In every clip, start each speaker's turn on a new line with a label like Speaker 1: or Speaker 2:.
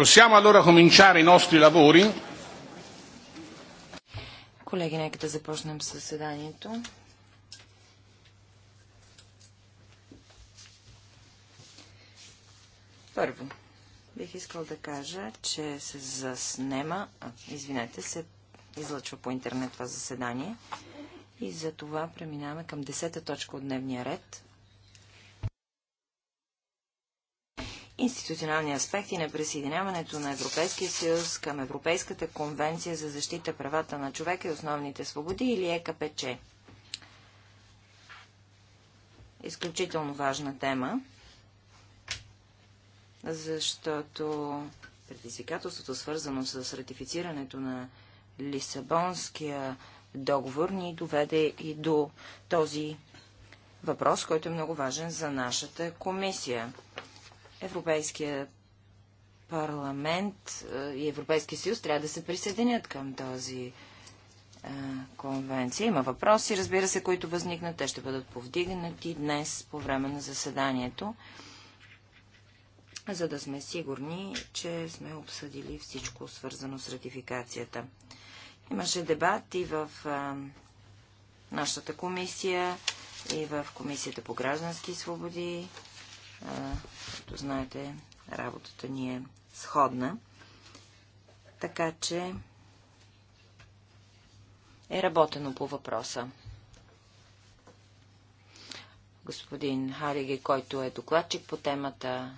Speaker 1: Possiamo allora cominciare i nostri lavori.
Speaker 2: Колеги, нека да започнем съседанието. Първо, бих искал да кажа, че се заснема, а, извинете, се излъчва по интернет това заседание и за това преминаваме към 10-та точка от дневния ред, институционални аспекти на присъединяването на Европейския съюз към Европейската конвенция за защита правата на човека и основните свободи или ЕКПЧ. Изключително важна тема, защото предизвикателството, свързано с ратифицирането на Лисабонския договор, ни доведе и до този въпрос, който е много важен за нашата комисия Европейския парламент и Европейския съюз трябва да се присъединят към този конвенция. Има въпроси, разбира се, които възникнат. Те ще бъдат повдигнати днес по време на заседанието, за да сме сигурни, че сме обсъдили всичко свързано с ратификацията. Имаше дебат и в нашата комисия, и в Комисията по граждански свободи, като знаете, работата ни е сходна. Така че е работено по въпроса. Господин Хариги, който е докладчик по темата,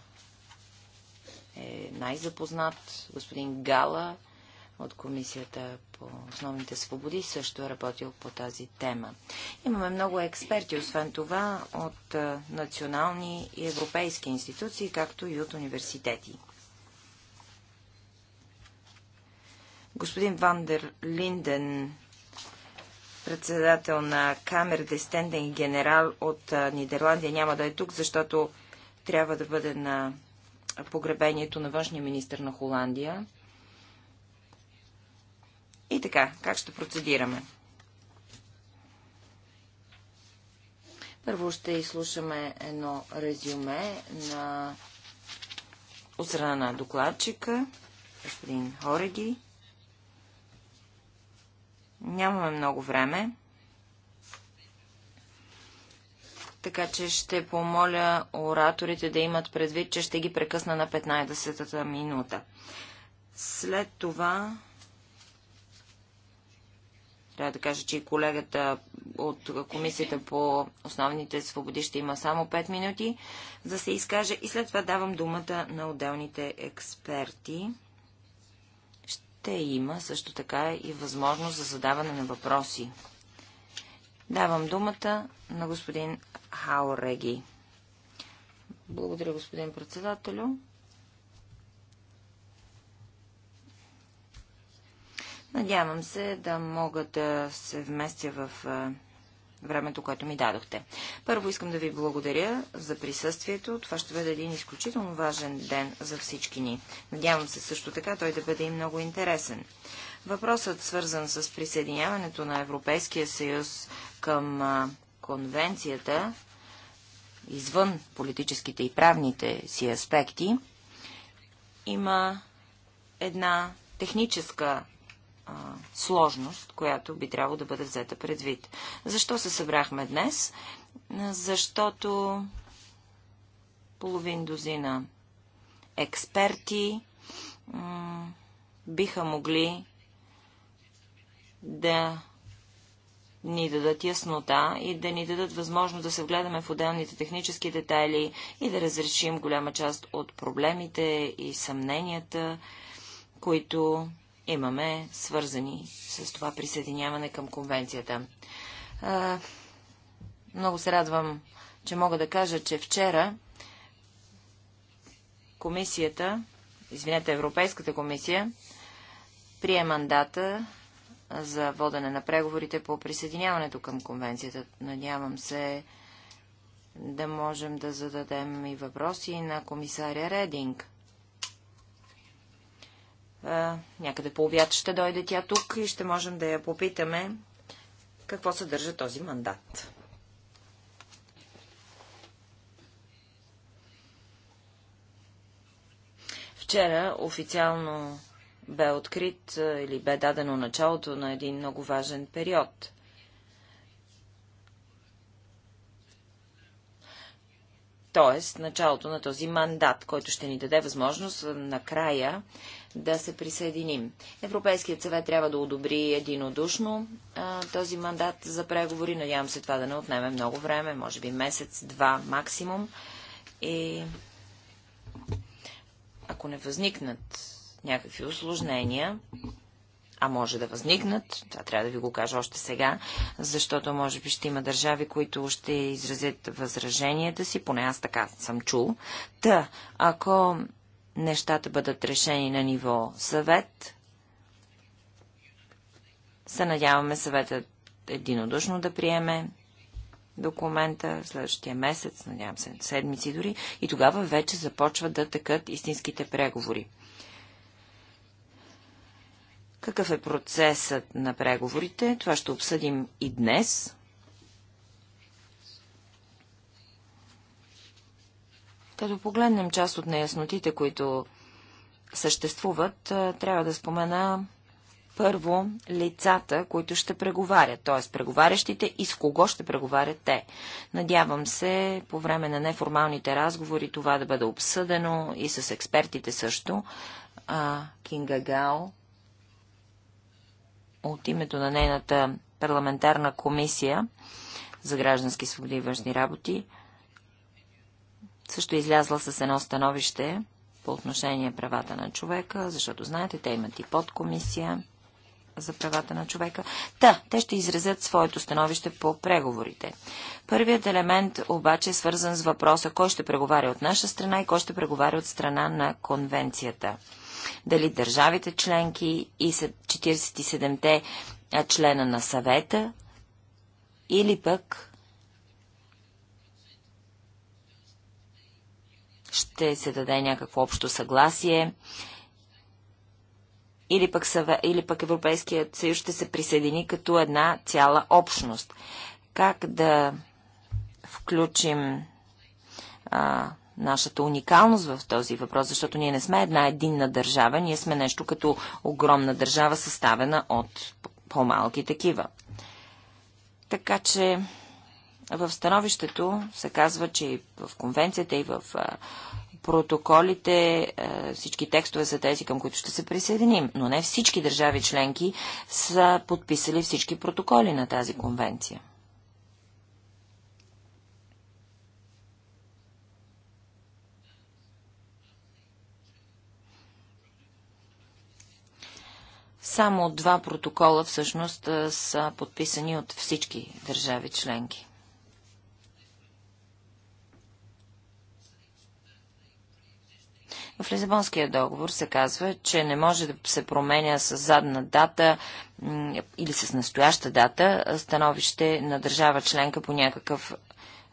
Speaker 2: е най-запознат. Господин Гала от Комисията по основните свободи също е работил по тази тема. Имаме много експерти, освен това, от национални и европейски институции, както и от университети. Господин Вандер Линден, председател на Камер Дестенден и генерал от Нидерландия, няма да е тук, защото трябва да бъде на погребението на външния министр на Холандия. И така, как ще процедираме? Първо ще изслушаме едно резюме на от страна на докладчика, господин Хореги. Нямаме много време. Така че ще помоля ораторите да имат предвид, че ще ги прекъсна на 15-та минута. След това трябва да кажа, че и колегата от Комисията по основните свободи ще има само 5 минути за да се изкаже и след това давам думата на отделните експерти. Ще има също така и възможност за задаване на въпроси. Давам думата на господин Хаореги. Благодаря, господин председателю. Надявам се да мога да се вместя в времето, което ми дадохте. Първо искам да ви благодаря за присъствието. Това ще бъде един изключително важен ден за всички ни. Надявам се също така той да бъде и много интересен. Въпросът, свързан с присъединяването на Европейския съюз към конвенцията, извън политическите и правните си аспекти, има една техническа а, сложност, която би трябвало да бъде взета предвид. Защо се събрахме днес? Защото половин дозина експерти биха могли да ни дадат яснота и да ни дадат възможност да се вгледаме в отделните технически детайли и да разрешим голяма част от проблемите и съмненията, които имаме свързани с това присъединяване към конвенцията. А, много се радвам, че мога да кажа, че вчера комисията, извинете, Европейската комисия, прие мандата за водене на преговорите по присъединяването към конвенцията. Надявам се да можем да зададем и въпроси на комисаря Рединг някъде по обяд ще дойде тя тук и ще можем да я попитаме какво съдържа този мандат. Вчера официално бе открит или бе дадено началото на един много важен период. Тоест, началото на този мандат, който ще ни даде възможност накрая да се присъединим. Европейският съвет трябва да одобри единодушно а, този мандат за преговори. Надявам се това да не отнеме много време, може би месец, два максимум. И ако не възникнат някакви осложнения, а може да възникнат, това трябва да ви го кажа още сега, защото може би ще има държави, които ще изразят възраженията си, поне аз така съм чул. Та, ако нещата бъдат решени на ниво съвет. Се надяваме съветът единодушно да приеме документа следващия месец, надявам се, седмици дори, и тогава вече започват да тъкат истинските преговори. Какъв е процесът на преговорите? Това ще обсъдим и днес. Като погледнем част от неяснотите, които съществуват, трябва да спомена първо лицата, които ще преговарят, т.е. преговарящите и с кого ще преговарят те. Надявам се по време на неформалните разговори това да бъде обсъдено и с експертите също. А, Кинга Гао, от името на нейната парламентарна комисия за граждански свободи и външни работи също е излязла с едно становище по отношение правата на човека, защото знаете, те имат и подкомисия за правата на човека. Да, те ще изразят своето становище по преговорите. Първият елемент обаче е свързан с въпроса кой ще преговаря от наша страна и кой ще преговаря от страна на конвенцията. Дали държавите членки и 47-те члена на съвета или пък ще се даде някакво общо съгласие или пък, съве, или пък Европейският съюз ще се присъедини като една цяла общност. Как да включим а, нашата уникалност в този въпрос, защото ние не сме една единна държава, ние сме нещо като огромна държава, съставена от по-малки такива. Така че в становището се казва, че и в конвенцията, и в протоколите, всички текстове са тези, към които ще се присъединим, но не всички държави членки са подписали всички протоколи на тази конвенция. Само два протокола всъщност са подписани от всички държави членки. В Лизабонския договор се казва, че не може да се променя с задна дата или с настояща дата становище на държава членка по някакъв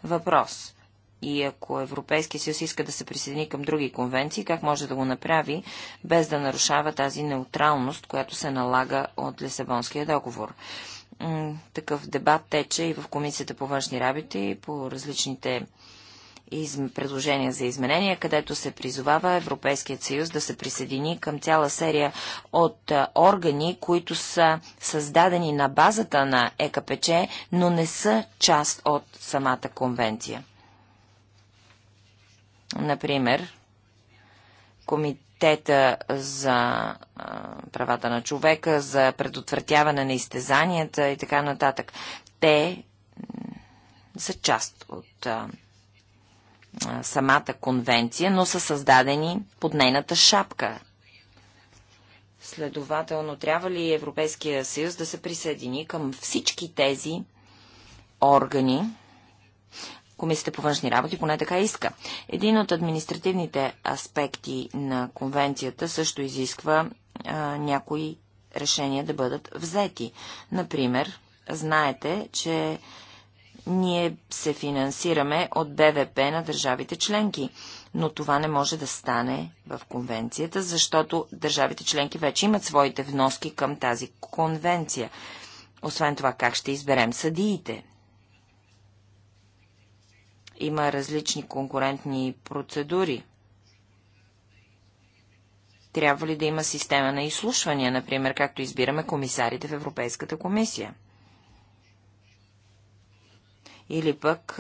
Speaker 2: въпрос. И ако Европейския съюз иска да се присъедини към други конвенции, как може да го направи, без да нарушава тази неутралност, която се налага от Лисабонския договор? Такъв дебат тече и в Комисията по външни работи, по различните предложения за изменения, където се призовава Европейският съюз да се присъедини към цяла серия от органи, които са създадени на базата на ЕКПЧ, но не са част от самата конвенция. Например, Комитета за а, правата на човека, за предотвратяване на изтезанията и така нататък. Те са част от а, самата конвенция, но са създадени под нейната шапка. Следователно, трябва ли Европейския съюз да се присъедини към всички тези органи? Комисията по външни работи поне така иска. Един от административните аспекти на конвенцията също изисква а, някои решения да бъдат взети. Например, знаете, че ние се финансираме от БВП на държавите членки, но това не може да стане в конвенцията, защото държавите членки вече имат своите вноски към тази конвенция. Освен това, как ще изберем съдиите? Има различни конкурентни процедури. Трябва ли да има система на изслушвания, например, както избираме комисарите в Европейската комисия? Или пък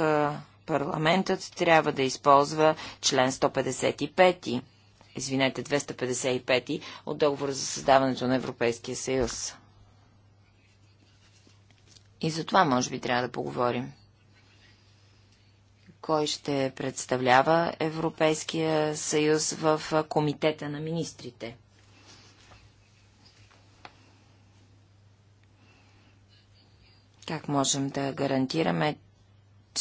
Speaker 2: парламентът трябва да използва член 155, извинете, 255 от договора за създаването на Европейския съюз. И за това, може би, трябва да поговорим. Кой ще представлява Европейския съюз в комитета на министрите? Как можем да гарантираме,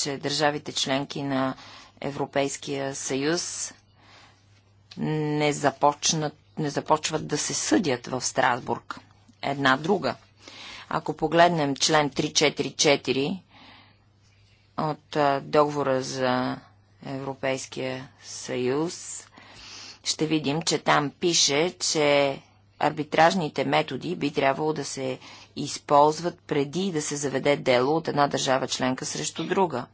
Speaker 2: че държавите членки на Европейския съюз не, започнат, не започват да се съдят в Страсбург. Една друга. Ако погледнем член 344 от договора за Европейския съюз, ще видим, че там пише, че арбитражните методи би трябвало да се използват преди да се заведе дело от една държава членка срещу друга.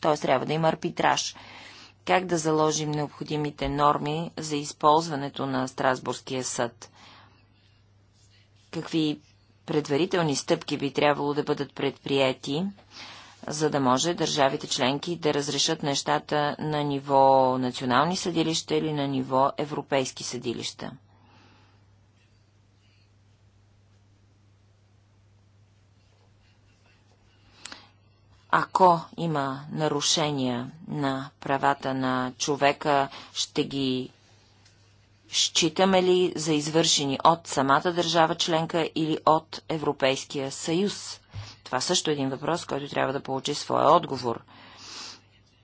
Speaker 2: Т.е. трябва да има арбитраж. Как да заложим необходимите норми за използването на Страсбургския съд? Какви предварителни стъпки би трябвало да бъдат предприяти, за да може държавите членки да разрешат нещата на ниво национални съдилища или на ниво европейски съдилища? ако има нарушения на правата на човека, ще ги считаме ли за извършени от самата държава членка или от Европейския съюз? Това също е един въпрос, който трябва да получи своя отговор.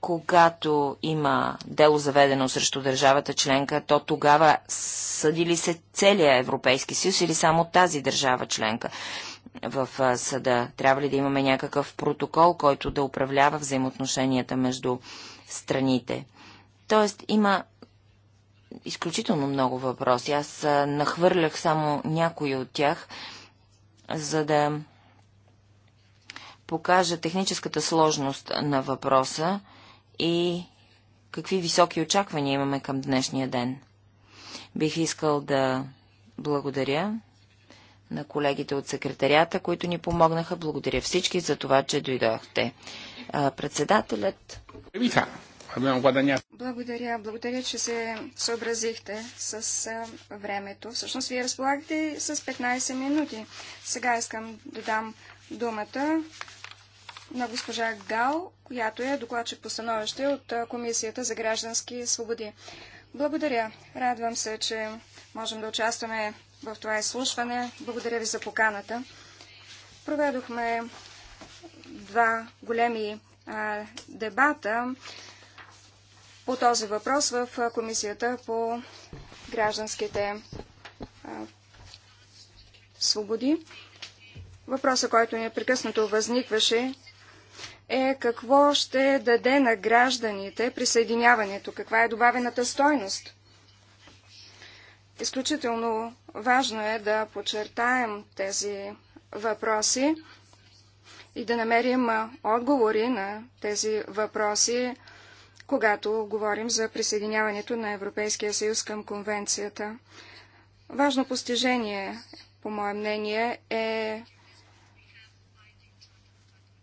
Speaker 2: Когато има дело заведено срещу държавата членка, то тогава съди ли се целият Европейски съюз или само тази държава членка? в съда? Трябва ли да имаме някакъв протокол, който да управлява взаимоотношенията между страните? Тоест, има изключително много въпроси. Аз нахвърлях само някои от тях, за да покажа техническата сложност на въпроса и какви високи очаквания имаме към днешния ден. Бих искал да благодаря на колегите от секретарията, които ни помогнаха. Благодаря всички за това, че дойдохте. Председателят.
Speaker 3: Благодаря, благодаря, че се съобразихте с времето. Всъщност, вие разполагате с 15 минути. Сега искам да дам думата на госпожа Гал, която е докладчик по становище от Комисията за граждански свободи. Благодаря. Радвам се, че можем да участваме в това изслушване. Благодаря ви за поканата. Проведохме два големи а, дебата по този въпрос в Комисията по гражданските а, свободи. Въпроса, който непрекъснато възникваше, е какво ще даде на гражданите присъединяването, каква е добавената стойност – Изключително важно е да подчертаем тези въпроси и да намерим отговори на тези въпроси, когато говорим за присъединяването на Европейския съюз към конвенцията. Важно постижение, по мое мнение, е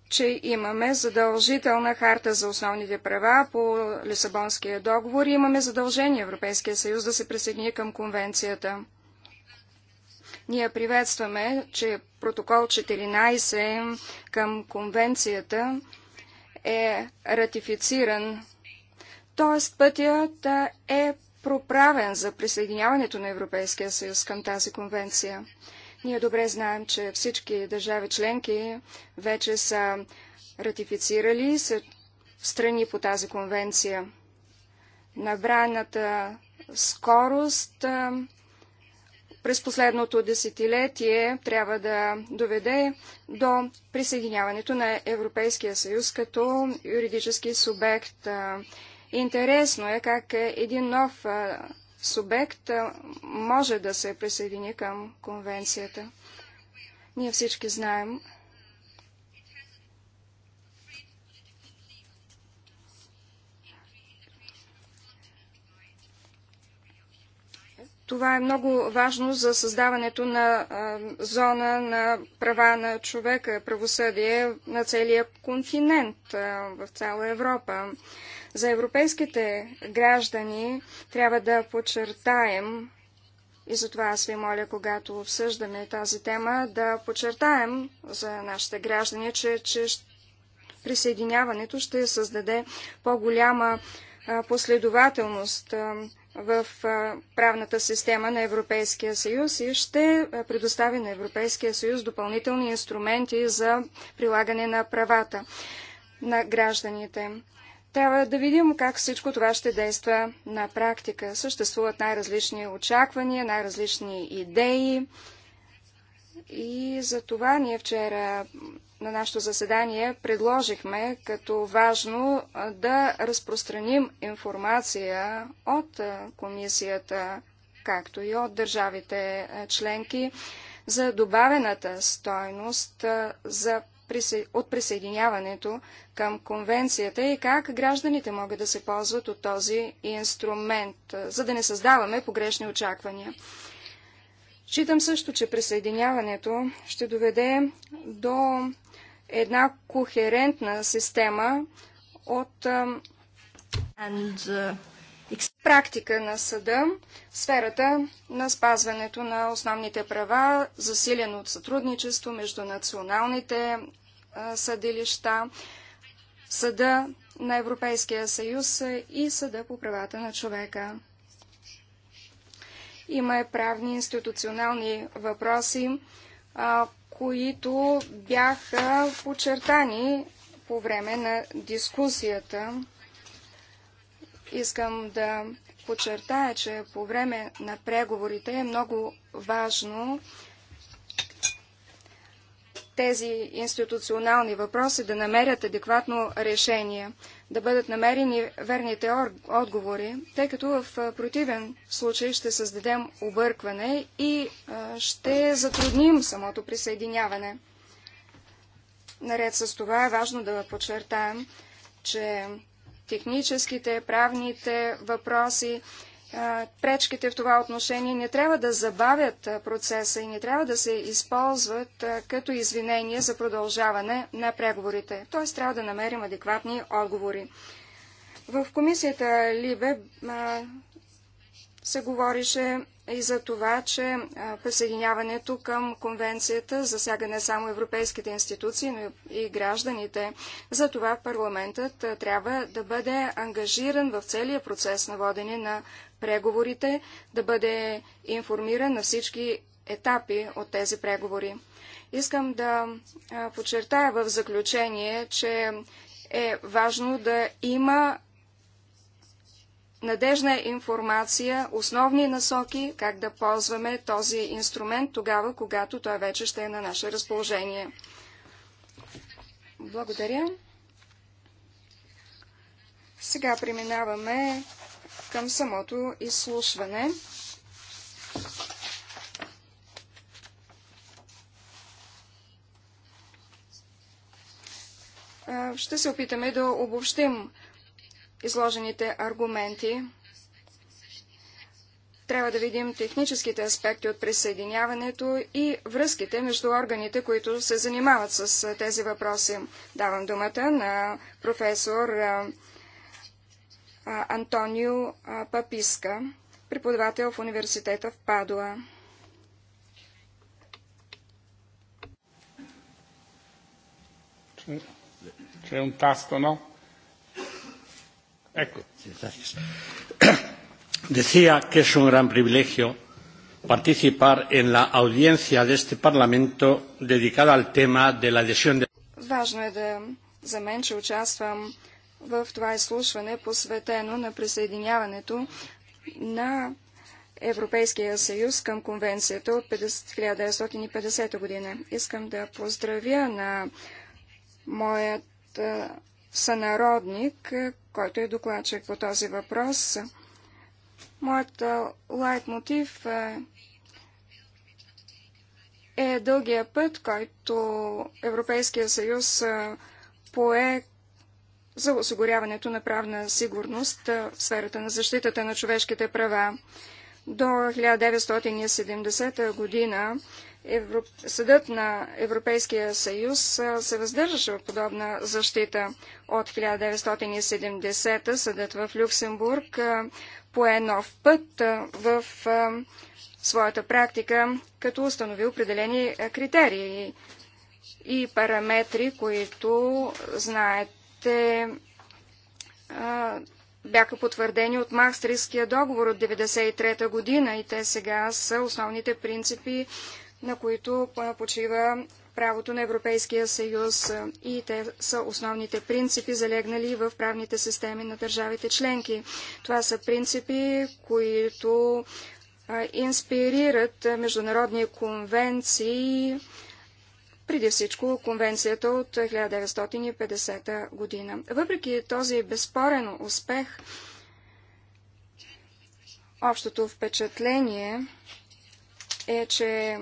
Speaker 3: че имаме задължителна харта за основните права по Лисабонския договор и имаме задължение Европейския съюз да се присъедини към конвенцията. Ние приветстваме, че протокол 14 към конвенцията е ратифициран, т.е. пътят е проправен за присъединяването на Европейския съюз към тази конвенция. Ние добре знаем, че всички държави членки вече са ратифицирали са страни по тази конвенция. Набраната скорост през последното десетилетие трябва да доведе до присъединяването на Европейския съюз като юридически субект. Интересно е как е един нов субект може да се присъедини към конвенцията. Ние всички знаем, Това е много важно за създаването на а, зона на права на човека, правосъдие на целия континент, а, в цяла Европа. За европейските граждани трябва да подчертаем, и затова аз ви моля, когато обсъждаме тази тема, да подчертаем за нашите граждани, че, че присъединяването ще създаде по-голяма последователност в правната система на Европейския съюз и ще предостави на Европейския съюз допълнителни инструменти за прилагане на правата на гражданите. Трябва да видим как всичко това ще действа на практика. Съществуват най-различни очаквания, най-различни идеи. И за това ние вчера на нашето заседание предложихме като важно да разпространим информация от комисията, както и от държавите членки за добавената стойност за от присъединяването към конвенцията и как гражданите могат да се ползват от този инструмент, за да не създаваме погрешни очаквания. Читам също, че присъединяването ще доведе до една кохерентна система от And, uh, практика на съда в сферата на спазването на основните права, засилено от сътрудничество между националните uh, съдилища, съда на Европейския съюз и съда по правата на човека. Има и правни институционални въпроси, а, които бяха подчертани по време на дискусията. Искам да подчертая, че по време на преговорите е много важно тези институционални въпроси да намерят адекватно решение да бъдат намерени верните отговори, тъй като в противен случай ще създадем объркване и ще затрудним самото присъединяване. Наред с това е важно да подчертаем, че техническите, правните въпроси пречките в това отношение не трябва да забавят процеса и не трябва да се използват като извинение за продължаване на преговорите. Т.е. трябва да намерим адекватни отговори. В комисията Либе се говорише и за това, че присъединяването към конвенцията засяга не само европейските институции, но и гражданите. За това парламентът трябва да бъде ангажиран в целия процес на водене на преговорите, да бъде информиран на всички етапи от тези преговори. Искам да подчертая в заключение, че е важно да има надежна информация, основни насоки, как да ползваме този инструмент тогава, когато той вече ще е на наше разположение. Благодаря. Сега преминаваме към самото изслушване. Ще се опитаме да обобщим изложените аргументи. Трябва да видим техническите аспекти от присъединяването и връзките между органите, които се занимават с тези въпроси. Давам думата на професор Антонио Паписка, преподавател в университета в Падуа.
Speaker 1: C'è un tasto, no? Ecco. Decía que es un gran privilegio participar en la audiencia de este Parlamento dedicada al tema de la adhesión de.
Speaker 3: Важно е да за мен, че участвам в това изслушване, посветено на присъединяването на Европейския съюз към конвенцията от 1950 година. Искам да поздравя на моят сънародник, който е докладчик по този въпрос. Моят лайт мотив е дългия път, който Европейския съюз пое за осигуряването на правна сигурност в сферата на защитата на човешките права. До 1970 година Съдът на Европейския съюз се въздържаше от подобна защита. От 1970 съдът в Люксембург пое нов път в своята практика, като установи определени критерии и параметри, които знаят те а, бяха потвърдени от Махстрийския договор от 1993 година и те сега са основните принципи, на които почива правото на Европейския съюз и те са основните принципи, залегнали в правните системи на държавите членки. Това са принципи, които а, инспирират международни конвенции, преди всичко конвенцията от 1950 година. Въпреки този безспорен успех, общото впечатление е, че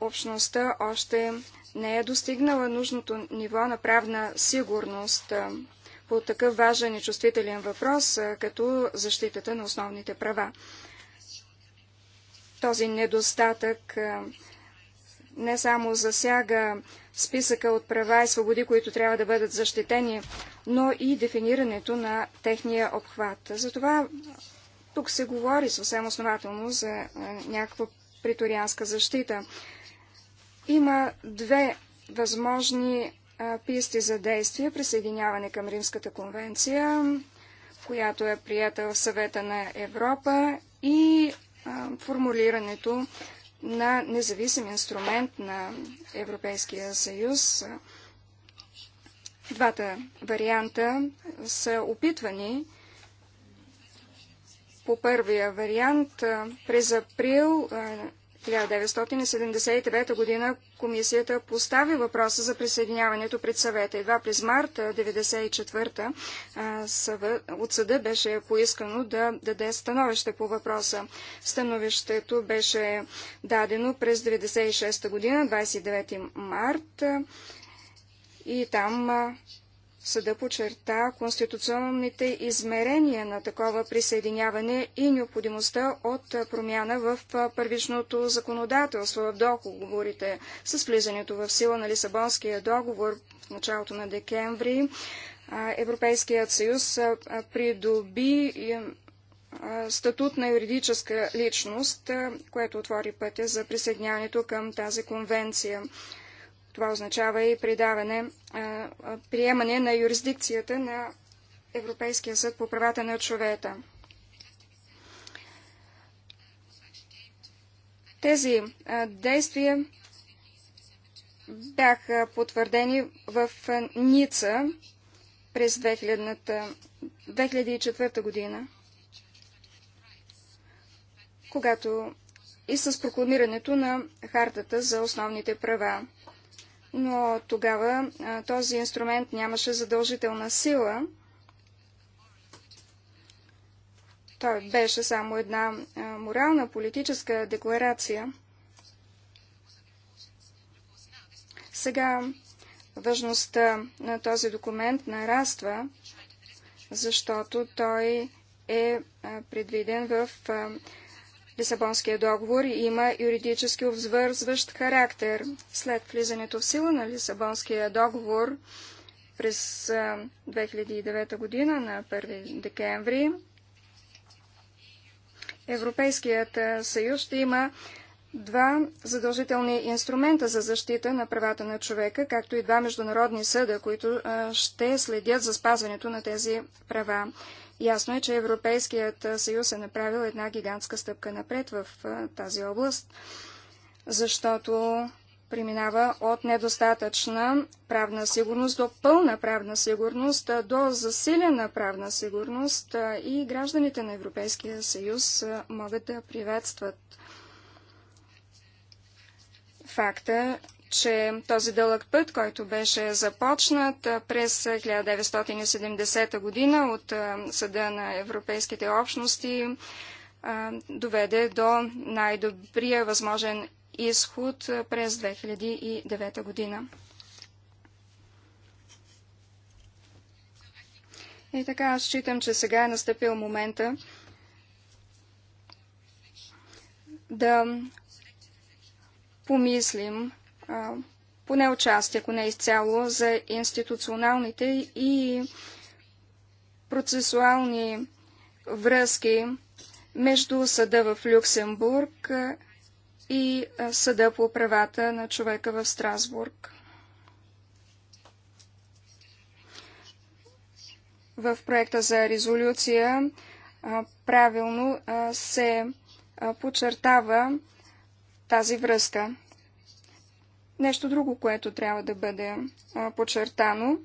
Speaker 3: общността още не е достигнала нужното ниво на правна сигурност по такъв важен и чувствителен въпрос, като защитата на основните права. Този недостатък не само засяга списъка от права и свободи, които трябва да бъдат защитени, но и дефинирането на техния обхват. Затова тук се говори съвсем основателно за е, някаква приторианска защита. Има две възможни е, писти за действие. Присъединяване към Римската конвенция, която е прията в съвета на Европа и е, формулирането на независим инструмент на Европейския съюз. Двата варианта са опитвани. По първия вариант през април 1979 година комисията постави въпроса за присъединяването пред съвета. Едва през март 1994 от съда беше поискано да даде становище по въпроса. Становището беше дадено през 1996 година, 29 март и там Съда почерта конституционните измерения на такова присъединяване и необходимостта от промяна в първичното законодателство в договорите. С влизането в сила на Лисабонския договор в началото на декември Европейският съюз придоби статут на юридическа личност, което отвори пътя за присъединяването към тази конвенция. Това означава и придаване, приемане на юрисдикцията на Европейския съд по правата на човека. Тези действия бяха потвърдени в Ница през 2000, 2004 година, когато и с прокламирането на Хартата за основните права но тогава а, този инструмент нямаше задължителна сила. Той беше само една а, морална политическа декларация. Сега важността на този документ нараства, защото той е предвиден в Лисабонския договор има юридически обвързващ характер. След влизането в сила на Лисабонския договор през 2009 година на 1 декември Европейският съюз ще има два задължителни инструмента за защита на правата на човека, както и два международни съда, които ще следят за спазването на тези права. Ясно е, че Европейският съюз е направил една гигантска стъпка напред в тази област, защото преминава от недостатъчна правна сигурност до пълна правна сигурност, до засилена правна сигурност и гражданите на Европейския съюз могат да приветстват факта, че този дълъг път, който беше започнат през 1970 година от Съда на Европейските общности, доведе до най-добрия възможен изход през 2009 година. И така, аз считам, че сега е настъпил момента да помислим поне участие, ако не е изцяло, за институционалните и процесуални връзки между съда в Люксембург и съда по правата на човека в Страсбург. В проекта за резолюция правилно се подчертава тази връзка. Нещо друго, което трябва да бъде подчертано,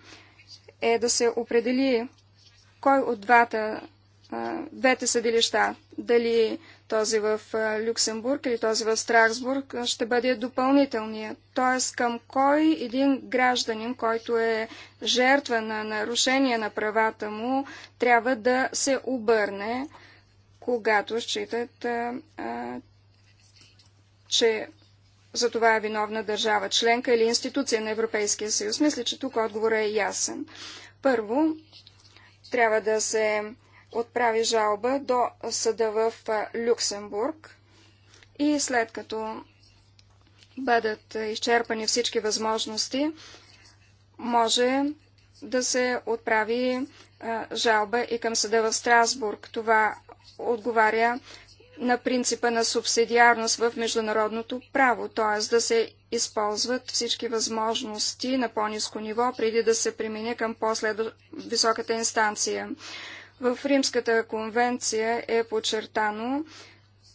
Speaker 3: е да се определи кой от двата, двете съдилища, дали този в Люксембург или този в Страсбург, ще бъде допълнителният. Тоест, към кой един гражданин, който е жертва на нарушение на правата му, трябва да се обърне, когато считат, че за това е виновна държава членка или институция на Европейския съюз. Мисля, че тук отговорът е ясен. Първо, трябва да се отправи жалба до съда в Люксембург и след като бъдат изчерпани всички възможности, може да се отправи жалба и към съда в Страсбург. Това отговаря на принципа на субсидиарност в международното право, т.е. да се използват всички възможности на по-низко ниво, преди да се премине към по-високата инстанция. В Римската конвенция е подчертано,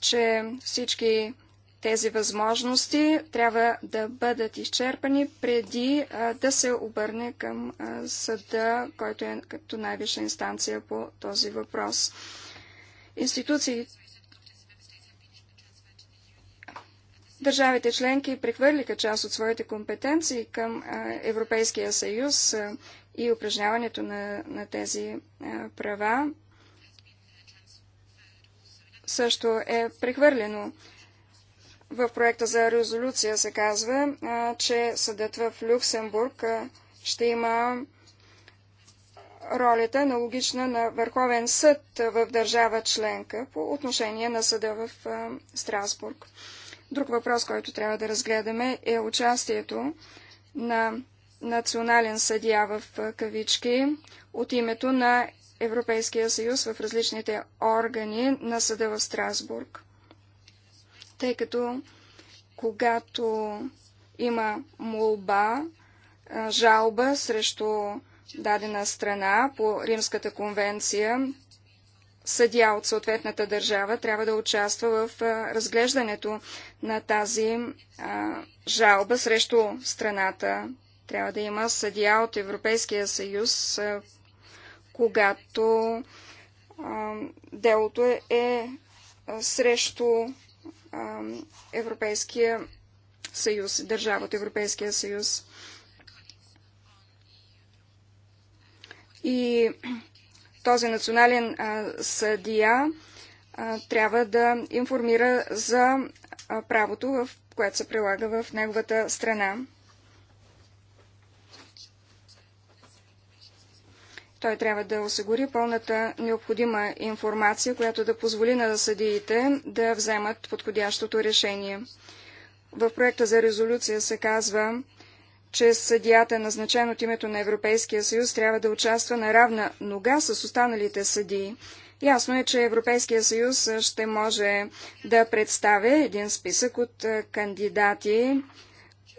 Speaker 3: че всички тези възможности трябва да бъдат изчерпани преди а, да се обърне към а, съда, който е като най-висша инстанция по този въпрос. Институциите Държавите членки прехвърлиха част от своите компетенции към Европейския съюз и упражняването на, на тези права също е прехвърлено. В проекта за резолюция се казва, че съдът в Люксембург ще има ролята аналогична на Върховен съд в държава членка по отношение на съда в Страсбург. Друг въпрос, който трябва да разгледаме е участието на национален съдия в кавички от името на Европейския съюз в различните органи на съда в Страсбург. Тъй като когато има молба, жалба срещу дадена страна по Римската конвенция съдя от съответната държава трябва да участва в разглеждането на тази жалба срещу страната. Трябва да има съдия от Европейския съюз, когато делото е, е срещу Европейския съюз, държава от Европейския съюз. И този национален съдия трябва да информира за правото, което се прилага в неговата страна. Той трябва да осигури пълната необходима информация, която да позволи на съдиите да вземат подходящото решение. В проекта за резолюция се казва, че съдията, назначен от името на Европейския съюз, трябва да участва на равна нога с останалите съдии. Ясно е, че Европейския съюз ще може да представя един списък от е, кандидати,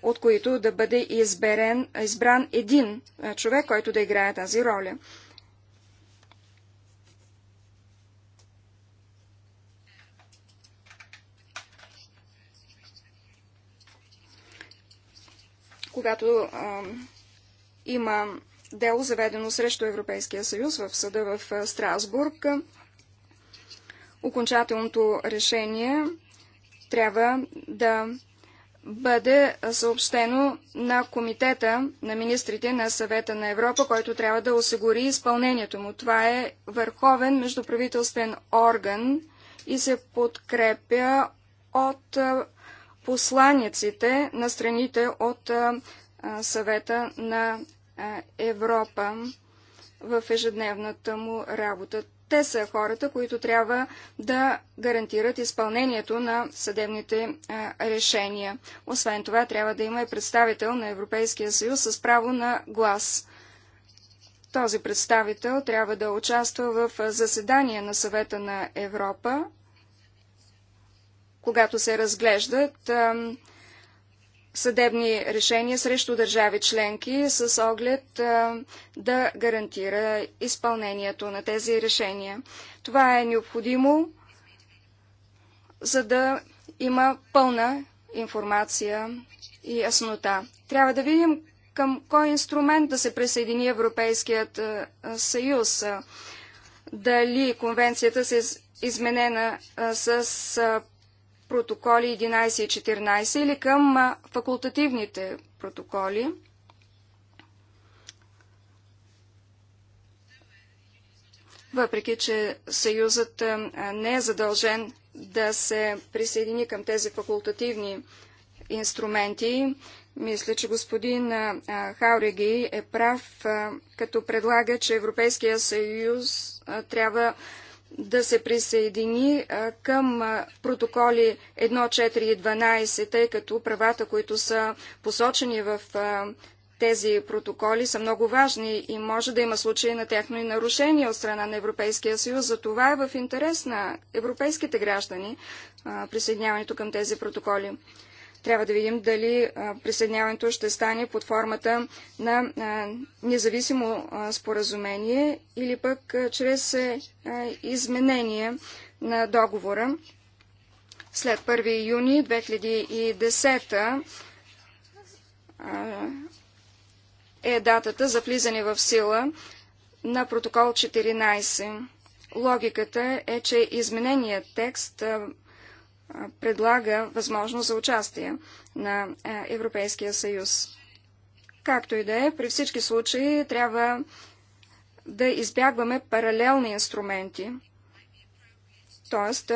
Speaker 3: от които да бъде изберен, избран един е, човек, който да играе тази роля. когато а, има дело заведено срещу Европейския съюз в съда в Страсбург, окончателното решение трябва да бъде съобщено на Комитета на министрите на съвета на Европа, който трябва да осигури изпълнението му. Това е върховен междуправителствен орган и се подкрепя от посланиците на страните от съвета на Европа в ежедневната му работа. Те са хората, които трябва да гарантират изпълнението на съдебните решения. Освен това, трябва да има и представител на Европейския съюз с право на глас. Този представител трябва да участва в заседание на съвета на Европа, когато се разглеждат съдебни решения срещу държави членки с оглед да гарантира изпълнението на тези решения. Това е необходимо, за да има пълна информация и яснота. Трябва да видим към кой инструмент да се присъедини Европейският съюз. Дали конвенцията се изменена с протоколи 11 и 14 или към факултативните протоколи. Въпреки, че Съюзът не е задължен да се присъедини към тези факултативни инструменти, мисля, че господин Хауреги е прав, като предлага, че Европейския съюз трябва да се присъедини към протоколи 1, 4 и 12, тъй като правата, които са посочени в тези протоколи са много важни и може да има случаи на тяхно и нарушение от страна на Европейския съюз. За това е в интерес на европейските граждани присъединяването към тези протоколи. Трябва да видим дали присъединяването ще стане под формата на независимо споразумение или пък чрез изменение на договора. След 1 юни 2010 е датата за влизане в сила на протокол 14. Логиката е, че измененият текст предлага възможност за участие на Европейския съюз. Както и да е, при всички случаи трябва да избягваме паралелни инструменти. Тоест,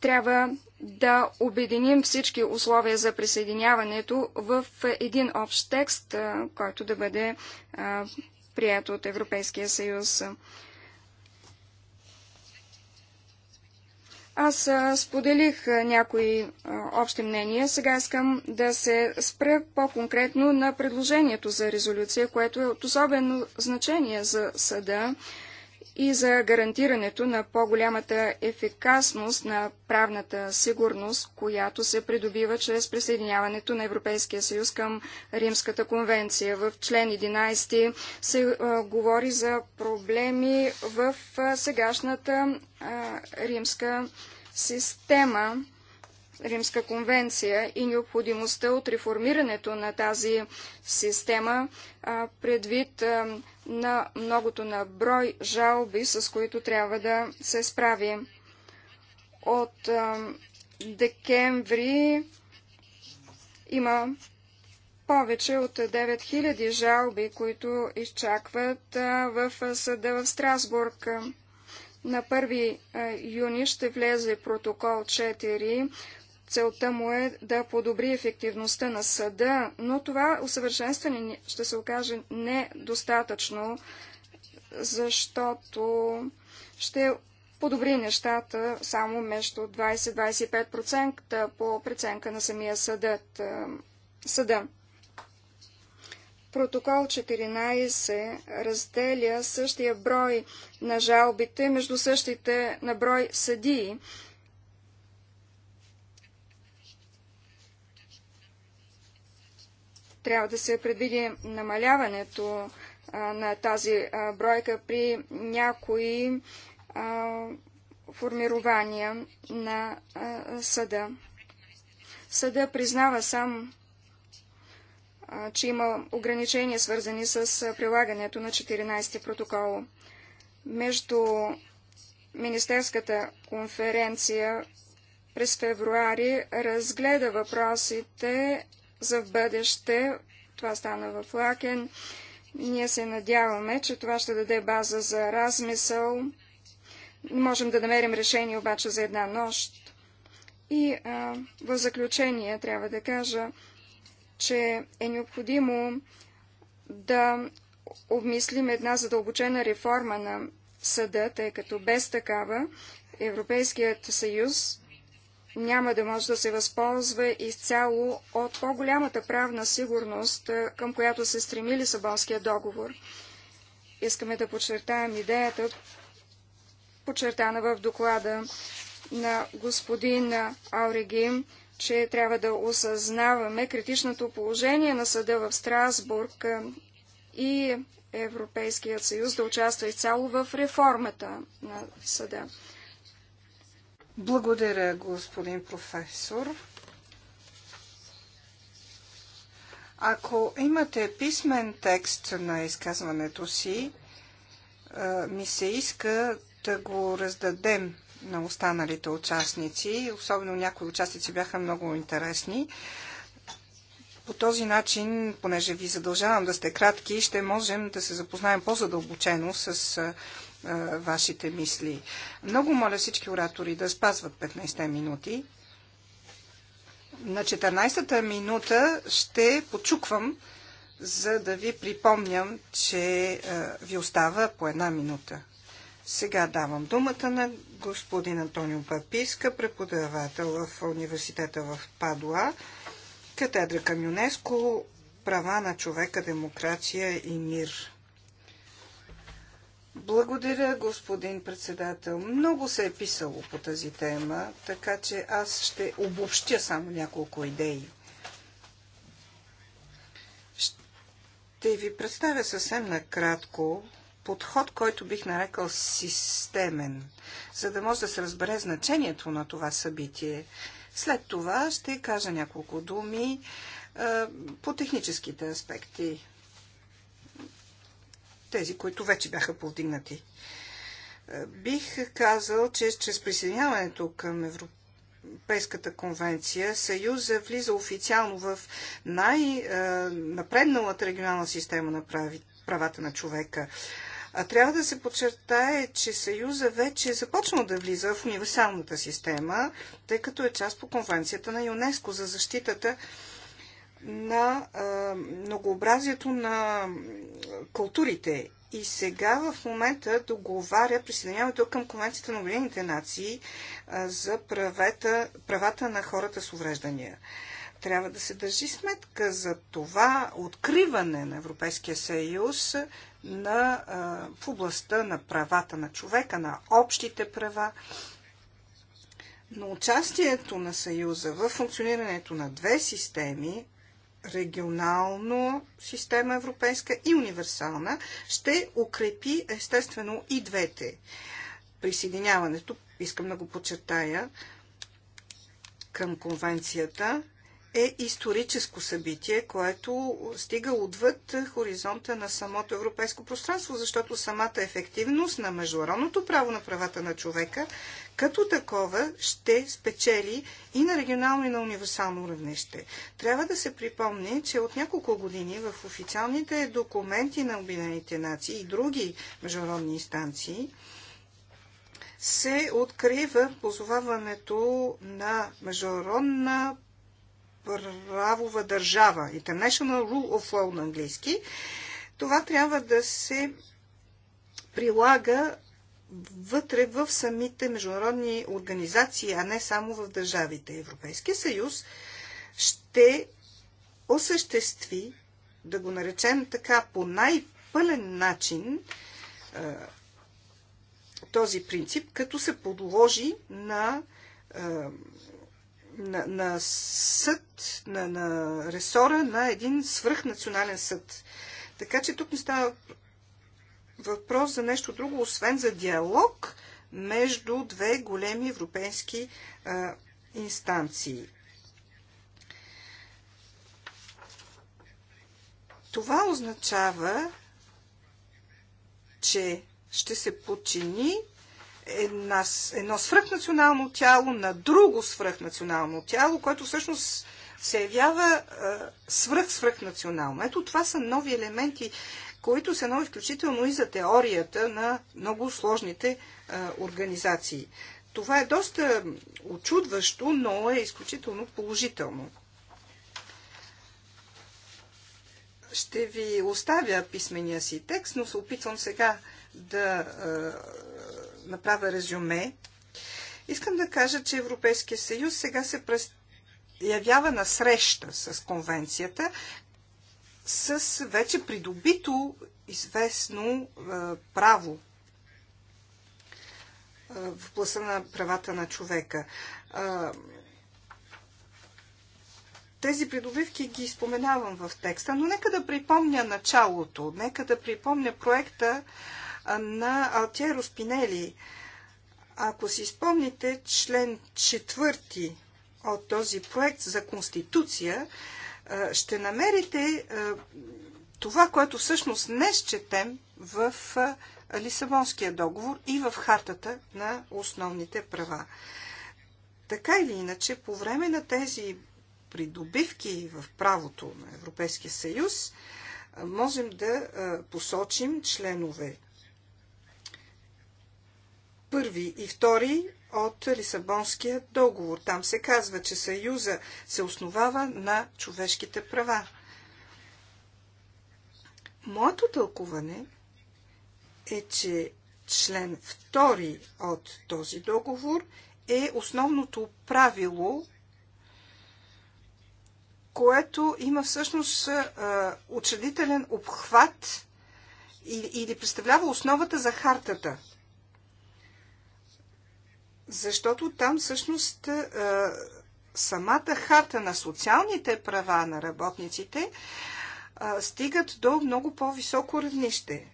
Speaker 3: трябва да обединим всички условия за присъединяването в един общ текст, който да бъде прият от Европейския съюз. Аз споделих някои общи мнения. Сега искам да се спра по-конкретно на предложението за резолюция, което е от особено значение за съда, и за гарантирането на по-голямата ефикасност на правната сигурност, която се придобива чрез присъединяването на Европейския съюз към Римската конвенция. В член 11 се а, говори за проблеми в а, сегашната а, римска система, Римска конвенция и необходимостта от реформирането на тази система предвид на многото на брой жалби, с които трябва да се справи. От а, декември има повече от 9000 жалби, които изчакват в съда в Страсбург. На 1 юни ще влезе протокол 4 Целта му е да подобри ефективността на съда, но това усъвършенстване ще се окаже недостатъчно, защото ще подобри нещата само между 20-25% по преценка на самия съдът, е, съда. Протокол 14 разделя същия брой на жалбите между същите на брой съдии. трябва да се предвиди намаляването на тази бройка при някои формирования на съда. Съда признава сам, че има ограничения, свързани с прилагането на 14 протокол. Между Министерската конференция през февруари разгледа въпросите за в бъдеще. Това стана в Лакен. Ние се надяваме, че това ще даде база за размисъл. Можем да намерим решение обаче за една нощ. И а, в заключение трябва да кажа, че е необходимо да обмислим една задълбочена реформа на съда, тъй като без такава Европейският съюз няма да може да се възползва изцяло от по-голямата правна сигурност, е, към която се стреми Лисабонския договор. Искаме да подчертаем идеята, подчертана в доклада на господин Ауригим, че трябва да осъзнаваме критичното положение на съда в Страсбург е, и Европейският съюз да участва изцяло в реформата на съда.
Speaker 4: Благодаря, господин професор. Ако имате писмен текст на изказването си, ми се иска да го раздадем на останалите участници. Особено някои участници бяха много интересни. По този начин, понеже ви задължавам да сте кратки, ще можем да се запознаем по-задълбочено с вашите мисли. Много моля всички оратори да спазват 15-те минути. На 14-та минута ще почуквам, за да ви припомням, че ви остава по една минута. Сега давам думата на господин Антонио Паписка, преподавател в университета в Падуа, катедра към ЮНЕСКО, права на човека, демокрация и мир. Благодаря, господин председател. Много се е писало по тази тема, така че аз ще обобщя само няколко идеи. Ще ви представя съвсем накратко подход, който бих нарекал системен, за да може да се разбере значението на това събитие. След това ще кажа няколко думи по техническите аспекти тези, които вече бяха повдигнати. Е, бих казал, че чрез присъединяването към Европейската конвенция Съюза влиза официално в най-напредналата регионална система на прави, правата на човека. А трябва да се подчертае, че Съюза вече е започнал да влиза в универсалната система, тъй като е част по конвенцията на ЮНЕСКО за защитата на многообразието на културите. И сега в момента договаря присъединяването към Конвенцията на Обединените нации за правата, правата на хората с увреждания трябва да се държи сметка за това откриване на Европейския съюз на, а, в областта на правата на човека, на общите права. Но участието на Съюза в функционирането на две системи регионално система европейска и универсална, ще укрепи естествено и двете. Присъединяването, искам да го подчертая, към конвенцията е историческо събитие, което стига отвъд хоризонта на самото европейско пространство, защото самата ефективност на международното право на правата на човека като такова ще спечели и на регионално и на универсално равнище. Трябва да се припомни, че от няколко години в официалните документи на Обединените нации и други международни инстанции се открива позоваването на международна правова държава, International Rule of Law на английски, това трябва да се прилага вътре в самите международни организации, а не само в държавите. Европейския съюз ще осъществи, да го наречем така, по най-пълен начин този принцип, като се подложи на на, на съд, на, на ресора на един свръхнационален съд. Така че тук не става въпрос за нещо друго, освен за диалог между две големи европейски а, инстанции. Това означава, че ще се подчини една, едно свръхнационално тяло на друго свръхнационално тяло, което всъщност се явява е, свръх-свръхнационално. Ето това са нови елементи, които са нови включително и за теорията на много сложните а, е, организации. Това е доста очудващо, но е изключително положително. Ще ви оставя писмения си текст, но се опитвам сега да е, направя резюме, искам да кажа, че Европейския съюз сега се явява на среща с конвенцията, с вече придобито известно е, право е, в пласа на правата на човека. Е, тези придобивки ги споменавам в текста, но нека да припомня началото, нека да припомня проекта, е, на Алтеро Спинели. Ако си спомните член четвърти от този проект за Конституция, ще намерите това, което всъщност не счетем в Лисабонския договор и в хартата на основните права. Така или иначе, по време на тези придобивки в правото на Европейския съюз, можем да посочим членове първи и втори от Лисабонския договор. Там се казва, че Съюза се основава на човешките права. Моето тълкуване е, че член 2 от този договор е основното правило, което има всъщност учредителен обхват или представлява основата за хартата защото там всъщност е, самата харта на социалните права на работниците е, стигат до много по-високо равнище.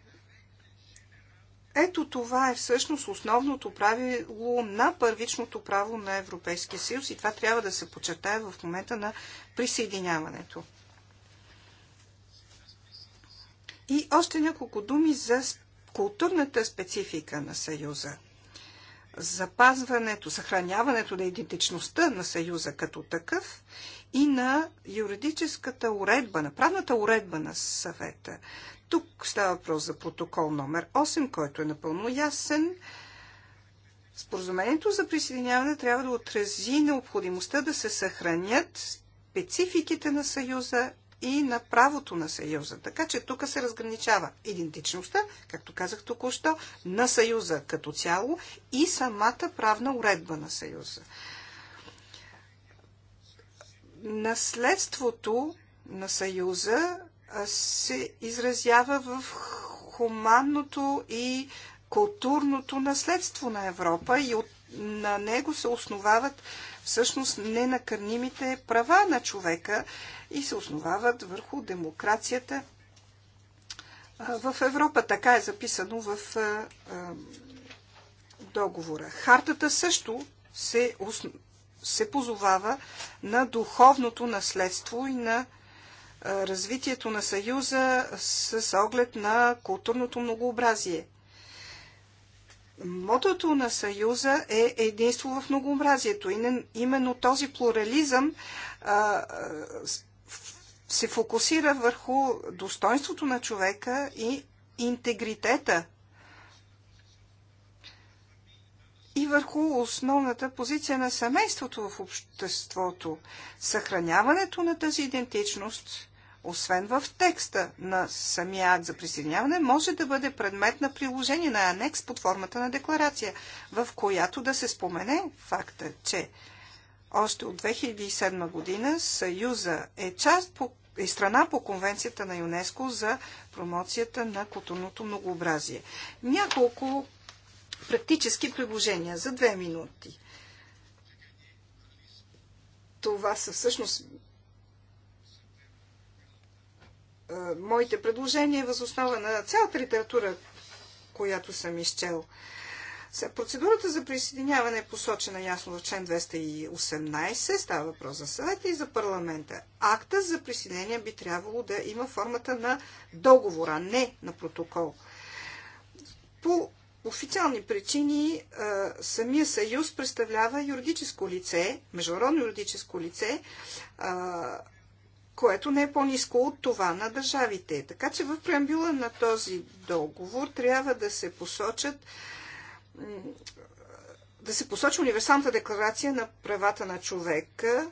Speaker 4: Ето това е всъщност основното правило на първичното право на Европейския съюз и това трябва да се подчертае в момента на присъединяването. И още няколко думи за културната специфика на Съюза запазването, съхраняването на идентичността на Съюза като такъв и на юридическата уредба, на правната уредба на съвета. Тук става въпрос за протокол номер 8, който е напълно ясен. Споразумението за присъединяване трябва да отрази необходимостта да се съхранят спецификите на Съюза и на правото на Съюза. Така че тук се разграничава идентичността, както казах току-що, на Съюза като цяло и самата правна уредба на Съюза. Наследството на Съюза се изразява в хуманното и културното наследство на Европа и от, на него се основават всъщност ненакърнимите права на човека и се основават върху демокрацията в Европа. Така е записано в договора. Хартата също се, се позовава на духовното наследство и на развитието на Съюза с оглед на културното многообразие. Мотото на Съюза е единство в многообразието. И именно този плурализъм а, се фокусира върху достоинството на човека и интегритета и върху основната позиция на семейството в обществото. Съхраняването на тази идентичност освен в текста на самия акт за присъединяване, може да бъде предмет на приложение на анекс под формата на декларация, в която да се спомене факта, че още от 2007 година Съюза е част по, е страна по Конвенцията на ЮНЕСКО за промоцията на културното многообразие. Няколко практически приложения за две минути. Това са всъщност е, моите предложения е възоснова на цялата литература, която съм изчел. Процедурата за присъединяване е посочена ясно в член 218, става въпрос за съвета и за парламента. Акта за присъединение би трябвало да има формата на договора, не на протокол. По официални причини е, самия съюз представлява юридическо лице, международно юридическо лице, което не е по-низко от това на държавите. Така че в преамбюла на този договор трябва да се посочат да се посочи универсалната декларация на правата на човека,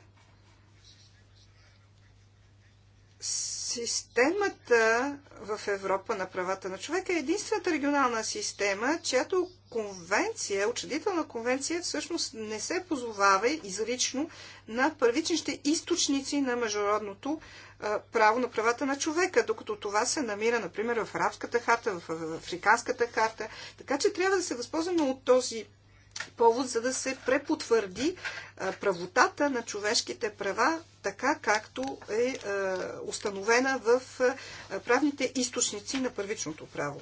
Speaker 4: Системата в Европа на правата на човека е единствената регионална система, чиято конвенция, учредителна конвенция, всъщност не се позовава изрично на първичните източници на международното право на правата на човека, докато това се намира, например, в арабската харта, в африканската харта. Така че трябва да се възползваме от този повод за да се препотвърди правотата на човешките права, така както е установена в правните източници на първичното право.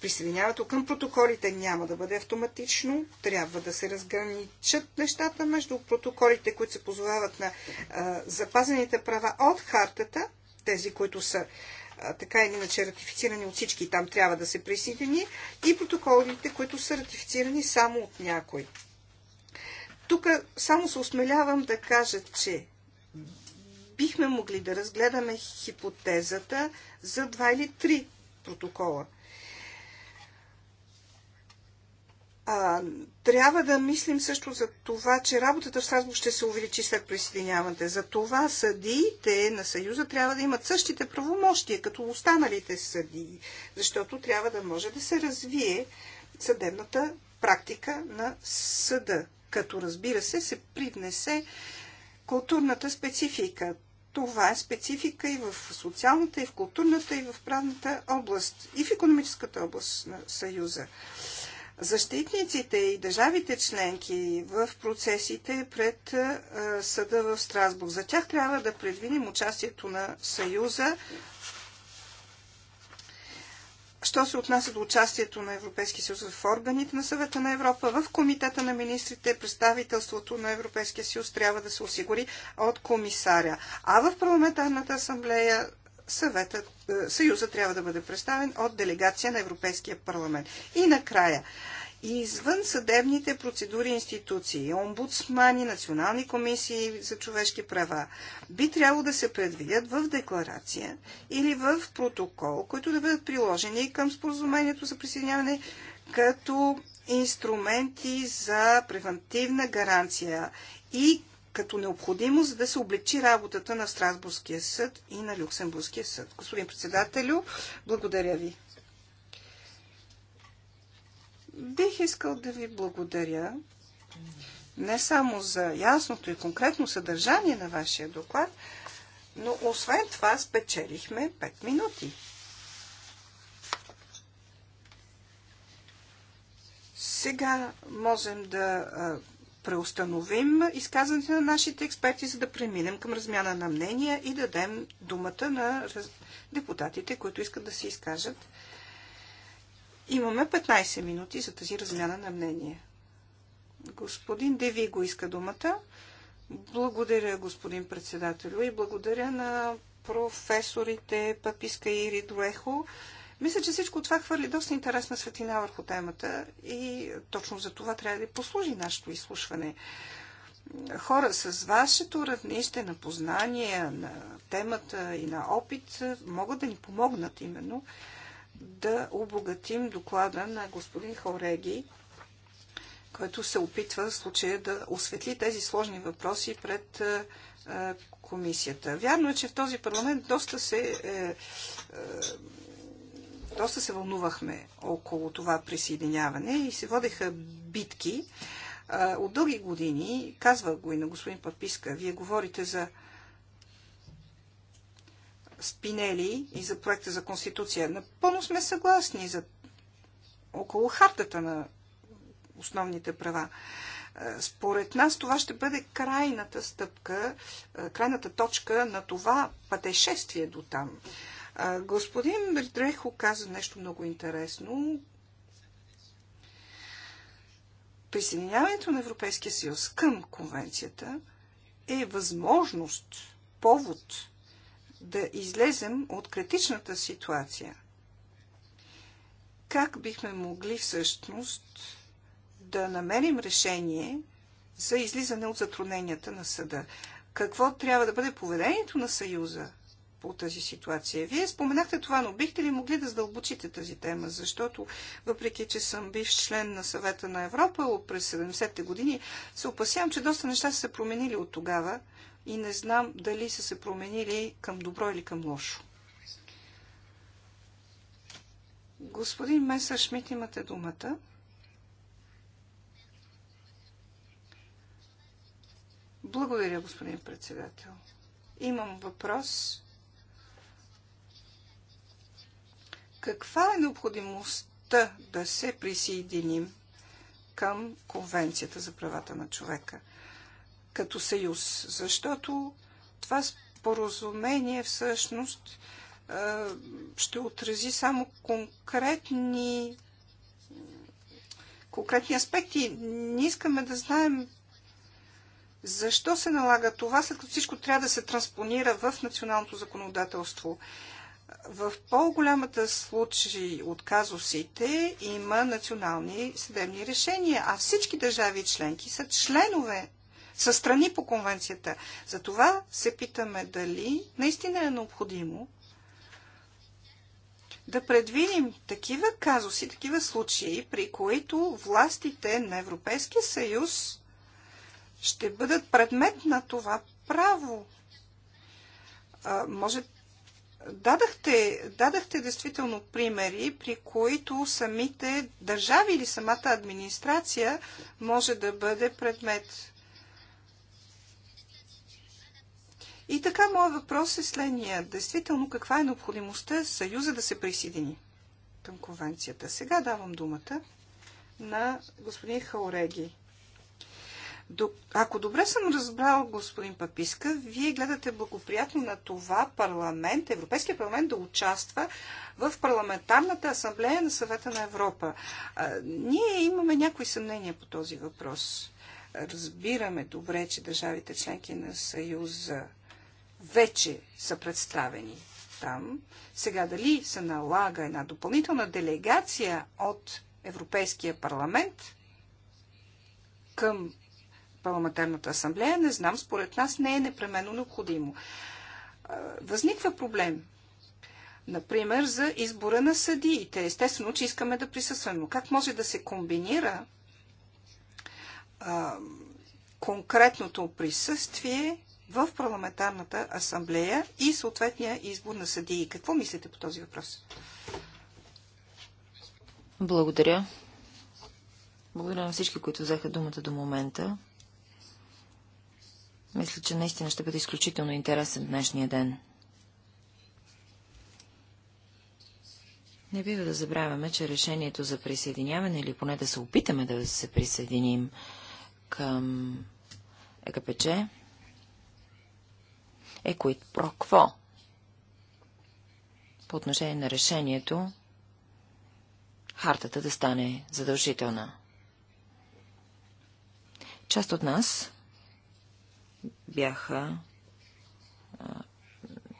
Speaker 4: Присъединяването към протоколите няма да бъде автоматично. Трябва да се разграничат нещата между протоколите, които се позовават на запазените права от хартата, тези, които са така или иначе ратифицирани от всички, там трябва да се присъедини, и протоколите, които са ратифицирани само от някой. Тук само се осмелявам да кажа, че бихме могли да разгледаме хипотезата за два или три протокола – А, трябва да мислим също за това, че работата в Страсбург ще се увеличи след присъединяването. За това съдиите на Съюза трябва да имат същите правомощия, като останалите съдии, защото трябва да може да се развие съдебната практика на съда, като разбира се се привнесе културната специфика. Това е специфика и в социалната, и в културната, и в правната област, и в економическата област на Съюза защитниците и държавите членки в процесите пред съда в Страсбург. За тях трябва да предвидим участието на Съюза. Що се отнася до участието на Европейския съюз в органите на съвета на Европа, в комитета на министрите, представителството на Европейския съюз трябва да се осигури от комисаря. А в парламентарната асамблея съветът, е, съюза трябва да бъде представен от делегация на Европейския парламент. И накрая, извън съдебните процедури и институции, омбудсмани, национални комисии за човешки права, би трябвало да се предвидят в декларация или в протокол, които да бъдат приложени към споразумението за присъединяване като инструменти за превентивна гаранция и като необходимо, за да се облегчи работата на Страсбургския съд и на Люксембургския съд. Господин председателю, благодаря ви. Бих искал да ви благодаря не само за ясното и конкретно съдържание на вашия доклад, но освен това спечелихме 5 минути. Сега можем да преустановим изказването на нашите експерти, за да преминем към размяна на мнения и дадем думата на депутатите, които искат да се изкажат. Имаме 15 минути за тази размяна на мнение. Господин Деви го иска думата. Благодаря, господин председател, и благодаря на професорите Паписка и Ридуехо мисля, че всичко това хвърли доста интересна светлина върху темата и точно за това трябва да послужи нашето изслушване. Хора с вашето равнище на познание, на темата и на опит могат да ни помогнат именно да обогатим доклада на господин Хореги, който се опитва в случая да осветли тези сложни въпроси пред комисията. Вярно е, че в този парламент доста се е, е, доста се вълнувахме около това присъединяване и се водеха битки. От дълги години, казва го и на господин Паписка, вие говорите за Спинели и за проекта за Конституция. Напълно сме съгласни за около хартата на основните права. Според нас това ще бъде крайната стъпка, крайната точка на това пътешествие до там. Господин Бердрехо каза нещо много интересно. Присъединяването на Европейския съюз към конвенцията е възможност, повод да излезем от критичната ситуация. Как бихме могли всъщност да намерим решение за излизане от затрудненията на съда? Какво трябва да бъде поведението на Съюза? по тази ситуация. Вие споменахте това, но бихте ли могли да задълбочите тази тема? Защото, въпреки че съм бивш член на съвета на Европа през 70-те години, се опасявам, че доста неща са се променили от тогава и не знам дали са се променили към добро или към лошо. Господин Месър Шмидт, имате думата. Благодаря, господин председател. Имам въпрос Каква е необходимостта да се присъединим към Конвенцията за правата на човека като съюз? Защото това споразумение всъщност ще отрази само конкретни конкретни аспекти. Не искаме да знаем защо се налага това, след като всичко трябва да се транспонира в националното законодателство в по-голямата случаи от казусите има национални съдебни решения, а всички държави членки са членове, са страни по конвенцията. Затова се питаме дали наистина е необходимо да предвидим такива казуси, такива случаи, при които властите на Европейския съюз ще бъдат предмет на това право. А, може Дадахте, дадахте действително примери, при които самите държави или самата администрация може да бъде предмет. И така, моят въпрос е следния. Действително, каква е необходимостта Съюза да се присъедини към конвенцията? Сега давам думата на господин Хаореги. Ако добре съм разбрал, господин Паписка, вие гледате благоприятно на това парламент, Европейския парламент да участва в парламентарната асамблея на съвета на Европа. ние имаме някои съмнения по този въпрос. Разбираме добре, че държавите членки на Съюза вече са представени там. Сега дали се налага една допълнителна делегация от Европейския парламент към парламентарната асамблея, не знам, според нас не е непременно необходимо. Възниква проблем. Например, за избора на съдиите. Естествено, че искаме да присъстваме. Как може да се комбинира конкретното присъствие в парламентарната асамблея и съответния избор на съдии? Какво мислите по този въпрос?
Speaker 2: Благодаря. Благодаря на всички, които взеха думата до момента. Мисля, че наистина ще бъде изключително интересен днешния ден. Не бива да забравяме, че решението за присъединяване, или поне да се опитаме да се присъединим към ЕКПЧ, е коит про кво. По отношение на решението, хартата да стане задължителна. Част от нас бяха а,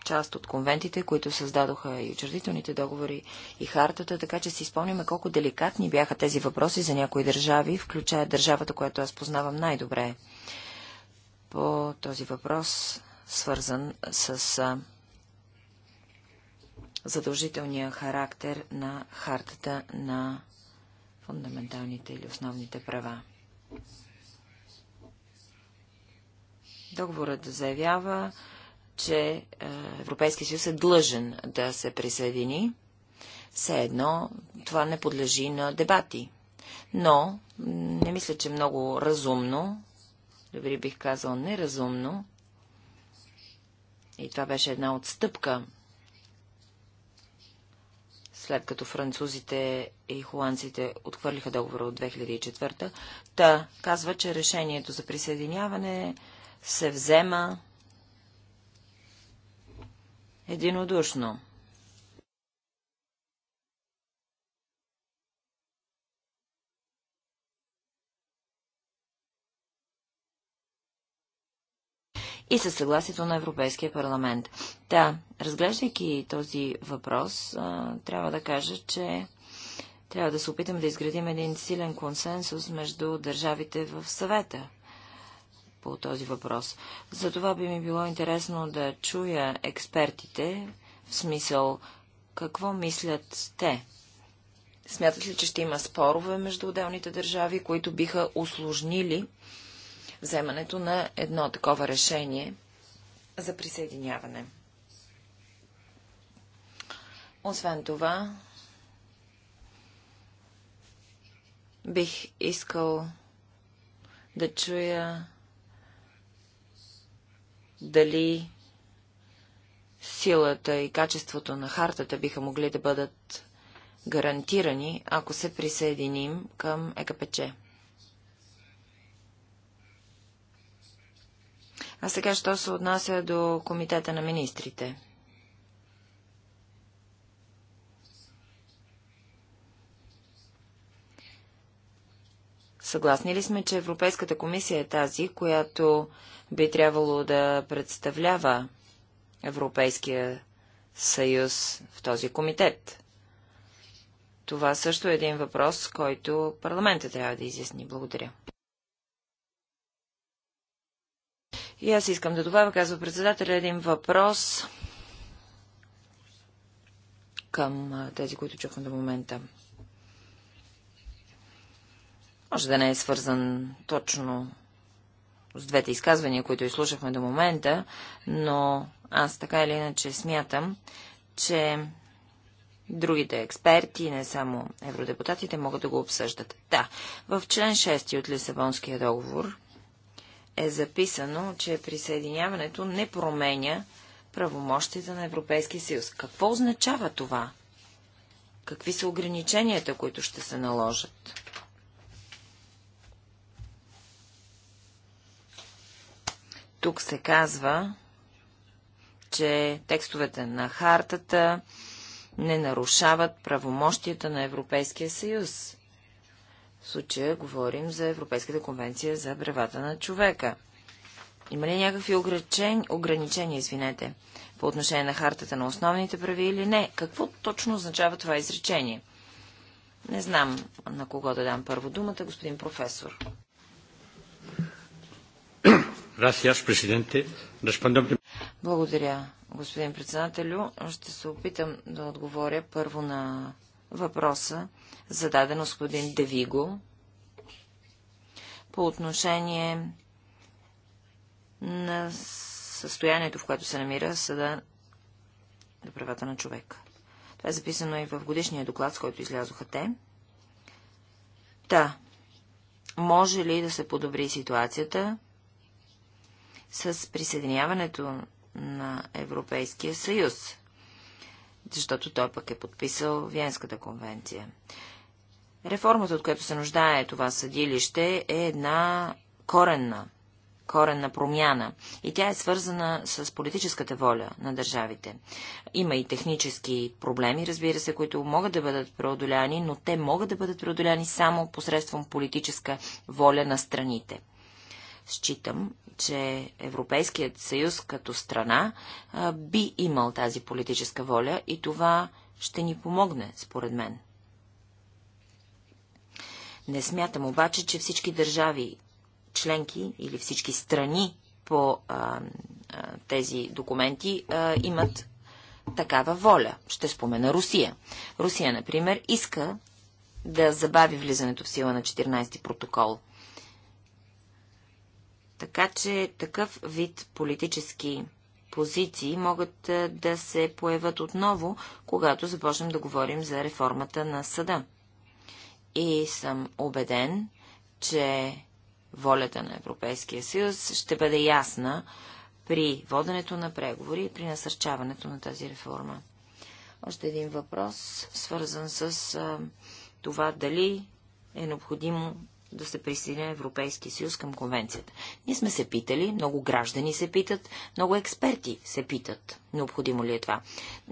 Speaker 2: част от конвентите, които създадоха и учредителните договори и хартата, така че си спомняме колко деликатни бяха тези въпроси за някои държави, включая държавата, която аз познавам най-добре по този въпрос, свързан с а, задължителния характер на хартата на фундаменталните или основните права. Договорът заявява, че е, Европейския съюз е длъжен да се присъедини. Все едно това не подлежи на дебати. Но не мисля, че много разумно, дори бих казал неразумно, и това беше една отстъпка, след като французите и холандците отхвърлиха договора от 2004, та казва, че решението за присъединяване се взема единодушно. и със съгласието на Европейския парламент. Да, разглеждайки този въпрос, трябва да кажа, че трябва да се опитам да изградим един силен консенсус между държавите в съвета по този въпрос. За това би ми било интересно да чуя експертите, в смисъл какво мислят те. Смятат ли, че ще има спорове между отделните държави, които биха усложнили вземането на едно такова решение за присъединяване? Освен това, бих искал да чуя дали силата и качеството на хартата биха могли да бъдат гарантирани, ако се присъединим към ЕКПЧ. А сега, що се отнася до комитета на министрите? Съгласни ли сме, че Европейската комисия е тази, която би трябвало да представлява Европейския съюз в този комитет? Това също е един въпрос, който парламента трябва да изясни. Благодаря. И аз искам да добавя, казва председателя, един въпрос към тези, които чухме до момента. Може да не е свързан точно с двете изказвания, които изслушахме до момента, но аз така или иначе смятам, че другите експерти, не само евродепутатите, могат да го обсъждат. Да, в член 6 от Лисабонския договор е записано, че присъединяването не променя правомощите на Европейския съюз. Какво означава това? Какви са ограниченията, които ще се наложат? Тук се казва, че текстовете на хартата не нарушават правомощията на Европейския съюз. В случая говорим за Европейската конвенция за правата на човека. Има ли някакви ограничения, ограничения, извинете, по отношение на хартата на основните прави или не? Какво точно означава това изречение? Не знам на кого да дам първо думата, господин професор. Благодаря, господин председателю. Ще се опитам да отговоря първо на въпроса, зададен от господин Девиго, по отношение на състоянието, в което се намира съда на правата на човека. Това е записано и в годишния доклад, с който излязоха те. Та, може ли да се подобри ситуацията? с присъединяването на Европейския съюз, защото той пък е подписал Виенската конвенция. Реформата, от която се нуждае това съдилище, е една коренна, коренна промяна и тя е свързана с политическата воля на държавите. Има и технически проблеми, разбира се, които могат да бъдат преодоляни, но те могат да бъдат преодоляни само посредством политическа воля на страните. Считам, че Европейският съюз като страна би имал тази политическа воля и това ще ни помогне, според мен. Не смятам обаче, че всички държави членки или всички страни по а, а, тези документи а, имат такава воля. Ще спомена Русия. Русия, например, иска да забави влизането в сила на 14 ти протокол. Така че такъв вид политически позиции могат да се появят отново, когато започнем да говорим за реформата на съда. И съм убеден, че волята на Европейския съюз ще бъде ясна при воденето на преговори и при насърчаването на тази реформа. Още един въпрос, свързан с това дали е необходимо да се присъединя Европейския съюз към конвенцията. Ние сме се питали, много граждани се питат, много експерти се питат, необходимо ли е това.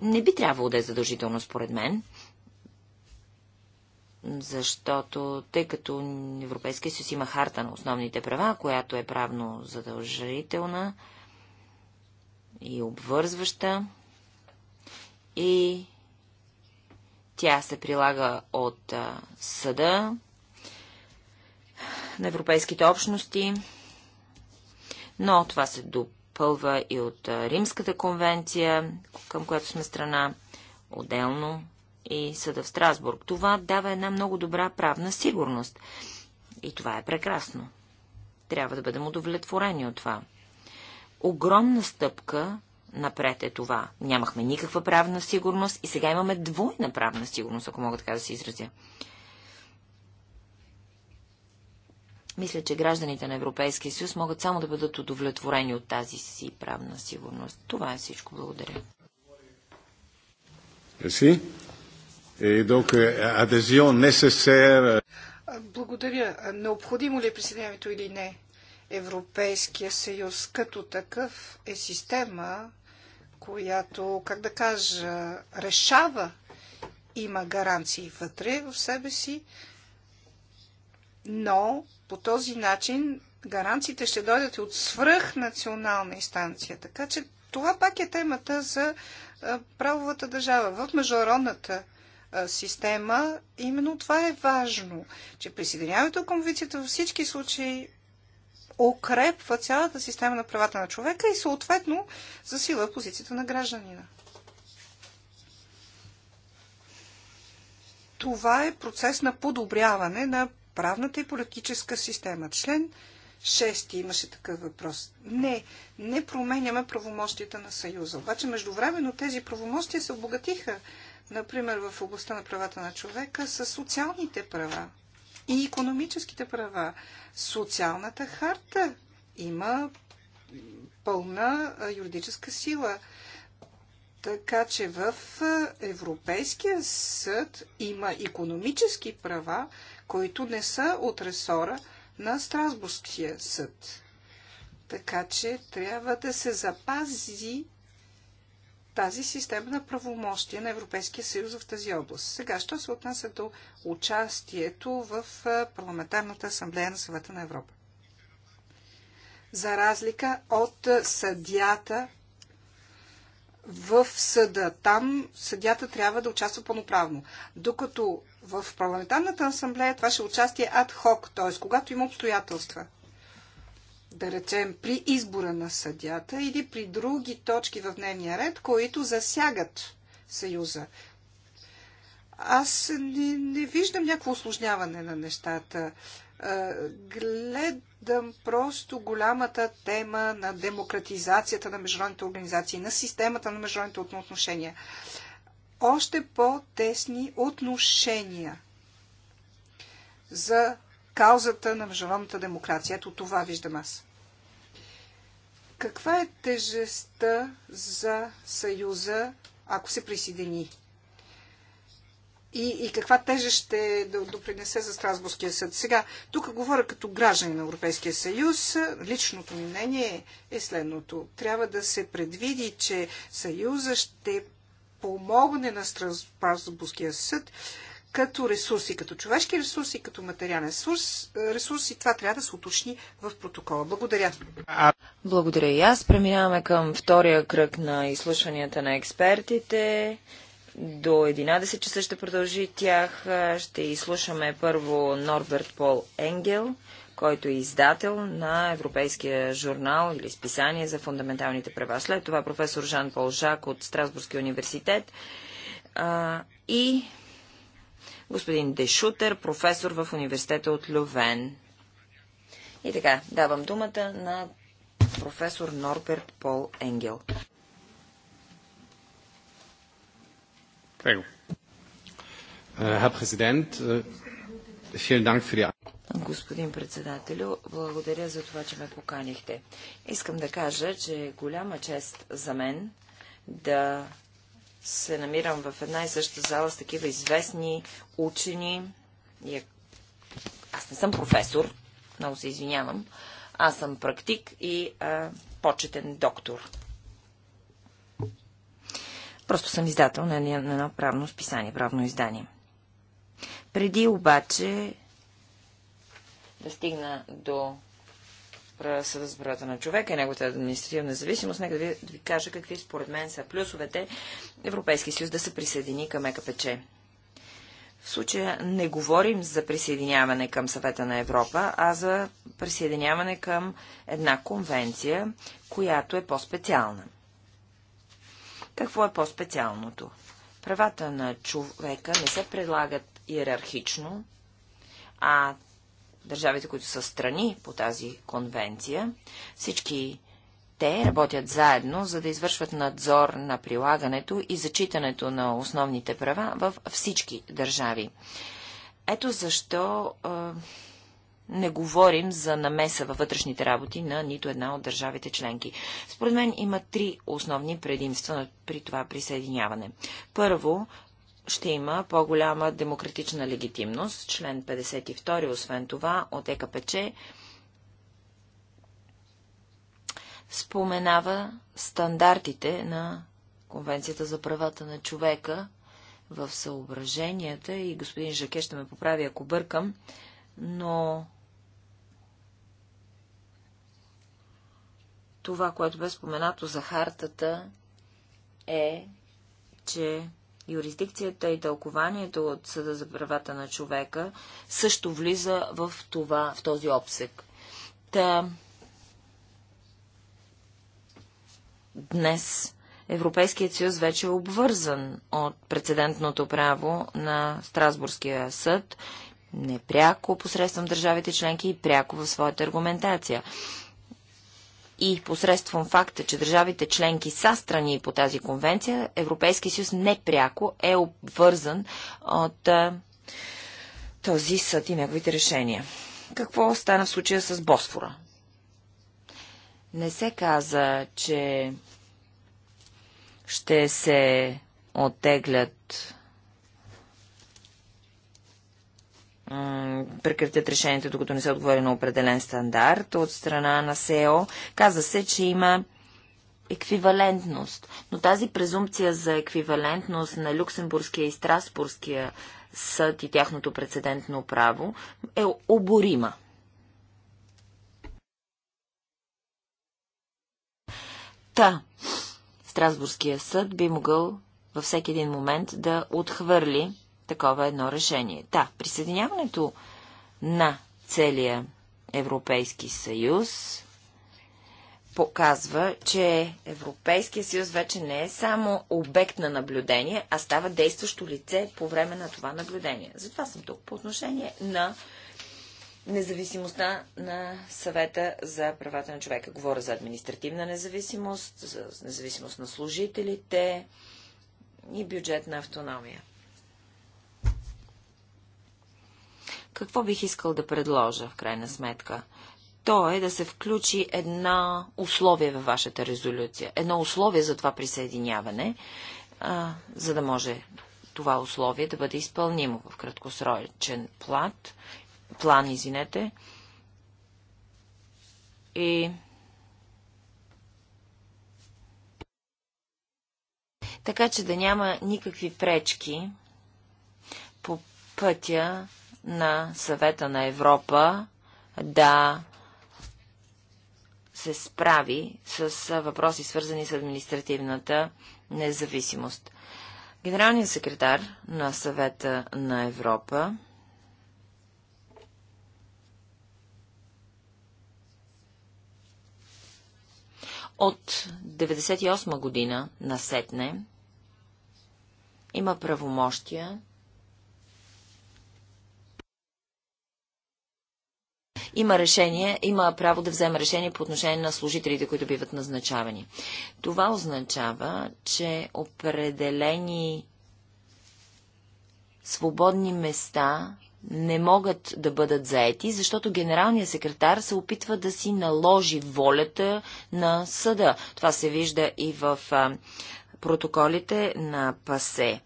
Speaker 2: Не би трябвало да е задължително според мен, защото тъй като Европейския съюз има харта на основните права, която е правно задължителна и обвързваща, и тя се прилага от съда, на европейските общности, но това се допълва и от Римската конвенция, към която сме страна отделно и съда в Страсбург. Това дава една много добра правна сигурност. И това е прекрасно. Трябва да бъдем удовлетворени от това. Огромна стъпка напред е това. Нямахме никаква правна сигурност и сега имаме двойна правна сигурност, ако мога така да се изразя. Мисля, че гражданите на Европейския съюз могат само да бъдат удовлетворени от тази си правна сигурност. Това е всичко. Благодаря.
Speaker 1: Euh, euh.
Speaker 4: Благодаря. Необходимо ли е присъединяването или не? Европейския съюз като такъв е система, която, как да кажа, решава, има гаранции вътре в себе си, но по този начин гаранциите ще дойдат от свръхнационална инстанция. Така че това пак е темата за правовата държава. В международната система именно това е важно, че присъединяването към конвенцията във всички случаи укрепва цялата система на правата на човека и съответно засила позицията на гражданина. Това е процес на подобряване на правната и политическа система. Член 6 имаше такъв въпрос. Не, не променяме правомощията на Съюза. Обаче междувременно тези правомощия се обогатиха, например в областта на правата на човека, с социалните права и економическите права. Социалната харта има пълна юридическа сила. Така че в Европейския съд има економически права, които не са от ресора на Страсбургския съд. Така че трябва да се запази тази система на правомощия на Европейския съюз в тази област. Сега, що се отнася до участието в Парламентарната асамблея на съвета на Европа? За разлика от съдята в съда. Там съдята трябва да участва пълноправно. Докато в парламентарната асамблея това ще е участие ад хок, т.е. когато има обстоятелства. Да речем, при избора на съдята или при други точки в дневния ред, които засягат съюза. Аз не, не виждам някакво осложняване на нещата. Е, гледам просто голямата тема на демократизацията на международните организации, на системата на международните отношения още по-тесни отношения за каузата на международната демокрация. Ето това виждам аз. Каква е тежестта за Съюза, ако се присъедини? И, и каква тежест ще допринесе за Страсбургския съд? Сега, тук говоря като граждани на Европейския съюз. Личното ми мнение е следното. Трябва да се предвиди, че Съюза ще помогне на Страсбургския съд като ресурси, като човешки ресурси, като материален ресурс, ресурс и това трябва да се уточни в протокола. Благодаря.
Speaker 2: Благодаря и аз. Преминаваме към втория кръг на изслушванията на експертите. До 11 часа ще продължи тях. Ще изслушаме първо Норберт Пол Енгел, който е издател на Европейския журнал или списание за фундаменталните права. След това професор Жан Пол Жак от Страсбургския университет а, и господин Дешутер, професор в университета от Лювен. И така, давам думата на професор Норберт Пол Енгел.
Speaker 1: Uh, Herr Präsident, uh,
Speaker 2: Господин председателю, благодаря за това, че ме поканихте. Искам да кажа, че е голяма чест за мен да се намирам в една и съща зала с такива известни учени. Е- аз не съм професор, много се извинявам. Аз съм практик и а, почетен доктор. Просто съм издател на едно правно списание, правно издание. Преди обаче да стигна до съда на човека и неговата административна независимост, нека да ви, да ви кажа какви според мен са плюсовете Европейски съюз да се присъедини към ЕКПЧ. В случая не говорим за присъединяване към съвета на Европа, а за присъединяване към една конвенция, която е по-специална. Какво е по-специалното? Правата на човека не се предлагат иерархично, а държавите, които са страни по тази конвенция, всички те работят заедно, за да извършват надзор на прилагането и зачитането на основните права във всички държави. Ето защо е, не говорим за намеса във вътрешните работи на нито една от държавите членки. Според мен има три основни предимства при това присъединяване. Първо, ще има по-голяма демократична легитимност. Член 52, освен това, от ЕКПЧ споменава стандартите на Конвенцията за правата на човека в съображенията и господин Жаке ще ме поправи, ако бъркам, но това, което бе споменато за хартата е, че юрисдикцията и тълкованието от Съда за правата на човека също влиза в, това, в този обсек. Та... Днес Европейският съюз вече е обвързан от прецедентното право на Страсбургския съд непряко посредством държавите членки и пряко в своята аргументация и посредством факта, че държавите членки са страни по тази конвенция, Европейския съюз непряко е обвързан от а, този съд и неговите решения. Какво стана в случая с Босфора? Не се каза, че ще се оттеглят прекратят решението, докато не се отговори на определен стандарт от страна на СЕО. Каза се, че има еквивалентност. Но тази презумпция за еквивалентност на Люксембургския и Страсбургския съд и тяхното прецедентно право е оборима. Та, Страсбургския съд би могъл във всеки един момент да отхвърли такова едно решение. Да, присъединяването на целия Европейски съюз показва, че Европейския съюз вече не е само обект на наблюдение, а става действащо лице по време на това наблюдение. Затова съм тук по отношение на независимостта на съвета за правата на човека. Говоря за административна независимост, за независимост на служителите и бюджетна автономия. Какво бих искал да предложа в крайна сметка? То е да се включи една условие във вашата резолюция. Едно условие за това присъединяване, а, за да може това условие да бъде изпълнимо в краткосрочен плат, план, извинете. И така че да няма никакви пречки по пътя на съвета на Европа да се справи с въпроси, свързани с административната независимост. Генералният секретар на съвета на Европа от 1998 година насетне има правомощия има, решение, има право да вземе решение по отношение на служителите, които биват назначавани. Това означава, че определени свободни места не могат да бъдат заети, защото генералният секретар се опитва да си наложи волята на съда. Това се вижда и в протоколите на ПАСЕ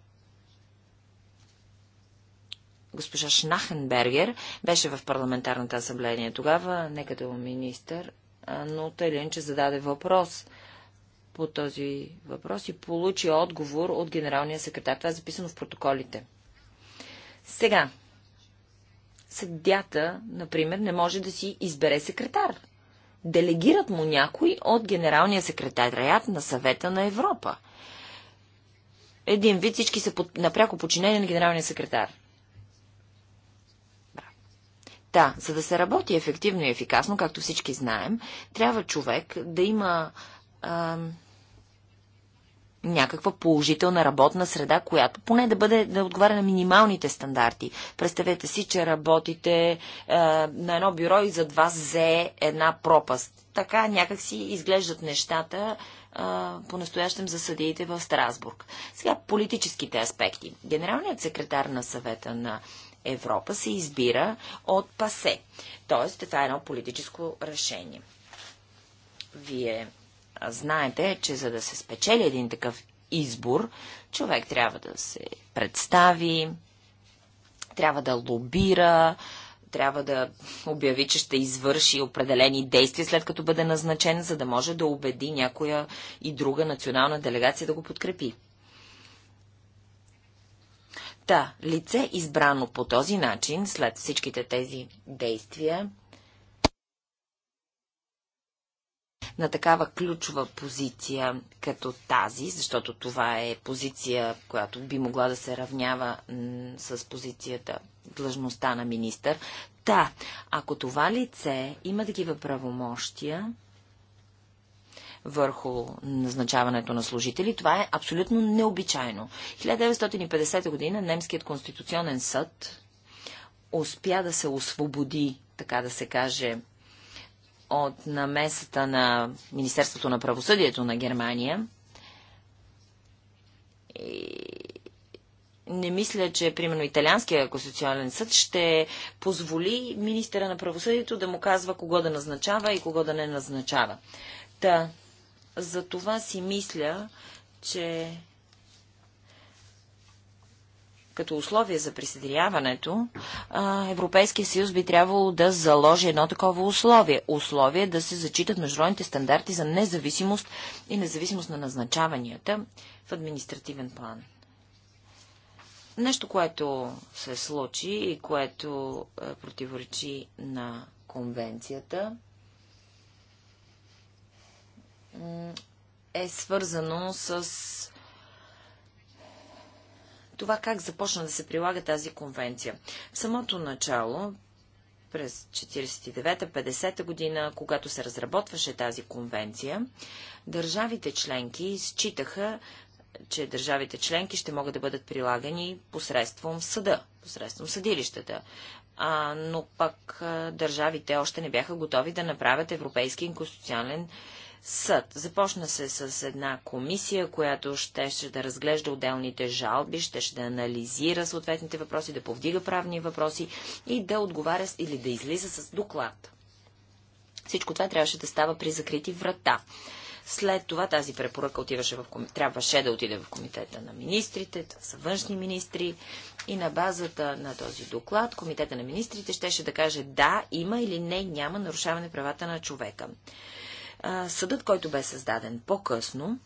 Speaker 2: госпожа Шнахенбергер беше в парламентарната асамблея тогава, не като е министър, но тъй че зададе въпрос по този въпрос и получи отговор от генералния секретар. Това е записано в протоколите. Сега, съдята, например, не може да си избере секретар. Делегират му някой от генералния секретариат на съвета на Европа. Един вид всички са под... напряко подчинени на генералния секретар. Та, да, за да се работи ефективно и ефикасно, както всички знаем, трябва човек да има а, някаква положителна работна среда, която поне да бъде да отговаря на минималните стандарти. Представете си, че работите а, на едно бюро и зад вас зе една пропаст. Така някак си изглеждат нещата по-настоящем за съдиите в Страсбург. Сега политическите аспекти. Генералният секретар на съвета на Европа се избира от ПАСЕ. Тоест, това е едно политическо решение. Вие знаете, че за да се спечели един такъв избор, човек трябва да се представи, трябва да лобира, трябва да обяви, че ще извърши определени действия, след като бъде назначен, за да може да убеди някоя и друга национална делегация да го подкрепи. Та, лице избрано по този начин, след всичките тези действия, на такава ключова позиция като тази, защото това е позиция, която би могла да се равнява с позицията, длъжността на министър. Та, ако това лице има такива правомощия, върху назначаването на служители. Това е абсолютно необичайно. 1950 година немският конституционен съд успя да се освободи, така да се каже, от намесата на Министерството на правосъдието на Германия. И не мисля, че, примерно, Италианския конституционен съд ще позволи министъра на правосъдието да му казва кого да назначава и кого да не назначава. Та, за това си мисля, че като условие за присъединяването, Европейския съюз би трябвало да заложи едно такова условие. Условие да се зачитат международните стандарти за независимост и независимост на назначаванията в административен план. Нещо, което се случи и което е, противоречи на конвенцията, е свързано с това как започна да се прилага тази конвенция. В самото начало, през 49-50 година, когато се разработваше тази конвенция, държавите членки считаха, че държавите членки ще могат да бъдат прилагани посредством съда, посредством съдилищата. А, но пък държавите още не бяха готови да направят европейски конституционен съд. Започна се с една комисия, която щеше да разглежда отделните жалби, щеше да анализира съответните въпроси, да повдига правни въпроси и да отговаря или да излиза с доклад. Всичко това трябваше да става при закрити врата. След това тази препоръка отиваше в ком... трябваше да отиде в комитета на министрите, това са външни министри и на базата на този доклад комитета на министрите щеше да каже да, има или не, няма нарушаване правата на човека съдът, който бе създаден по-късно,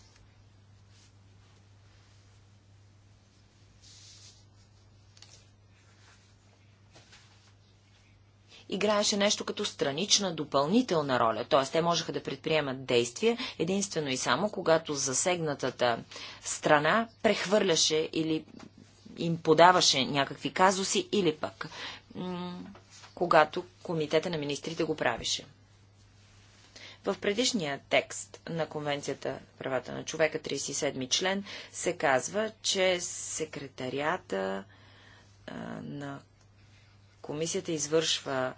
Speaker 2: играеше нещо като странична, допълнителна роля, т.е. те можеха да предприемат действия единствено и само, когато засегнатата страна прехвърляше или им подаваше някакви казуси или пък когато комитета на министрите го правише. В предишния текст на Конвенцията правата на човека, 37 член, се казва, че секретарията а, на комисията извършва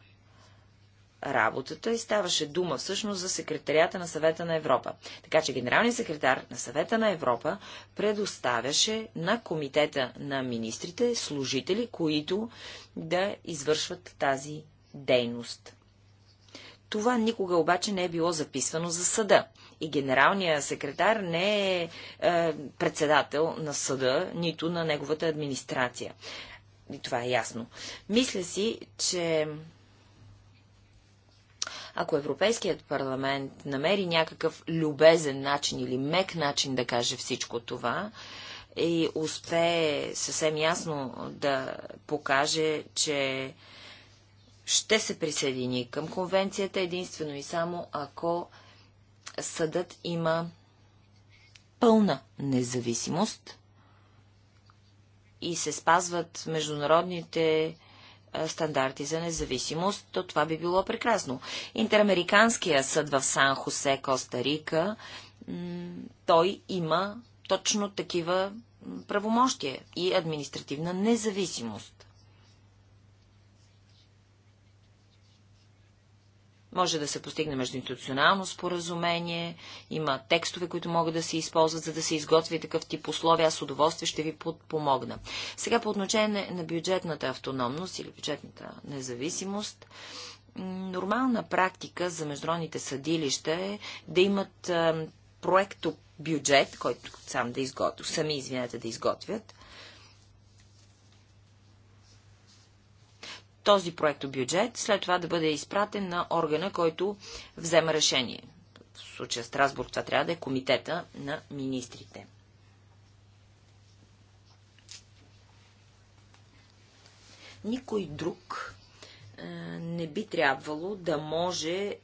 Speaker 2: работата и ставаше дума всъщност за секретарията на съвета на Европа. Така че генералният секретар на съвета на Европа предоставяше на комитета на министрите служители, които да извършват тази дейност. Това никога обаче не е било записвано за съда. И генералният секретар не е, е председател на съда, нито на неговата администрация. И това е ясно. Мисля си, че ако Европейският парламент намери някакъв любезен начин или мек начин да каже всичко това, и успее съвсем ясно да покаже, че ще се присъедини към конвенцията единствено и само ако съдът има пълна независимост и се спазват международните стандарти за независимост, то това би било прекрасно. Интерамериканския съд в Сан Хосе, Коста Рика, той има точно такива правомощия и административна независимост. Може да се постигне междуинституционално споразумение, има текстове, които могат да се използват, за да се изготви такъв тип условия. Аз с удоволствие ще ви подпомогна. Сега по отношение на бюджетната автономност или бюджетната независимост, нормална практика за международните съдилища е да имат проекто бюджет, който сам да изготвят, сами извинете да изготвят, този проект бюджет след това да бъде изпратен на органа, който взема решение. В случая Страсбург това трябва да е комитета на министрите. Никой друг не би трябвало да може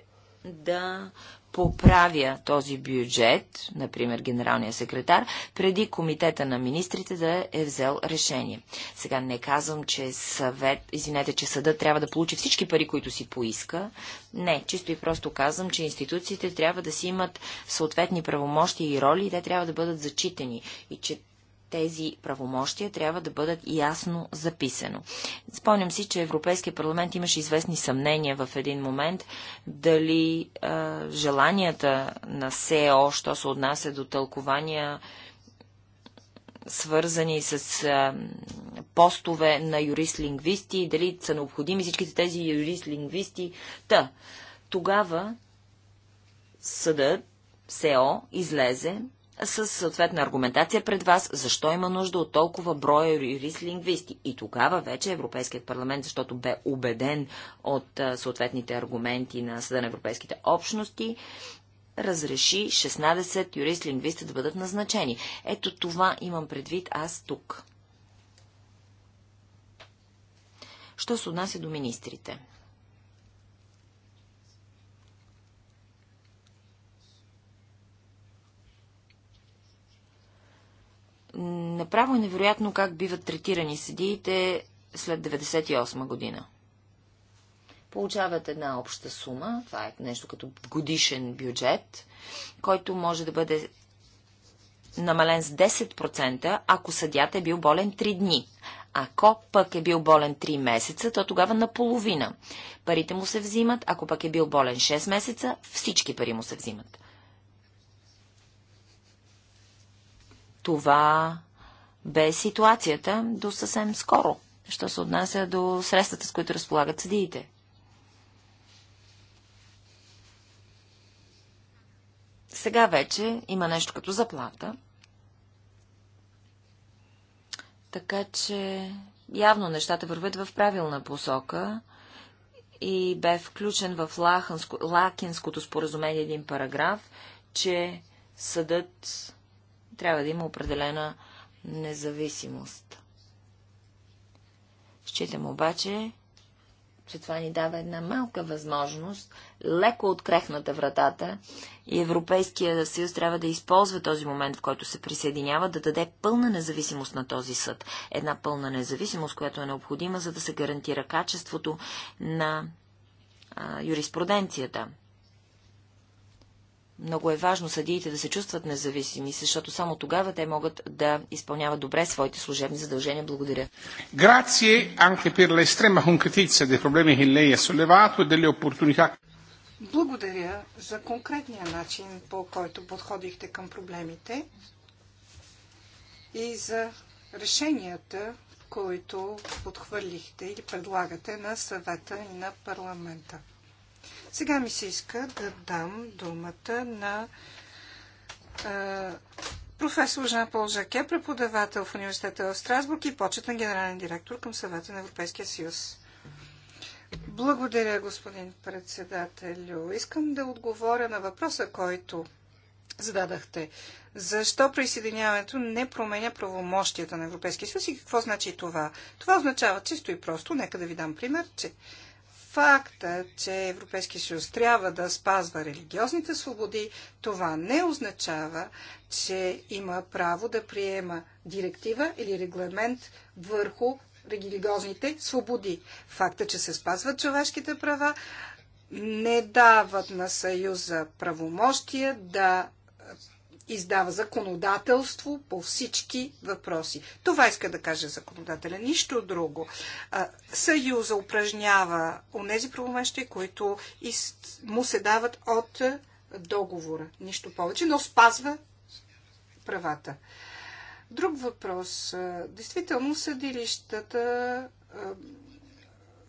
Speaker 2: да поправя този бюджет, например генералния секретар, преди комитета на министрите да е взел решение. Сега не казвам, че съвет, извинете, че съда трябва да получи всички пари, които си поиска. Не, чисто и просто казвам, че институциите трябва да си имат съответни правомощи и роли и те трябва да бъдат зачитани. И че тези правомощия трябва да бъдат ясно записано. Спомням си, че Европейския парламент имаше известни съмнения в един момент дали а, желанията на СЕО, що се отнася до тълкования, свързани с а, постове на юрист-лингвисти, дали са необходими всичките тези юрист-лингвисти. Та, тогава съдът СЕО излезе с съответна аргументация пред вас, защо има нужда от толкова броя юрист-лингвисти. И тогава вече Европейският парламент, защото бе убеден от съответните аргументи на Съда на Европейските общности, разреши 16 юрист-лингвисти да бъдат назначени. Ето това имам предвид аз тук. Що се отнася до министрите? Направо е невероятно как биват третирани съдиите след 1998 година. Получават една обща сума, това е нещо като годишен бюджет, който може да бъде намален с 10%, ако съдята е бил болен 3 дни. Ако пък е бил болен 3 месеца, то тогава наполовина. Парите му се взимат, ако пък е бил болен 6 месеца, всички пари му се взимат. Това бе ситуацията до съвсем скоро, що се отнася до средствата, с които разполагат съдиите. Сега вече има нещо като заплата. Така че явно нещата върват в правилна посока и бе включен в Лакинското споразумение един параграф, че съдът трябва да има определена независимост. Считам обаче, че това ни дава една малка възможност, леко открехната вратата и Европейския съюз трябва да използва този момент, в който се присъединява, да даде пълна независимост на този съд. Една пълна независимост, която е необходима, за да се гарантира качеството на а, юриспруденцията. Много е важно съдиите да се чувстват независими, защото само тогава те могат да изпълняват добре своите служебни задължения. Благодаря.
Speaker 1: Grazie anche per l'estrema concretezza dei problemi che lei ha sollevato e delle opportunità.
Speaker 4: Благодаря за конкретния начин, по който подходихте към проблемите и за решенията, които подхвърлихте или предлагате на съвета и на парламента. Сега ми се иска да дам думата на професор Жан-Пол Жаке, преподавател в университета в Страсбург и почетен генерален директор към съвета на Европейския съюз. Благодаря, господин председателю. Искам да отговоря на въпроса, който зададахте. Защо присъединяването не променя правомощията на Европейския съюз и какво значи това? Това означава чисто и просто, нека да ви дам пример, че факта, че Европейския съюз трябва да спазва религиозните свободи, това не означава, че има право да приема директива или регламент върху религиозните свободи. Факта, че се спазват човешките права, не дават на Съюза правомощия да издава законодателство по всички въпроси. Това иска да каже законодателя. Нищо друго. Съюза упражнява онези правомещи, които му се дават от договора. Нищо повече, но спазва правата. Друг въпрос. Действително съдилищата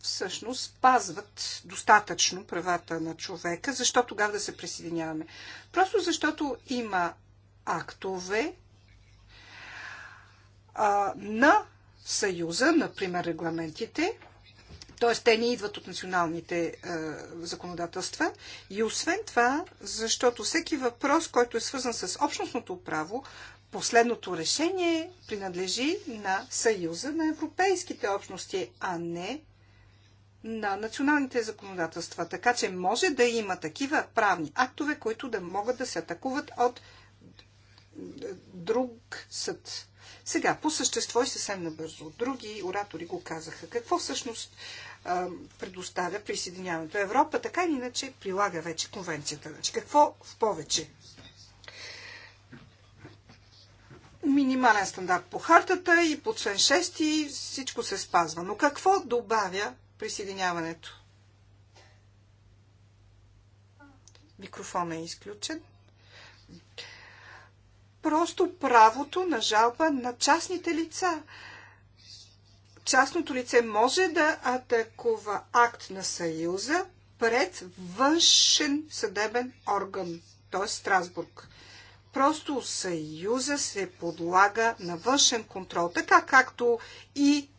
Speaker 4: всъщност спазват достатъчно правата на човека, защо тогава да се присъединяваме? Просто защото има актове а, на Съюза, например регламентите, т.е. те не идват от националните а, е, законодателства. И освен това, защото всеки въпрос, който е свързан с общностното право, последното решение принадлежи на Съюза на европейските общности, а не на националните законодателства. Така че може да има такива правни актове, които да могат да се атакуват от друг съд. Сега, по същество и съвсем набързо. Други оратори го казаха. Какво всъщност а, предоставя присъединяването? Европа така или иначе прилага вече конвенцията. Значи, какво в повече? Минимален стандарт по хартата и по член 6 всичко се спазва. Но какво добавя присъединяването. Микрофонът е изключен. Просто правото на жалба на частните лица. Частното лице може да атакува акт на Съюза пред външен съдебен орган, т.е. Страсбург. Просто Съюза се подлага на външен контрол, така както и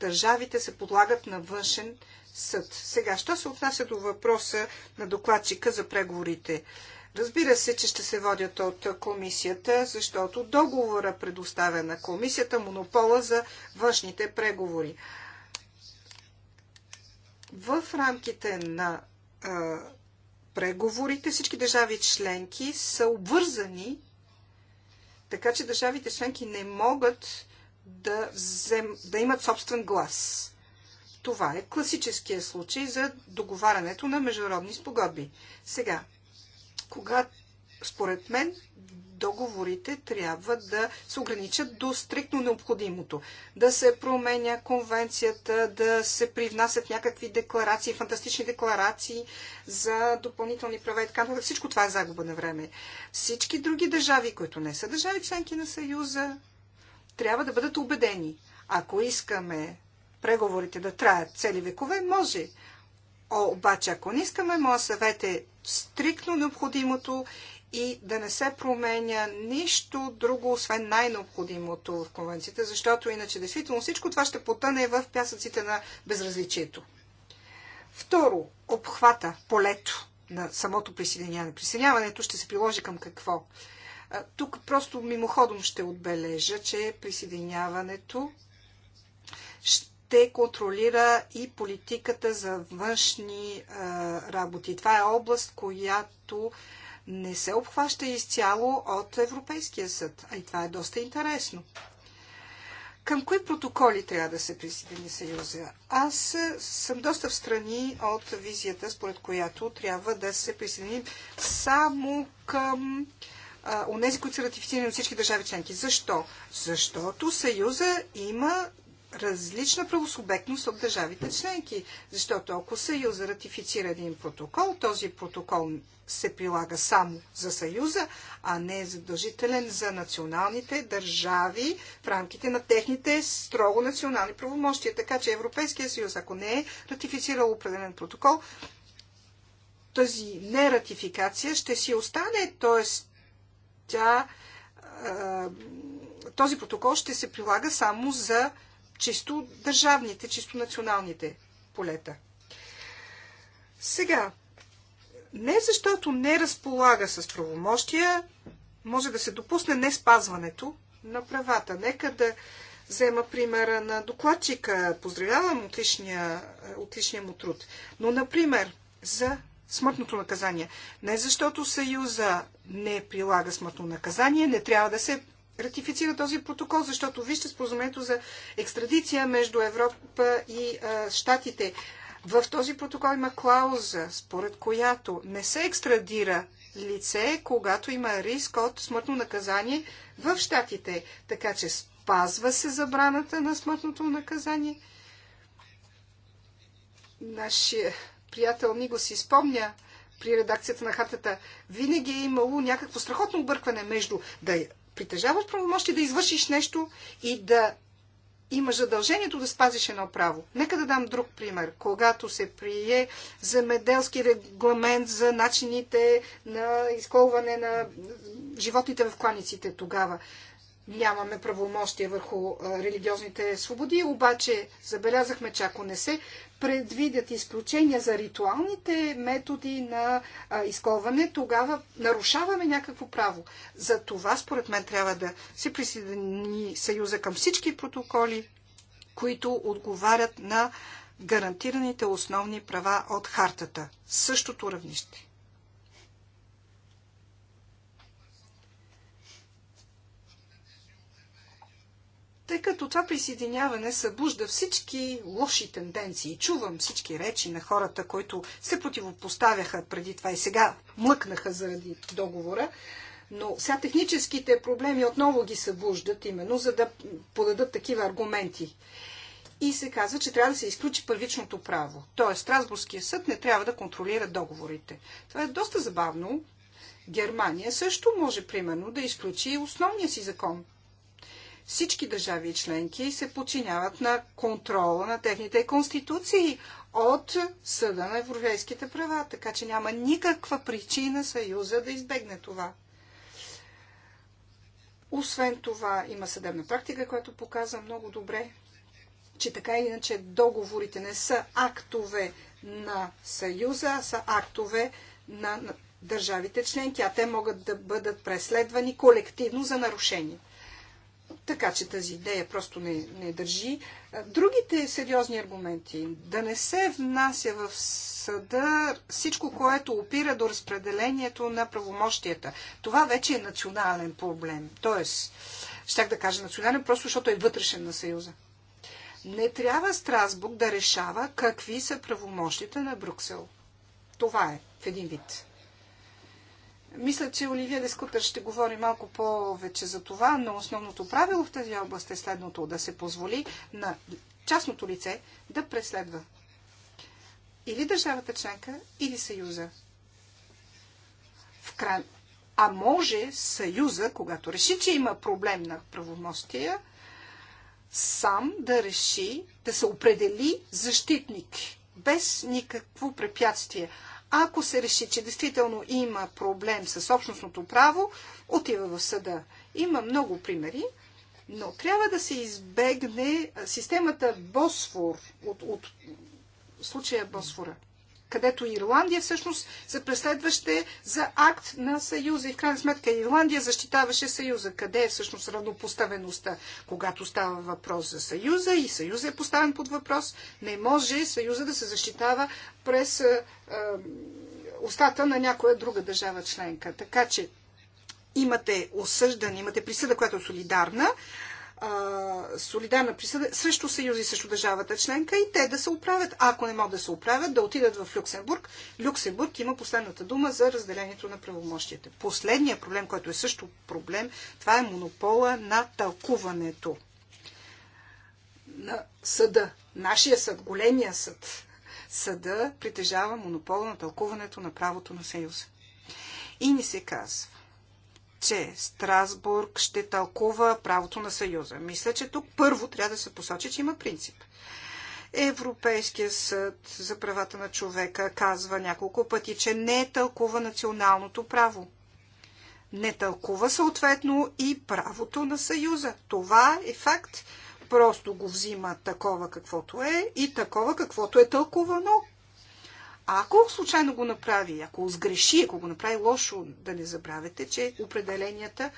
Speaker 4: държавите се подлагат на външен съд. Сега, що се отнася до въпроса на докладчика за преговорите? Разбира се, че ще се водят от комисията, защото договора предоставя на комисията монопола за външните преговори. В рамките на а, преговорите всички държави членки са обвързани, така че държавите членки не могат да, взем, да имат собствен глас. Това е класическия случай за договарянето на международни спогодби. Сега, кога, според мен, договорите трябва да се ограничат до стрикно необходимото. Да се променя конвенцията, да се привнасят някакви декларации, фантастични декларации за допълнителни права и така Всичко това е загуба на време. Всички други държави, които не са държави членки на Съюза, трябва да бъдат убедени. Ако искаме преговорите да траят цели векове, може. О, обаче, ако не искаме, моят съвет е стрикно необходимото и да не се променя нищо друго, освен най-необходимото в конвенцията, защото иначе действително всичко това ще потъне в пясъците на безразличието. Второ, обхвата, полето на самото присъединяване. Присъединяването ще се приложи към какво? Тук просто мимоходом ще отбележа, че присъединяването ще контролира и политиката за външни работи. Това е област, която не се обхваща изцяло от Европейския съд. А и това е доста интересно. Към кои протоколи трябва да се присъедини Съюза? Аз съм доста в страни от визията, според която трябва да се присъединим само към а, онези, които са ратифицирани от всички държави членки. Защо? Защото Съюза има различна правосубектност от държавите членки. Защото ако Съюза ратифицира един протокол, този протокол се прилага само за Съюза, а не е задължителен за националните държави в рамките на техните строго национални правомощия. Така че Европейския съюз, ако не е ратифицирал определен протокол, тази нератификация ще си остане, т.е тя, този протокол ще се прилага само за чисто държавните, чисто националните полета. Сега, не защото не разполага с правомощия, може да се допусне не спазването на правата. Нека да взема примера на докладчика. Поздравявам отличния, отличния му труд. Но, например, за смъртното наказание. Не защото Съюза не прилага смъртно наказание, не трябва да се ратифицира този протокол, защото вижте споразумението за екстрадиция между Европа и а, Штатите. В този протокол има клауза, според която не се екстрадира лице, когато има риск от смъртно наказание в Штатите. Така че спазва се забраната на смъртното наказание. Нашия приятел ми го си спомня при редакцията на хартата, винаги е имало някакво страхотно объркване между да притежаваш правомощи да извършиш нещо и да имаш задължението да спазиш едно право. Нека да дам друг пример. Когато се прие земеделски регламент за начините на изколване на животните в кланиците тогава, нямаме правомощия върху религиозните свободи, обаче забелязахме, че ако не се предвидят изключения за ритуалните методи на а, изковане, тогава нарушаваме някакво право. За това, според мен, трябва да се присъедини Съюза към всички протоколи, които отговарят на гарантираните основни права от хартата. Същото равнище. тъй като това присъединяване събужда всички лоши тенденции. Чувам всички речи на хората, които се противопоставяха преди това и сега млъкнаха заради договора. Но сега техническите проблеми отново ги събуждат, именно за да подадат такива аргументи. И се казва, че трябва да се изключи първичното право. Тоест, Страсбургския съд не трябва да контролира договорите. Това е доста забавно. Германия също може, примерно, да изключи основния си закон всички държави и членки се подчиняват на контрола на техните конституции от Съда на европейските права, така че няма никаква причина Съюза да избегне това. Освен това, има съдебна практика, която показва много добре, че така или иначе договорите не са актове на Съюза, а са актове на държавите членки, а те могат да бъдат преследвани колективно за нарушение. Така че тази идея просто не, не държи. Другите сериозни аргументи. Да не се внася в съда всичко, което опира до разпределението на правомощията. Това вече е национален проблем. Тоест, щях да кажа национален, просто защото е вътрешен на Съюза. Не трябва Страсбург да решава какви са правомощите на Брюксел. Това е в един вид. Мисля, че Оливия Дескутър ще говори малко повече за това, но основното правило в тази област е следното да се позволи на частното лице да преследва или държавата членка, или съюза. В край... А може съюза, когато реши, че има проблем на правомощия, сам да реши да се определи защитник без никакво препятствие. Ако се реши, че действително има проблем с общностното право, отива в съда. Има много примери, но трябва да се избегне системата Босфор от, от случая Босфора където Ирландия всъщност се преследваше за акт на Съюза. И в крайна сметка Ирландия защитаваше Съюза. Къде е всъщност равнопоставеността? Когато става въпрос за Съюза и Съюза е поставен под въпрос, не може Съюза да се защитава през а, а, устата на някоя друга държава членка. Така че имате осъждане, имате присъда, която е солидарна, а, солидарна присъда срещу съюзи, срещу държавата членка и те да се оправят. Ако не могат да се оправят, да отидат в Люксембург. Люксембург има последната дума за разделението на правомощията. Последният проблем, който е също проблем, това е монопола на тълкуването на съда. Нашия съд, големия съд, съда притежава монопола на тълкуването на правото на съюза. И ни се казва, че Страсбург ще тълкува правото на Съюза. Мисля, че тук първо трябва да се посочи, че има принцип. Европейския съд за правата на човека казва няколко пъти, че не е тълкува националното право. Не тълкува съответно и правото на Съюза. Това е факт. Просто го взима такова каквото е и такова каквото е тълкувано а ако случайно го направи, ако сгреши, ако го направи лошо, да не забравяте, че определенията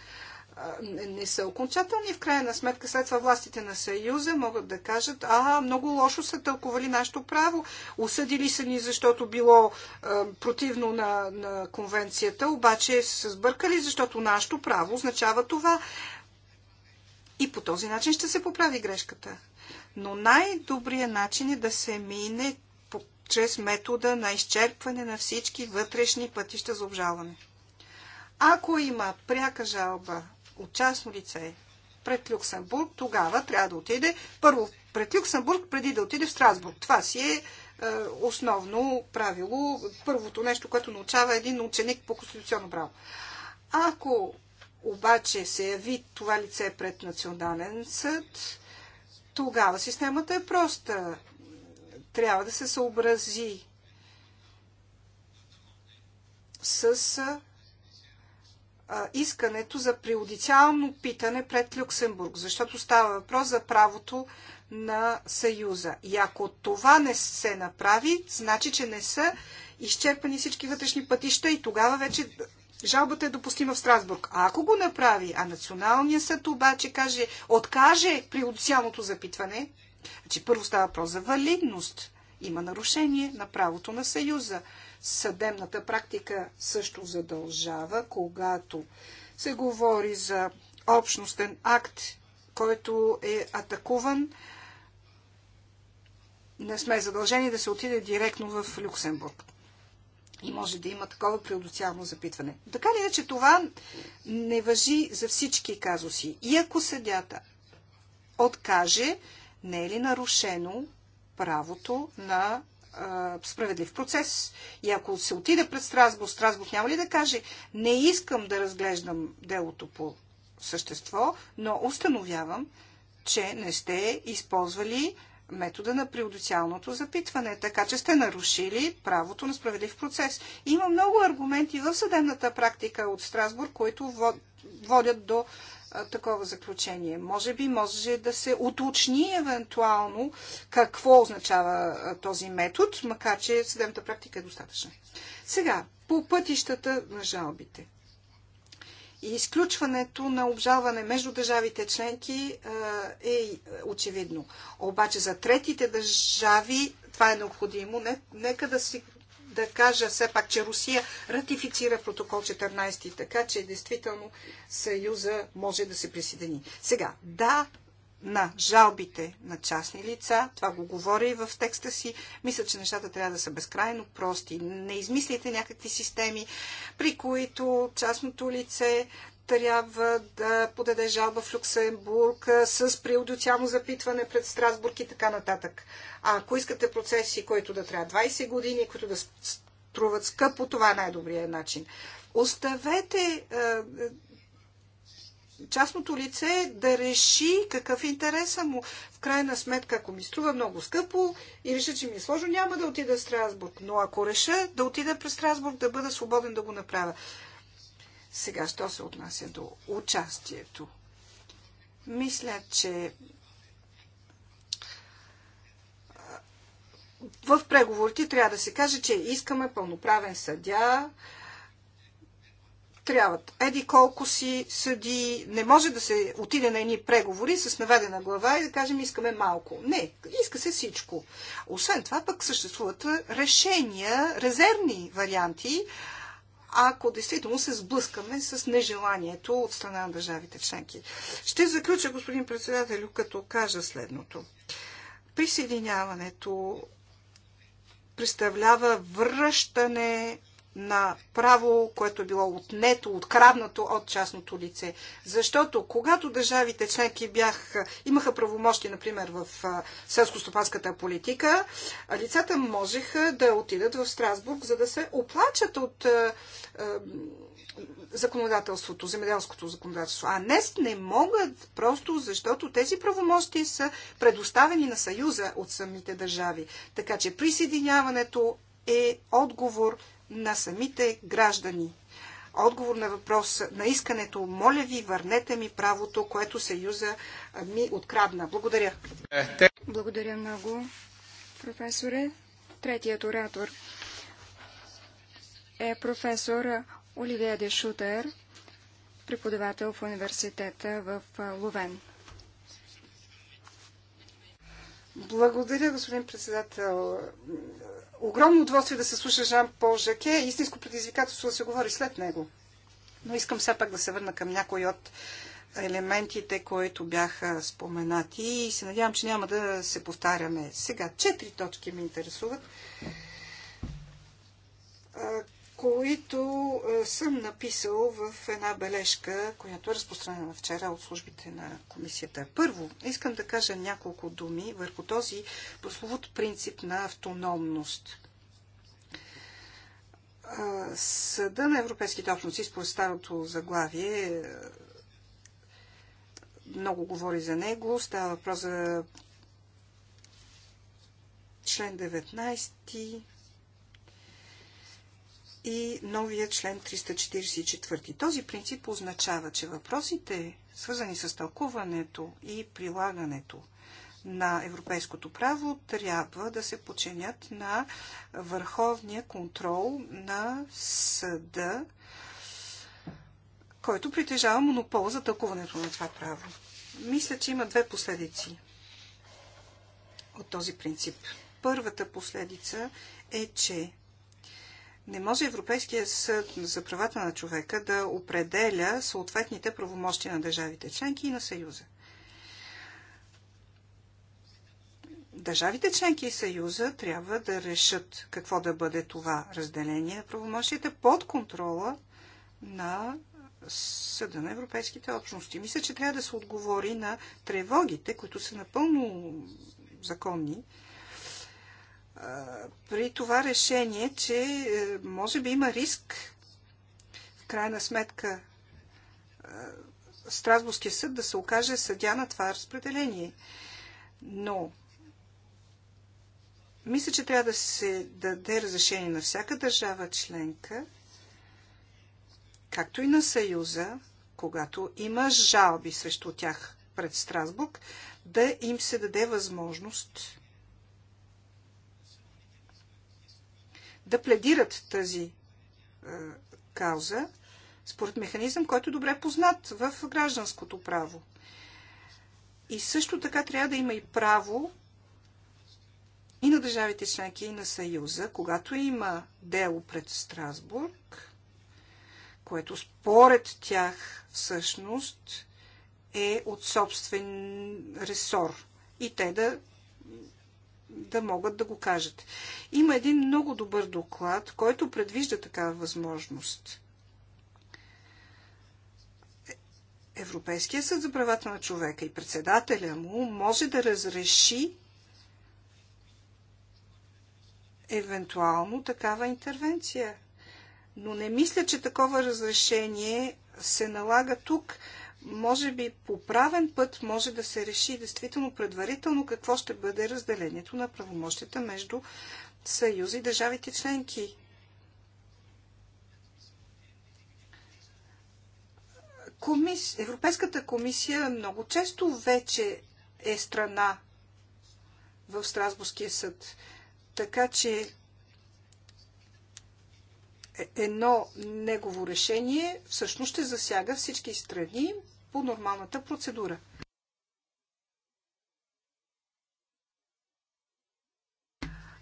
Speaker 4: не са окончателни. В крайна сметка, след това властите на Съюза могат да кажат, а, много лошо са тълкували нашето право, осъдили са ни, защото било а, противно на, на конвенцията, обаче са сбъркали, защото нашето право означава това. И по този начин ще се поправи грешката. Но най-добрият начин е да се мине чрез метода на изчерпване на всички вътрешни пътища за обжалване. Ако има пряка жалба от частно лице пред Люксембург, тогава трябва да отиде първо пред Люксембург, преди да отиде в Страсбург. Това си е, е основно правило, първото нещо, което научава един ученик по конституционно право. Ако обаче се яви това лице пред национален съд, тогава системата е проста трябва да се съобрази с искането за приодициално питане пред Люксембург, защото става въпрос за правото на Съюза. И ако това не се направи, значи, че не са изчерпани всички вътрешни пътища и тогава вече жалбата е допустима в Страсбург. А ако го направи, а Националният съд обаче каже, откаже приодициалното запитване, Значи първо става въпрос за валидност. Има нарушение на правото на Съюза. Съдебната практика също задължава, когато се говори за общностен акт, който е атакуван, не сме задължени да се отиде директно в Люксембург. И може да има такова приодоциално запитване. Така ли иначе това не въжи за всички казуси. И ако съдята откаже, не е ли нарушено правото на а, справедлив процес? И ако се отиде пред Страсбург, Страсбург няма ли да каже не искам да разглеждам делото по същество, но установявам, че не сте използвали метода на приодициалното запитване, така че сте нарушили правото на справедлив процес. Има много аргументи в съдебната практика от Страсбург, които водят до такова заключение. Може би може да се уточни евентуално какво означава този метод, макар че съдебната практика е достатъчна. Сега, по пътищата на жалбите. И изключването на обжалване между държавите членки е очевидно. Обаче за третите държави това е необходимо. Нека да си да кажа все пак, че Русия ратифицира протокол 14, така че действително Съюза може да се присъедини. Сега, да, на жалбите на частни лица. Това го говори и в текста си. Мисля, че нещата трябва да са безкрайно прости. Не измислите някакви системи, при които частното лице трябва да подаде жалба в Люксембург с преодоциално запитване пред Страсбург и така нататък. А ако искате процеси, които да трябва 20 години, които да струват скъпо, това е най-добрият начин. Оставете частното лице да реши какъв е интересът му. В крайна сметка, ако ми струва много скъпо и реша, че ми е сложно, няма да отида в Страсбург. Но ако реша да отида през Страсбург, да бъда свободен да го направя. Сега, що се отнася до участието? Мисля, че в преговорите трябва да се каже, че искаме пълноправен съдя, трябват еди колко си съди. Не може да се отиде на едни преговори с наведена глава и да кажем искаме малко. Не, иска се всичко. Освен това пък съществуват решения, резервни варианти, ако действително се сблъскаме с нежеланието от страна на държавите членки. Ще заключа, господин председател, като кажа следното. Присъединяването представлява връщане на право, което е било отнето, откраднато от частното лице. Защото когато държавите членки бях, имаха правомощи, например, в селско-стопанската политика, лицата можеха да отидат в Страсбург, за да се оплачат от законодателството, земеделското законодателство. А днес не могат, просто защото тези правомощи са предоставени на Съюза от самите държави. Така че присъединяването е отговор на самите граждани. Отговор на въпрос на искането, моля ви, върнете ми правото, което Съюза
Speaker 3: ми открадна. Благодаря. Благодаря много, професоре. Третият оратор е професор Оливия Дешутер, преподавател в университета в Ловен.
Speaker 4: Благодаря, господин председател огромно удоволствие да се слуша Жан Пол Жаке. Истинско предизвикателство да се говори след него. Но искам все пак да се върна към някой от елементите, които бяха споменати и се надявам, че няма да се повтаряме. Сега, четири точки ме интересуват които е, съм написал в една бележка, която е разпространена вчера от службите на комисията. Първо, искам да кажа няколко думи върху този прословут принцип на автономност. Е, Съда на Европейските общности, според старото заглавие, е, много говори за него. Става въпрос за член 19 и новия член 344. Този принцип означава, че въпросите, свързани с тълкуването и прилагането на европейското право, трябва да се подчинят на върховния контрол на съда, който притежава монопол за тълкуването на това право. Мисля, че има две последици от този принцип. Първата последица е, че не може Европейския съд за правата на човека да определя съответните правомощи на държавите членки и на Съюза. Държавите членки и Съюза трябва да решат какво да бъде това разделение на правомощите под контрола на Съда на Европейските общности. Мисля, че трябва да се отговори на тревогите, които са напълно законни при това решение, че е, може би има риск в крайна сметка е, Страсбургския съд да се окаже съдя на това разпределение. Но мисля, че трябва да се даде разрешение на всяка държава членка, както и на Съюза, когато има жалби срещу тях пред Страсбург, да им се даде възможност да пледират тази е, кауза според механизъм, който е добре познат в гражданското право. И също така трябва да има и право и на държавите членки, и на Съюза, когато има дело пред Страсбург, което според тях всъщност е от собствен ресор. И те да да могат да го кажат. Има един много добър доклад, който предвижда такава възможност. Европейския съд за правата на човека и председателя му може да разреши евентуално такава интервенция. Но не мисля, че такова разрешение се налага тук, може би по правен път може да се реши действително предварително какво ще бъде разделението на правомощията между Съюза и държавите членки. Комис... Европейската комисия много често вече е страна в Страсбургския съд. Така че е, едно негово решение всъщност ще засяга всички страни по нормалната процедура.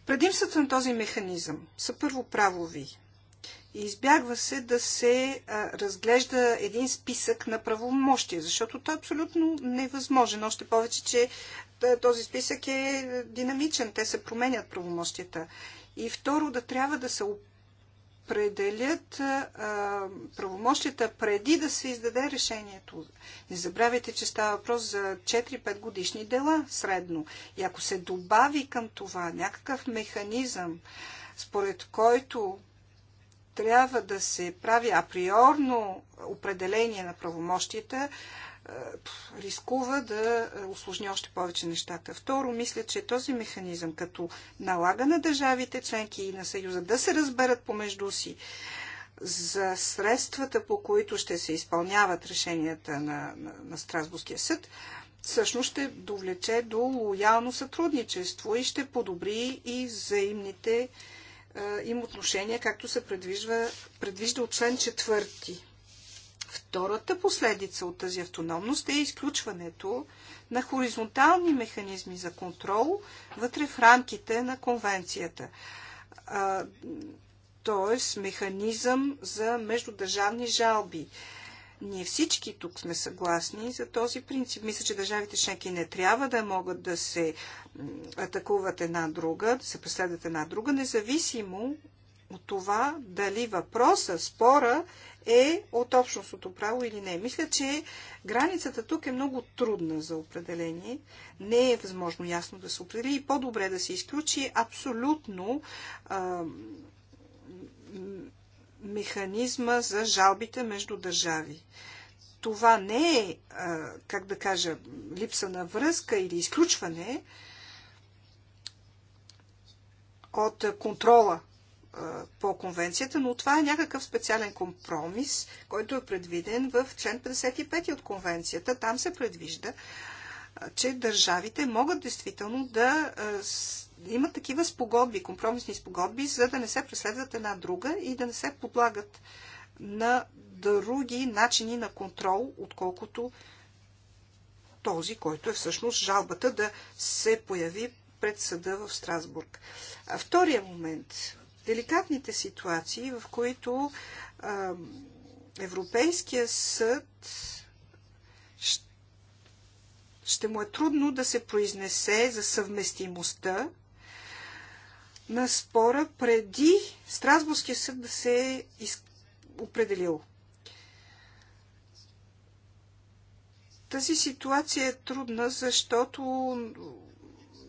Speaker 4: Предимствата на този механизъм са първо правови. И избягва се да се а, разглежда един списък на правомощия, защото то е абсолютно невъзможен. Още повече, че този списък е динамичен, те се променят правомощията. И второ, да трябва да се определят правомощията преди да се издаде решението. Не забравяйте, че става въпрос за 4-5 годишни дела средно. И ако се добави към това някакъв механизъм, според който трябва да се прави априорно определение на правомощията, е, рискува да осложни още повече нещата. Второ, мисля, че този механизъм, като налага на държавите членки и на Съюза да се разберат помежду си за средствата, по които ще се изпълняват решенията на, на, на Страсбургския съд, всъщност ще довлече до лоялно сътрудничество и ще подобри и взаимните е, им отношения, както се предвижда, предвижда от член четвърти Втората последица от тази автономност е изключването на хоризонтални механизми за контрол вътре в рамките на конвенцията. Т.е. механизъм за междудържавни жалби. Ние всички тук сме съгласни за този принцип. Мисля, че държавите членки не трябва да могат да се атакуват една друга, да се преследват една друга, независимо от това дали въпроса, спора е от общностното право или не. Мисля, че границата тук е много трудна за определение. Не е възможно ясно да се определи и по-добре да се изключи абсолютно а, механизма за жалбите между държави това не е, как да кажа, липса на връзка или изключване от контрола по конвенцията, но това е някакъв специален компромис, който е предвиден в член 55 от конвенцията. Там се предвижда, че държавите могат действително да имат такива спогодби, компромисни спогодби, за да не се преследват една друга и да не се подлагат на други начини на контрол, отколкото този, който е всъщност жалбата да се появи пред съда в Страсбург. А втория момент деликатните ситуации, в които а, Европейския съд ще му е трудно да се произнесе за съвместимостта на спора преди Страсбургския съд да се е определил. Тази ситуация е трудна, защото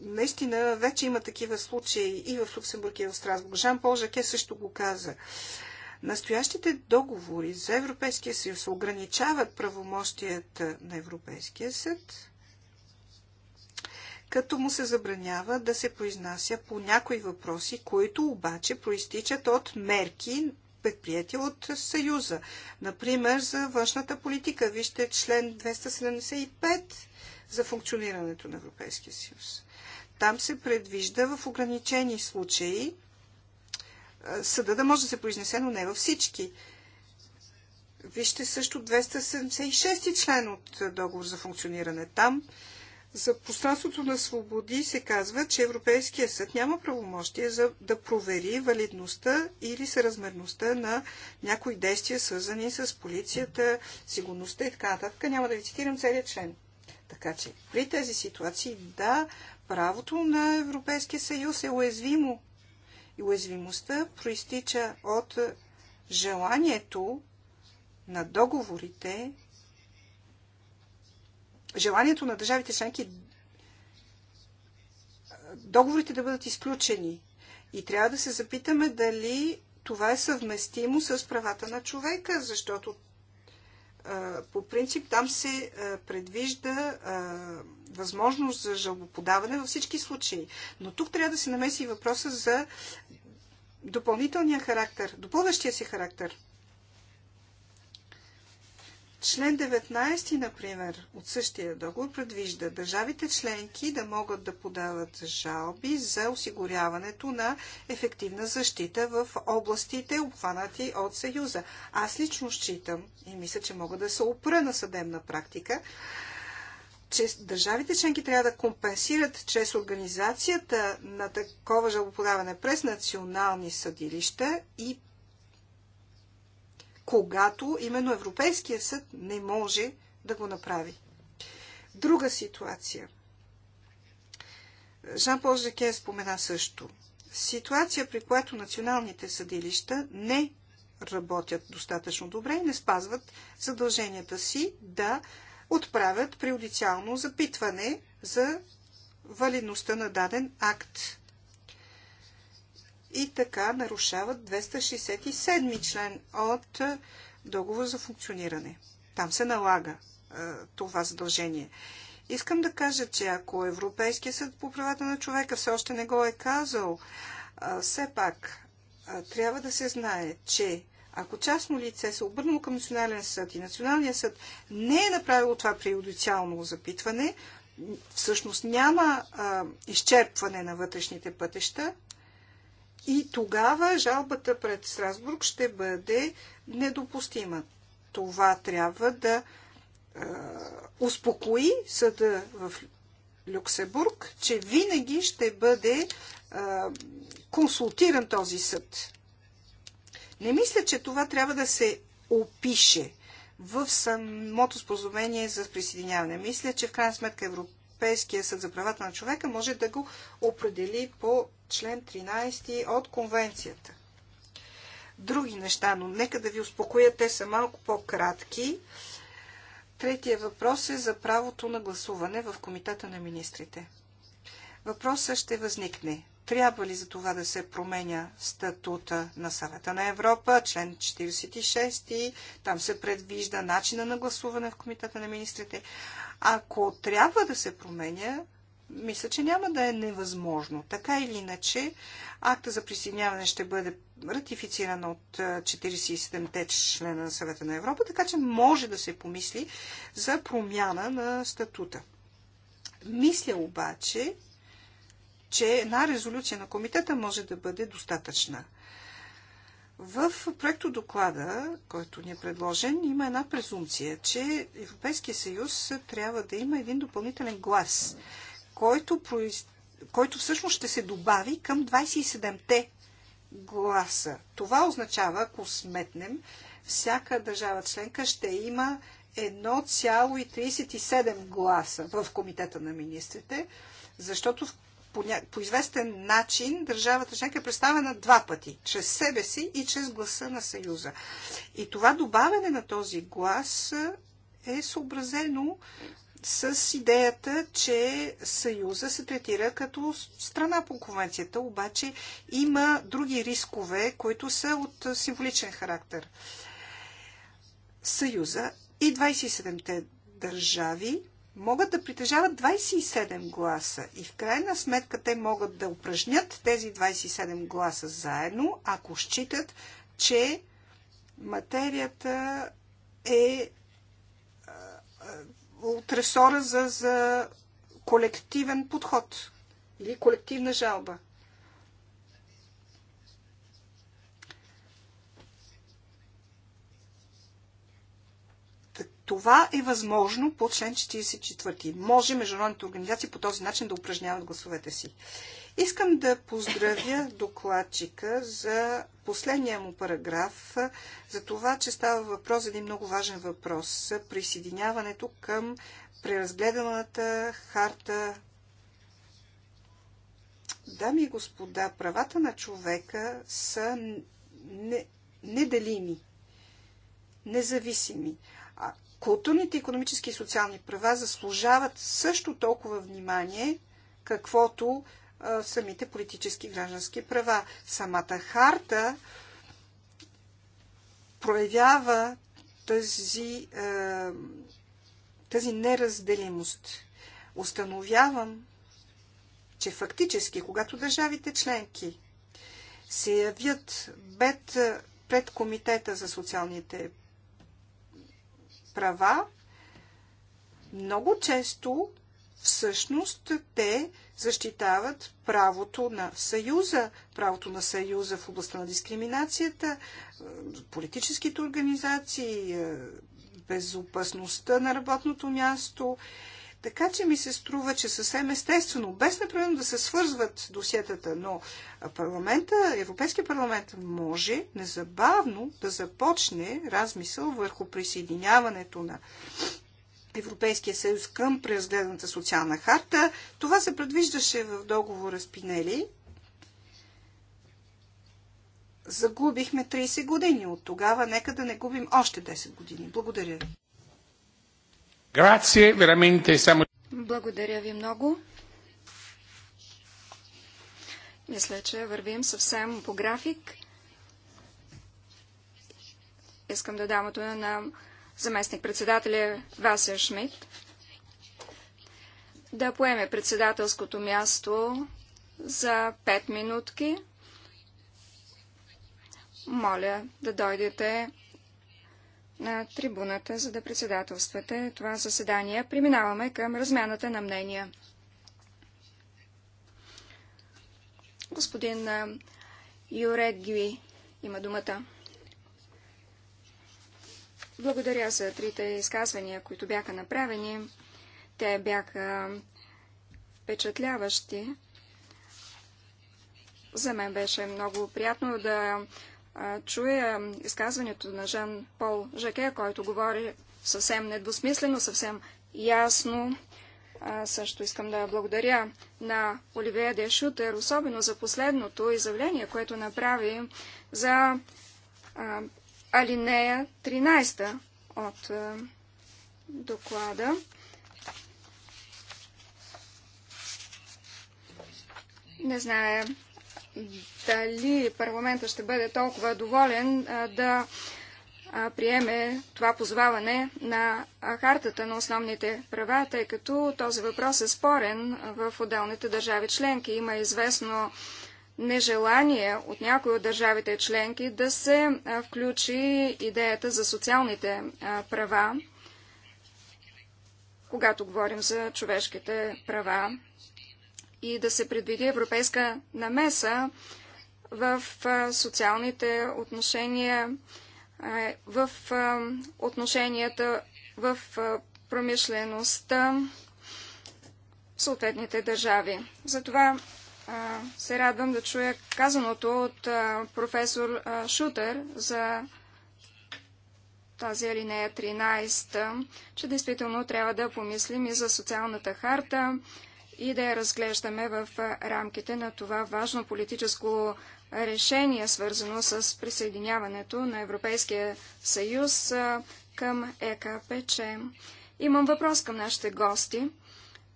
Speaker 4: наистина вече има такива случаи и в Люксембург и в Страсбург. Жан Пол Жаке също го каза. Настоящите договори за Европейския съюз ограничават правомощията на Европейския съд, като му се забранява да се произнася по някои въпроси, които обаче проистичат от мерки, предприяти от Съюза. Например, за външната политика. Вижте член 275 за функционирането на Европейския съюз. Там се предвижда в ограничени случаи съда да може да се произнесе, но не във всички. Вижте също 276 член от договор за функциониране. Там за пространството на свободи се казва, че Европейския съд няма правомощие за да провери валидността или съразмерността на някои действия, свързани с полицията, сигурността и така нататък. Няма да ви цитирам целият член. Така че при тези ситуации, да, Правото на Европейския съюз е уязвимо. И уязвимостта проистича от желанието на договорите, желанието на държавите членки договорите да бъдат изключени. И трябва да се запитаме дали това е съвместимо с правата на човека, защото по принцип там се предвижда възможност за жалбоподаване във всички случаи. Но тук трябва да се намеси и въпроса за допълнителния характер, допълващия си характер Член 19, например, от същия договор предвижда държавите членки да могат да подават жалби за осигуряването на ефективна защита в областите, обхванати от Съюза. Аз лично считам и мисля, че мога да се опра на съдебна практика, че държавите членки трябва да компенсират чрез организацията на такова жалоподаване през национални съдилища и когато именно Европейския съд не може да го направи. Друга ситуация. Жан-Пол Жаке спомена също. Ситуация, при която националните съдилища не работят достатъчно добре и не спазват задълженията си да отправят приодициално запитване за валидността на даден акт и така нарушават 267 член от е, договор за функциониране. Там се налага а, е, това задължение. Искам да кажа, че ако Европейския съд по правата на човека все още не го е казал, а, е, все пак а, трябва да се знае, че ако частно лице се обърнало към Национален съд и Националният съд не е направил това преюдициално запитване, всъщност няма а, изчерпване на вътрешните пътеща и тогава жалбата пред Страсбург ще бъде недопустима. Това трябва да е, успокои съда в Люксембург, че винаги ще бъде е, консултиран този съд. Не мисля, че това трябва да се опише в самото споразумение за присъединяване. Мисля, че в крайна сметка Европа Европейския съд за правата на човека може да го определи по член 13 от конвенцията. Други неща, но нека да ви успокоя, те са малко по-кратки. Третия въпрос е за правото на гласуване в Комитета на министрите. Въпросът ще възникне. Трябва ли за това да се променя статута на Съвета на Европа, член 46, там се предвижда начина на гласуване в Комитета на министрите. Ако трябва да се променя, мисля, че няма да е невъзможно. Така или иначе, акта за присъединяване ще бъде ратифициран от 47-те члена на съвета на Европа, така че може да се помисли за промяна на статута. Мисля обаче, че една резолюция на комитета може да бъде достатъчна. В проекто доклада, който ни е предложен, има една презумпция, че Европейския съюз трябва да има един допълнителен глас, който, произ... който всъщност ще се добави към 27-те гласа. Това означава, ако сметнем, всяка държава членка ще има 1,37 гласа в Комитета на министрите, защото в по, ня... по известен начин държавата женка е представена два пъти. Чрез себе си и чрез гласа на Съюза. И това добавяне на този глас е съобразено с идеята, че Съюза се третира като страна по конвенцията, обаче има други рискове, които са от символичен характер. Съюза и 27-те държави могат да притежават 27 гласа и в крайна сметка те могат да упражнят тези 27 гласа заедно, ако считат, че материята е от ресора за, за колективен подход или колективна жалба. Това е възможно по член 44. Може международните организации по този начин да упражняват гласовете си. Искам да поздравя докладчика за последния му параграф, за това, че става въпрос за един много важен въпрос – присъединяването към преразгледаната харта. Дами и господа, правата на човека са неделими, независими. Културните, економически и социални права заслужават също толкова внимание, каквото а, самите политически и граждански права. Самата харта проявява тази, а, тази неразделимост. Установявам, че фактически, когато държавите членки се явят бед, пред Комитета за социалните права, много често всъщност те защитават правото на Съюза, правото на Съюза в областта на дискриминацията, е, политическите организации, е, безопасността на работното място така че ми се струва, че съвсем естествено, без непременно да се свързват досиетата, но парламента, Европейския парламент може незабавно да започне размисъл върху присъединяването на Европейския съюз към преразгледаната социална харта. Това се предвиждаше в договора с Пинели. Загубихме 30 години от тогава. Нека да не губим още 10 години. Благодаря ви.
Speaker 3: Благодаря ви много. Мисля, че вървим съвсем по график. Искам да дам отуна на заместник-председателя Вася Шмидт да поеме председателското място за 5 минутки. Моля да дойдете на трибуната, за да председателствате това заседание. Преминаваме към размяната на мнения. Господин Юрек Гюи има думата. Благодаря за трите изказвания, които бяха направени. Те бяха впечатляващи. За мен беше много приятно да чуя изказването на Жан Пол Жаке, който говори съвсем недвусмислено, съвсем ясно. А, също искам да благодаря на Оливия Дешутер, особено за последното изявление, което направи за а, алинея 13 от а, доклада. Не знае дали парламента ще бъде толкова доволен да приеме това позоваване на хартата на основните права, тъй като този въпрос е спорен в отделните държави членки. Има известно нежелание от някои от държавите членки да се включи идеята за социалните права, когато говорим за човешките права и да се предвиди европейска намеса в социалните отношения, в отношенията в промишлеността в съответните държави. Затова се радвам да чуя казаното от професор Шутер за тази алинея 13, че действително трябва да помислим и за социалната харта, и да я разглеждаме в рамките на това важно политическо решение, свързано с присъединяването на Европейския съюз към ЕКПЧ. Имам въпрос към нашите гости.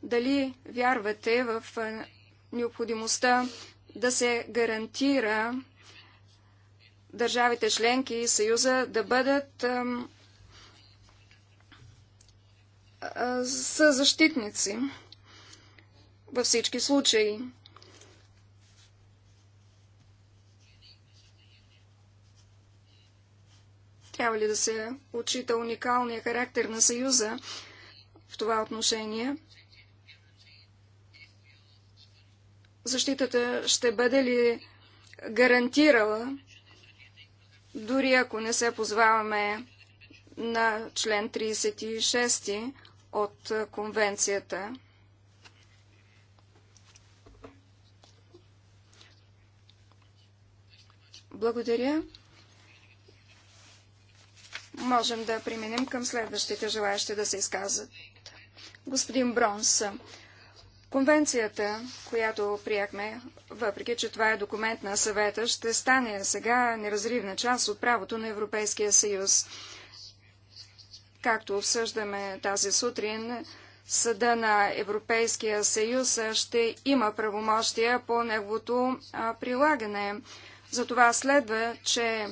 Speaker 3: Дали вярвате в необходимостта да се гарантира държавите членки и Съюза да бъдат съзащитници? защитници? във всички случаи. Трябва ли да се отчита уникалния характер на Съюза в това отношение? Защитата ще бъде ли гарантирала, дори ако не се позваваме на член 36 от конвенцията? Благодаря. Можем да преминем към следващите желаящи да се изказват. Господин Бронс, конвенцията, която приехме, въпреки че това е документ на съвета, ще стане сега неразривна част от правото на Европейския съюз. Както обсъждаме тази сутрин, Съда на Европейския съюз ще има правомощия по неговото прилагане. За това следва, че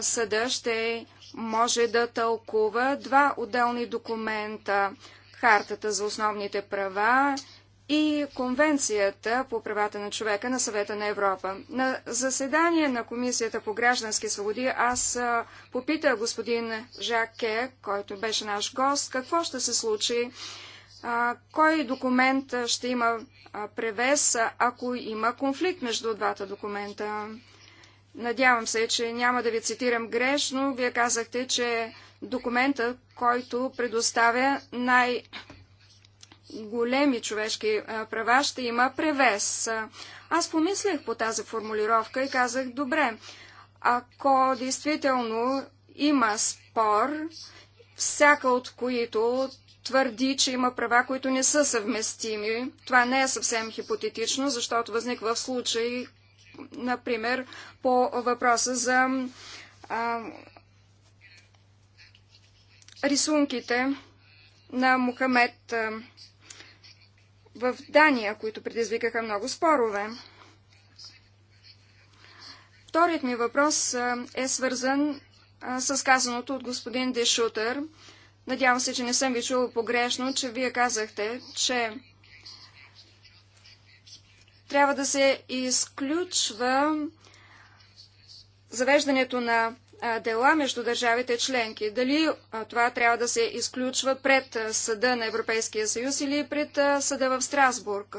Speaker 3: съда ще може да тълкува два отделни документа – Хартата за основните права и Конвенцията по правата на човека на Съвета на Европа. На заседание на Комисията по граждански свободи аз попитах господин Жаке, който беше наш гост, какво ще се случи, кой документ ще има превес, ако има конфликт между двата документа. Надявам се, че няма да ви цитирам грешно. Вие казахте, че документа, който предоставя най-големи човешки права, ще има превес. Аз помислех по тази формулировка и казах, добре, ако действително има спор, всяка от които твърди, че има права, които не са съвместими. Това не е съвсем хипотетично, защото възниква в случай, например, по въпроса за а, рисунките на Мухамед в Дания, които предизвикаха много спорове. Вторият ми въпрос е свързан с казаното от господин Дешутър. Надявам се, че не съм ви чула погрешно, че вие казахте, че трябва да се изключва завеждането на дела между държавите членки. Дали това трябва да се изключва пред съда на Европейския съюз или пред съда в Страсбург?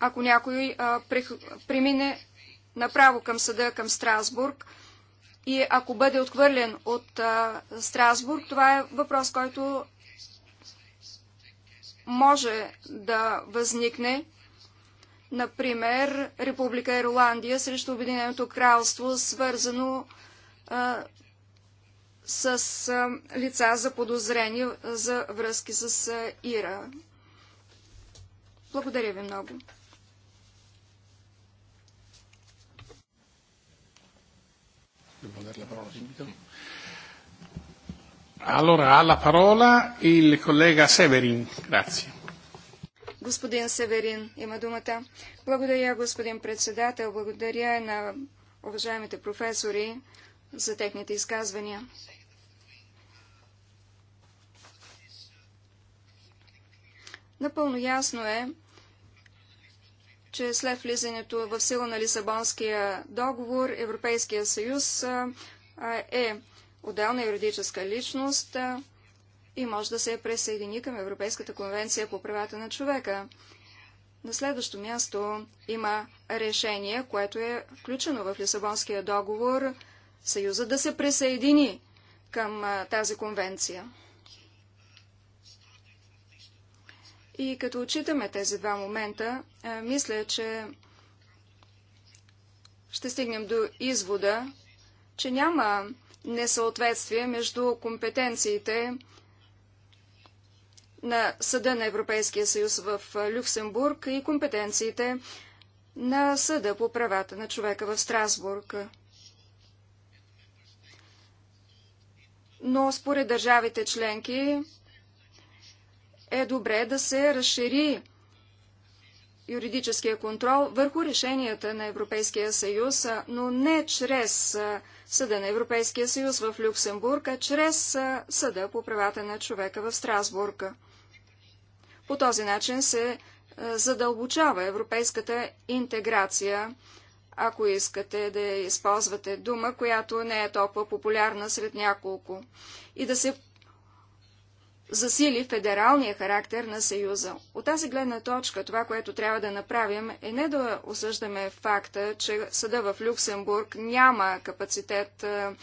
Speaker 3: Ако някой премине направо към съда, към Страсбург, и ако бъде отхвърлен от Страсбург, това е въпрос, който може да възникне. Например, Република Ирландия срещу Обединеното кралство, свързано а, с а, лица за подозрени за връзки с а, Ира. Благодаря ви много.
Speaker 1: Благодаря ви много. Allora ha parola il collega Severin. Grazie.
Speaker 3: Господин Северин има думата. Благодаря, господин председател. Благодаря на уважаемите професори за техните изказвания. Напълно ясно е, че след влизането в сила на Лисабонския договор Европейския съюз е отделна юридическа личност и може да се присъедини към Европейската конвенция по правата на човека. На следващо място има решение, което е включено в Лисабонския договор Съюза да се присъедини към тази конвенция. И като отчитаме тези два момента, мисля, че ще стигнем до извода, че няма несъответствие между компетенциите на Съда на Европейския съюз в Люксембург и компетенциите на Съда по правата на човека в Страсбург. Но според държавите членки е добре да се разшири юридическия контрол върху решенията на Европейския съюз, но не чрез Съда на Европейския съюз в Люксембург, а чрез Съда по правата на човека в Страсбург. По този начин се задълбочава европейската интеграция, ако искате да използвате дума, която не е толкова популярна сред няколко, и да се засили федералния характер на Съюза. От тази гледна точка това, което трябва да направим, е не да осъждаме факта, че съда в Люксембург няма капацитет а,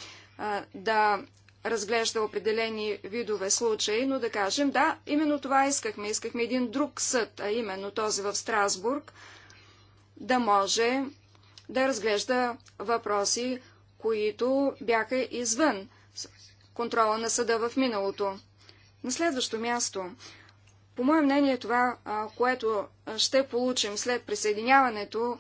Speaker 3: да разглежда определени видове случаи, но да кажем, да, именно това искахме. Искахме един друг съд, а именно този в Страсбург, да може да разглежда въпроси, които бяха извън контрола на съда в миналото. На следващо място, по мое мнение, това, което ще получим след присъединяването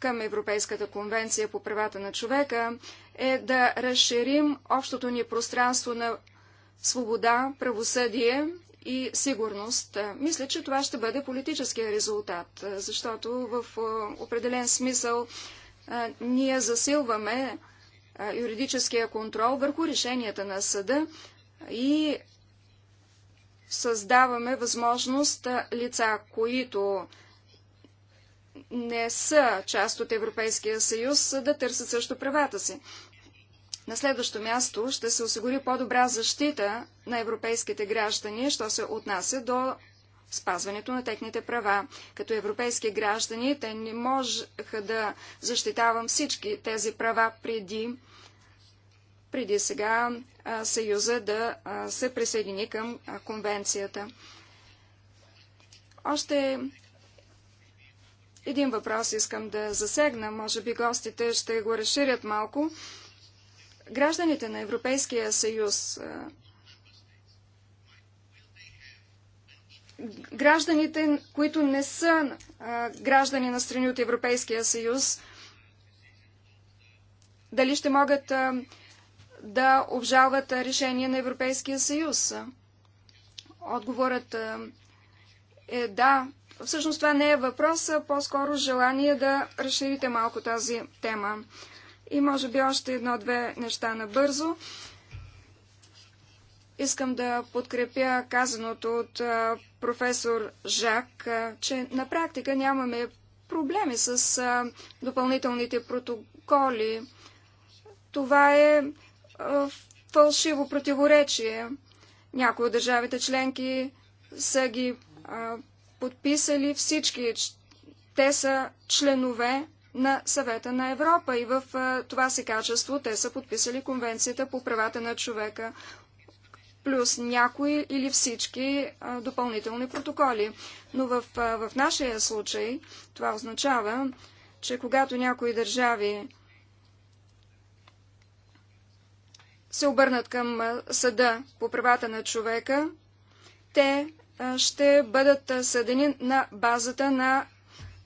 Speaker 3: към Европейската конвенция по правата на човека, е да разширим общото ни пространство на свобода, правосъдие и сигурност. Мисля, че това ще бъде политическия резултат, защото в определен смисъл ние засилваме юридическия контрол върху решенията на съда и създаваме възможност лица, които не са част от Европейския съюз, да търсят също правата си. На следващо място ще се осигури по-добра защита на европейските граждани, що се отнася до спазването на техните права. Като европейски граждани, те не можеха да защитавам всички тези права преди преди сега Съюза да се присъедини към конвенцията. Още един въпрос искам да засегна. Може би гостите ще го разширят малко. Гражданите на Европейския съюз, гражданите, които не са граждани на страни от Европейския съюз, дали ще могат да обжалват решение на Европейския съюз? Отговорът е да. Всъщност това не е въпрос, а по-скоро желание да разширите малко тази тема. И може би още едно-две неща набързо. Искам да подкрепя казаното от професор Жак, че на практика нямаме проблеми с допълнителните протоколи. Това е фалшиво противоречие. Някои от държавите членки са ги а, подписали всички. Те са членове на съвета на Европа и в а, това си качество те са подписали Конвенцията по правата на човека плюс някои или всички а, допълнителни протоколи. Но в, а, в нашия случай това означава, че когато някои държави се обърнат към съда по правата на човека, те ще бъдат съдени на базата на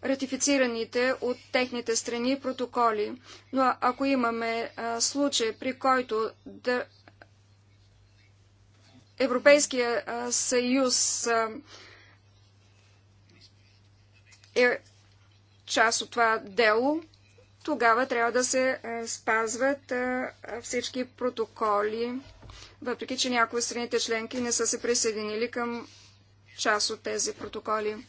Speaker 3: ратифицираните от техните страни протоколи. Но ако имаме случай, при който да Европейския съюз е част от това дело, тогава трябва да се е, спазват е, всички протоколи, въпреки че някои от страните членки не са се присъединили към част от тези протоколи.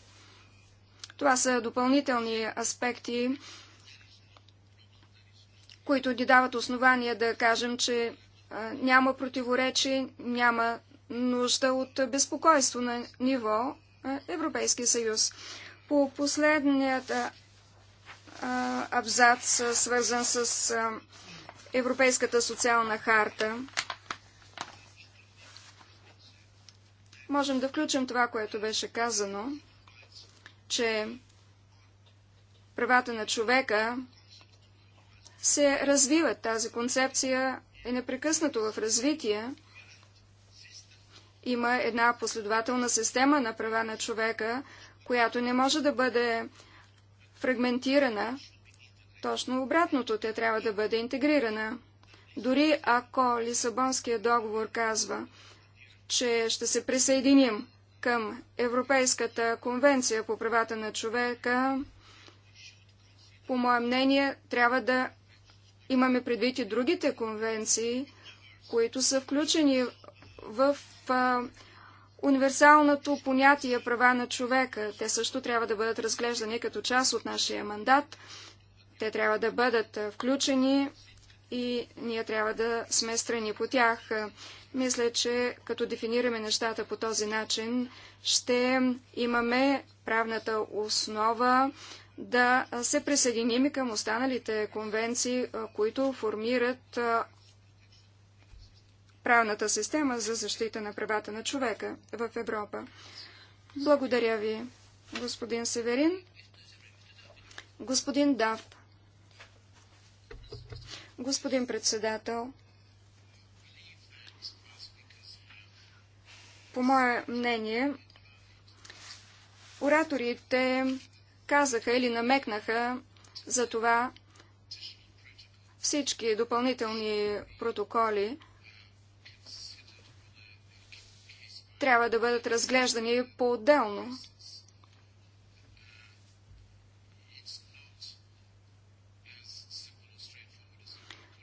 Speaker 3: Това са допълнителни аспекти, които ни дават основания да кажем, че е, няма противоречие, няма нужда от безпокойство на ниво Европейски съюз. По последният абзац, свързан с Европейската социална харта. Можем да включим това, което беше казано, че правата на човека се развиват. Тази концепция е непрекъснато в развитие. Има една последователна система на права на човека, която не може да бъде фрагментирана. Точно обратното, тя трябва да бъде интегрирана. Дори ако Лисабонския договор казва, че ще се присъединим към Европейската конвенция по правата на човека, по мое мнение, трябва да имаме предвид и другите конвенции, които са включени в универсалното понятие права на човека. Те също трябва да бъдат разглеждани като част от нашия мандат. Те трябва да бъдат включени и ние трябва да сме страни по тях. Мисля, че като дефинираме нещата по този начин, ще имаме правната основа да се присъединим към останалите конвенции, които формират правната система за защита на правата на човека в Европа. Благодаря ви, господин Северин. Господин Дав. Господин председател, по мое мнение, ораторите казаха или намекнаха за това всички допълнителни протоколи, трябва да бъдат разглеждани по-отделно.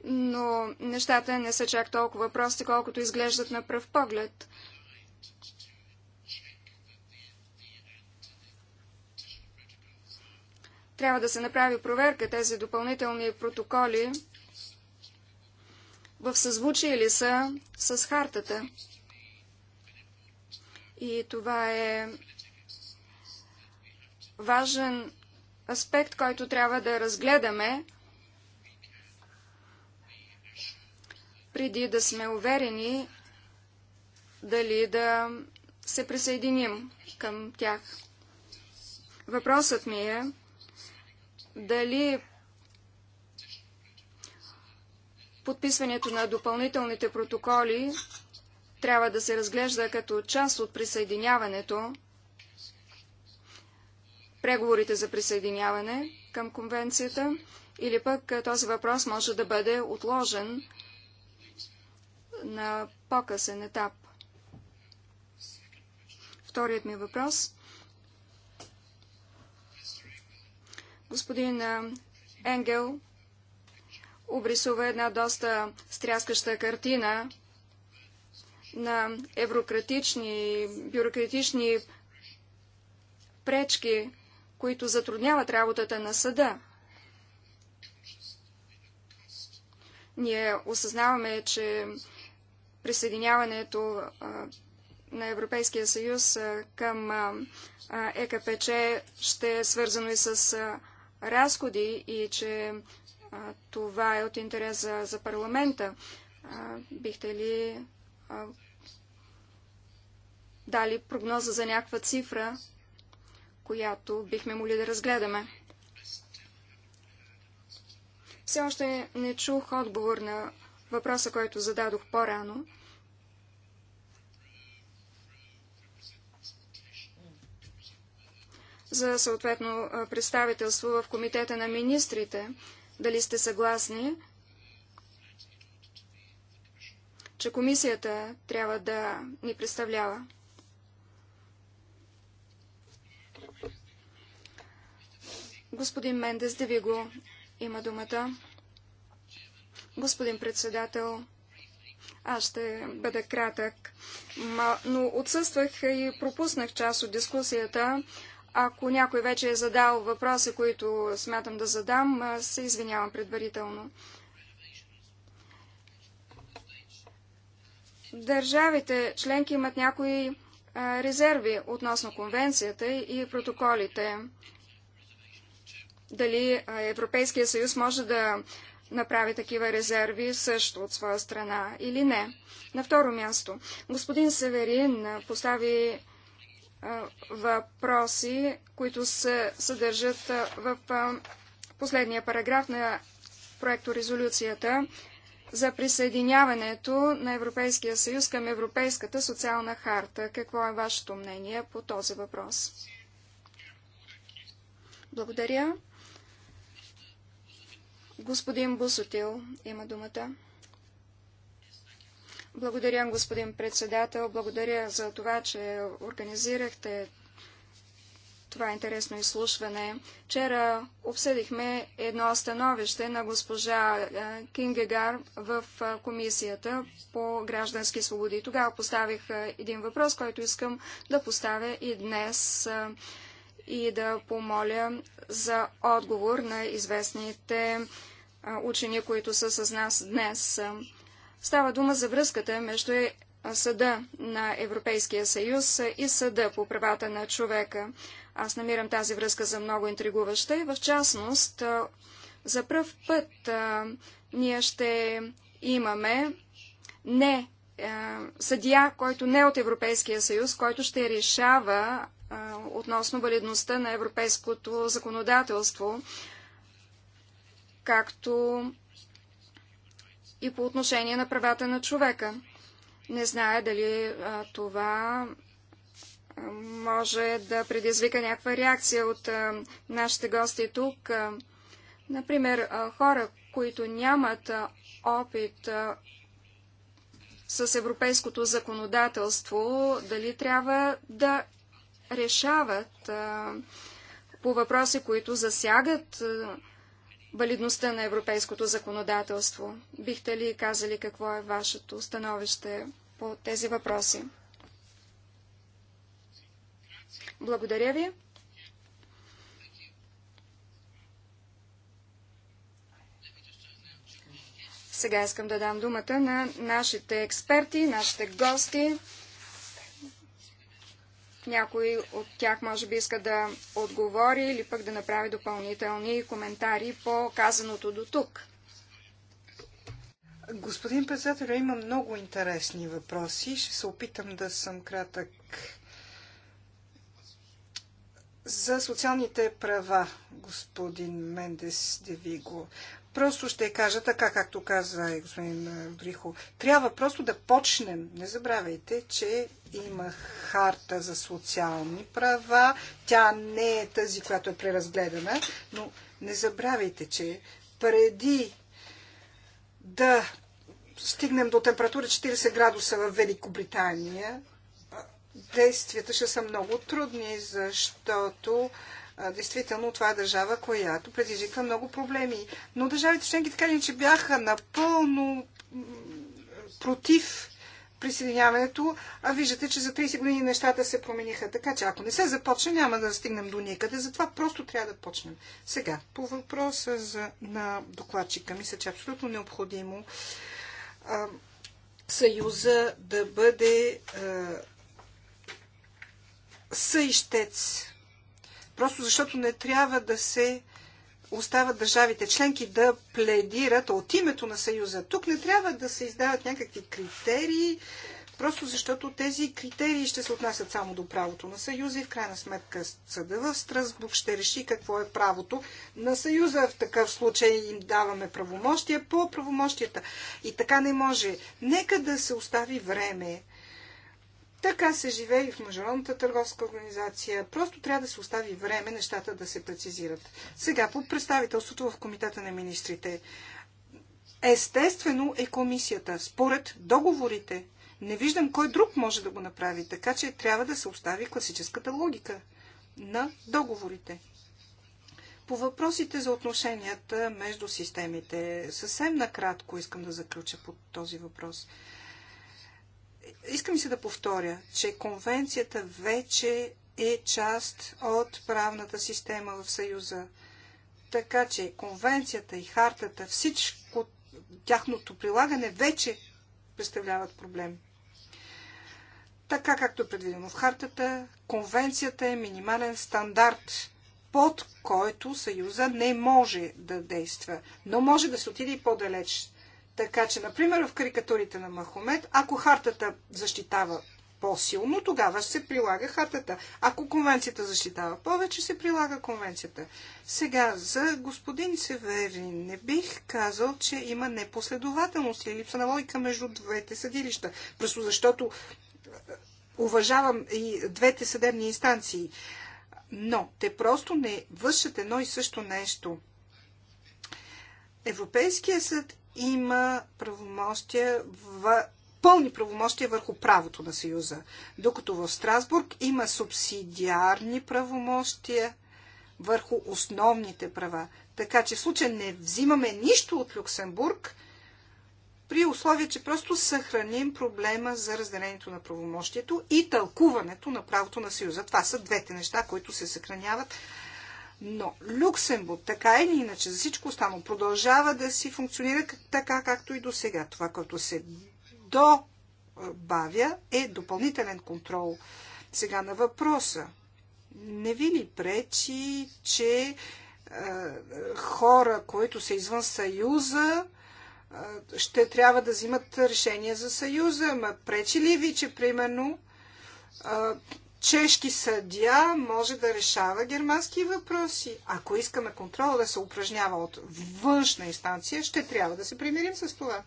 Speaker 3: Но нещата не са чак толкова прости, колкото изглеждат на пръв поглед. Трябва да се направи проверка тези допълнителни протоколи в съзвучие ли са с хартата. И това е важен аспект, който трябва да разгледаме, преди да сме уверени дали да се присъединим към тях. Въпросът ми е дали подписването на допълнителните протоколи трябва да се разглежда като част от присъединяването, преговорите за присъединяване към конвенцията, или пък този въпрос може да бъде отложен на по-късен етап. Вторият ми въпрос. Господин Енгел обрисува една доста стряскаща картина на еврократични, бюрократични пречки, които затрудняват работата на съда. Ние осъзнаваме, че присъединяването на Европейския съюз към ЕКПЧ ще е свързано и с разходи и че това е от интерес за, за парламента. Бихте ли дали прогноза за някаква цифра, която бихме могли да разгледаме. Все още не чух отговор на въпроса, който зададох по-рано. за съответно представителство в Комитета на министрите. Дали сте съгласни че комисията трябва да ни представлява. Господин Мендес да ви го има думата. Господин председател, аз ще бъда кратък, но отсъствах и пропуснах част от дискусията. Ако някой вече е задал въпроси, които смятам да задам, се извинявам предварително. Държавите членки имат някои резерви относно конвенцията и протоколите. Дали Европейския съюз може да направи такива резерви също от своя страна или не. На второ място, господин Северин постави въпроси, които се съдържат в последния параграф на проекторезолюцията. резолюцията за присъединяването на Европейския съюз към Европейската социална харта. Какво е вашето мнение по този въпрос? Благодаря. Господин Бусотил има думата. Благодаря, господин председател. Благодаря за това, че организирахте това интересно изслушване. Вчера обсъдихме едно становище на госпожа е, Кингегар в е, Комисията по граждански свободи. Тогава поставих е, един въпрос, който искам да поставя и днес и да помоля за отговор на известните учени, които са с нас днес. Става дума за връзката между Съда на Европейския съюз и Съда по правата на човека. Аз намирам тази връзка за много интригуваща и в частност за пръв път а, ние ще имаме не а, съдия, който не е от Европейския съюз, който ще решава а, относно валидността на европейското законодателство, както и по отношение на правата на човека. Не зная дали а, това може да предизвика някаква реакция от нашите гости тук. Например, хора, които нямат опит с европейското законодателство, дали трябва да решават по въпроси, които засягат валидността на европейското законодателство. Бихте ли казали какво е вашето становище по тези въпроси? Благодаря ви. Сега искам да дам думата на нашите експерти, нашите гости. Някой от тях може би иска да отговори или пък да направи допълнителни коментари по казаното до тук.
Speaker 4: Господин председател, има много интересни въпроси. Ще се опитам да съм кратък за социалните права, господин Мендес Девиго, просто ще кажа така, както каза и господин Родрихо. Трябва просто да почнем. Не забравяйте, че има харта за социални права. Тя не е тази, която е преразгледана, но не забравяйте, че преди да стигнем до температура 40 градуса в Великобритания, действията ще са много трудни, защото а, действително това е държава, която предизвиква много проблеми. Но държавите членки така ли, че бяха напълно против присъединяването, а виждате, че за 30 години нещата се промениха. Така че ако не се започне, няма да стигнем до никъде. Затова просто трябва да почнем. Сега, по въпроса за, на докладчика, мисля, че е абсолютно необходимо а, Съюза да бъде а, са ищец. Просто защото не трябва да се остават държавите членки да пледират от името на Съюза. Тук не трябва да се издават някакви критерии, просто защото тези критерии ще се отнасят само до правото на Съюза и в крайна сметка съда в Страсбург ще реши какво е правото на Съюза. В такъв случай им даваме правомощия по правомощията. И така не може. Нека да се остави време така се живее и в Международната търговска организация. Просто трябва да се остави време нещата да се прецизират. Сега, по представителството в Комитета на министрите. Естествено е комисията. Според договорите. Не виждам кой друг може да го направи, така че трябва да се остави класическата логика на договорите. По въпросите за отношенията между системите, съвсем накратко искам да заключа по този въпрос. Искам се да повторя, че конвенцията вече е част от правната система в Съюза. Така че конвенцията и хартата, всичко тяхното прилагане вече представляват проблем. Така както е предвидено в хартата, конвенцията е минимален стандарт, под който Съюза не може да действа, но може да се отиде и по-далеч. Така че, например, в карикатурите на Махомед, ако хартата защитава по-силно, тогава се прилага хартата. Ако конвенцията защитава повече, се прилага конвенцията. Сега, за господин Северин, не бих казал, че има непоследователност или липса на логика между двете съдилища. Просто защото е, уважавам и двете съдебни инстанции. Но те просто не вършат едно и също нещо. Европейския съд има правомощия в пълни правомощия върху правото на Съюза, докато в Страсбург има субсидиарни правомощия върху основните права. Така че в случай не взимаме нищо от Люксембург, при условие, че просто съхраним проблема за разделението на правомощието и тълкуването на правото на Съюза. Това са двете неща, които се съхраняват но Люксембург, така или е, иначе, за всичко останало, продължава да си функционира така, както и до сега. Това, което се добавя, е допълнителен контрол. Сега на въпроса. Не ви ли пречи, че е, хора, които са извън Съюза, е, ще трябва да взимат решение за Съюза? Ма пречи ли ви, че примерно е, чешки съдия може да решава германски въпроси. Ако искаме контрола да се упражнява от външна инстанция, ще трябва да се примирим с това.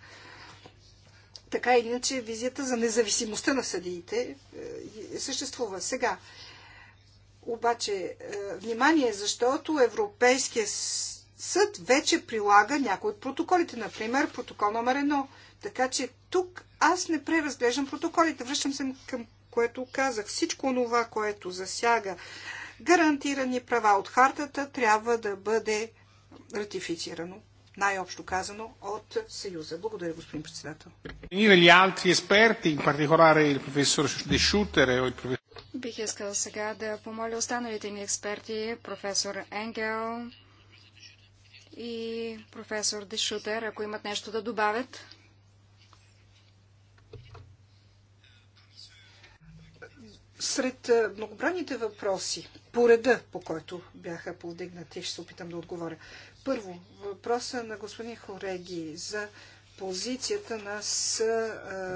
Speaker 4: Така или иначе, визията за независимостта на съдиите е, съществува сега. Обаче, е, внимание, защото Европейския съд вече прилага някои от протоколите, например протокол номер 1. Така че тук аз не преразглеждам протоколите. Връщам се към което казах. Всичко това, което засяга гарантирани права от хартата, трябва да бъде ратифицирано, най-общо казано,
Speaker 3: от Съюза. Благодаря, господин председател.
Speaker 1: E e
Speaker 3: Бих искал сега да помоля останалите ни експерти, професор Енгел и професор Дешутер, ако имат нещо да добавят.
Speaker 4: Сред многобраните въпроси, по реда, по който бяха повдигнати, ще се опитам да отговоря. Първо, въпроса на господин Хореги за позицията на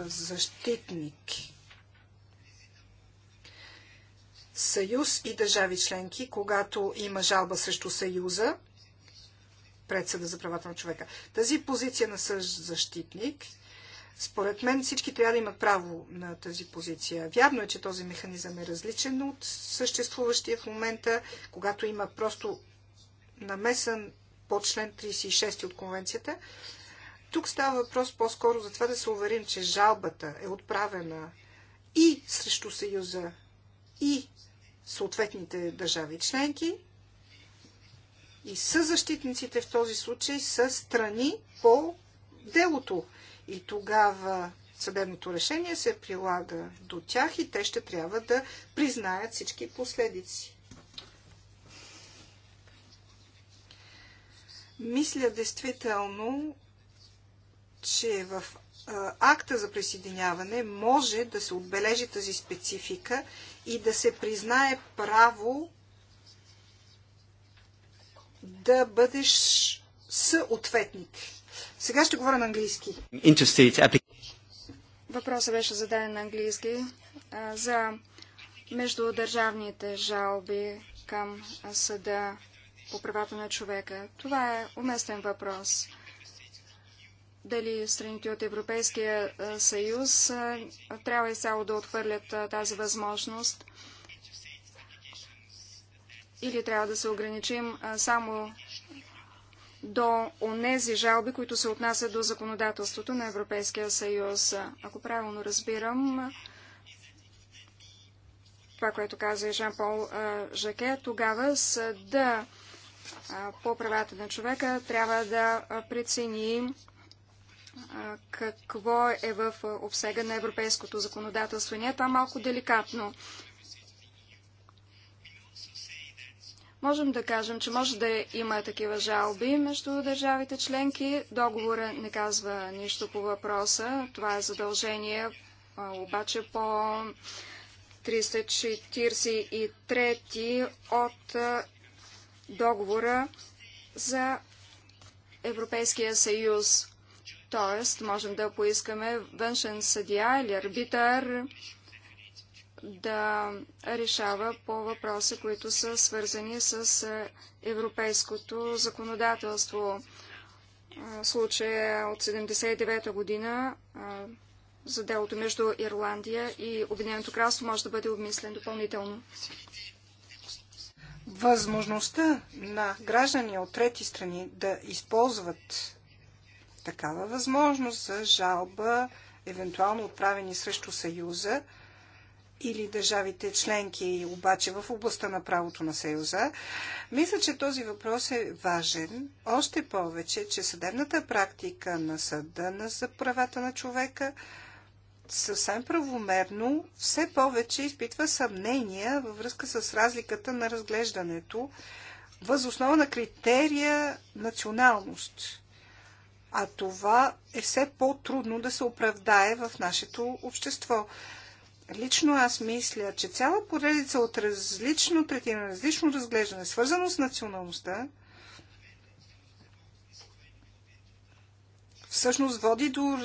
Speaker 4: защитник. Съюз и държави членки, когато има жалба срещу Съюза, пред съда за правата на човека. Тази позиция на съд защитник – според мен всички трябва да имат право на тази позиция. Вярно е, че този механизъм е различен от съществуващия в момента, когато има просто намесен по член 36 от конвенцията. Тук става въпрос по-скоро за това да се уверим, че жалбата е отправена и срещу Съюза, и съответните държави членки, и съзащитниците в този случай са страни по делото. И тогава съдебното решение се прилага до тях и те ще трябва да признаят всички последици. Мисля действително, че в акта за присъединяване може да се отбележи тази специфика и да се признае право да бъдеш съответник
Speaker 3: сега ще говоря на английски. Въпросът беше зададен на английски за междудържавните жалби към съда по правата на човека. Това е уместен въпрос. Дали страните от Европейския съюз трябва трябва изцяло да отхвърлят тази възможност или трябва да се ограничим само до онези жалби, които се отнасят до законодателството на Европейския съюз. Ако правилно разбирам това, което каза Жан-Пол Жаке, тогава съда по правата на човека трябва да прецени какво е в обсега на европейското законодателство. Не, е това малко деликатно. Можем да кажем, че може да има такива жалби между държавите членки. Договора не казва нищо по въпроса. Това е задължение обаче по 343 от договора за Европейския съюз. Тоест, можем да поискаме външен съдия или арбитър да решава по въпроси, които са свързани с е, европейското законодателство. Случая е от 79-та година за делото между Ирландия и Обединеното кралство може да бъде обмислен допълнително.
Speaker 4: Възможността на граждани от трети страни да използват такава възможност за жалба, евентуално отправени срещу Съюза, или държавите членки, обаче в областта на правото на Съюза, мисля, че този въпрос е важен. Още повече, че съдебната практика на съда на за правата на човека съвсем правомерно все повече изпитва съмнения във връзка с разликата на разглеждането въз основа на критерия националност. А това е все по-трудно да се оправдае в нашето общество. Лично аз мисля, че цяла поредица от различно третиране, различно разглеждане, свързано с националността, всъщност води до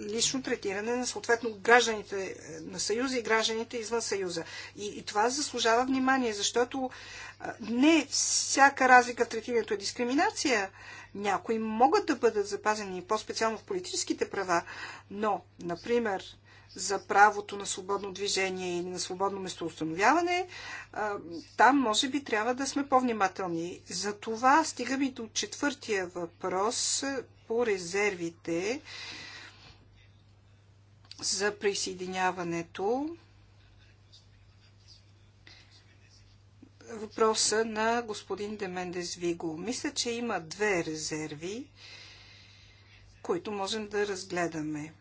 Speaker 4: лично третиране на съответно гражданите е, на Съюза и гражданите извън Съюза. И, и това заслужава внимание, защото е, не всяка разлика в третирането е дискриминация. Някои могат да бъдат запазени по-специално в политическите права, но, например, за правото на свободно движение или на свободно местоустановяване, там може би трябва да сме по-внимателни. За това стигаме до четвъртия въпрос по резервите за присъединяването. Въпроса на господин Демендес Виго. Мисля, че има две резерви, които можем да разгледаме.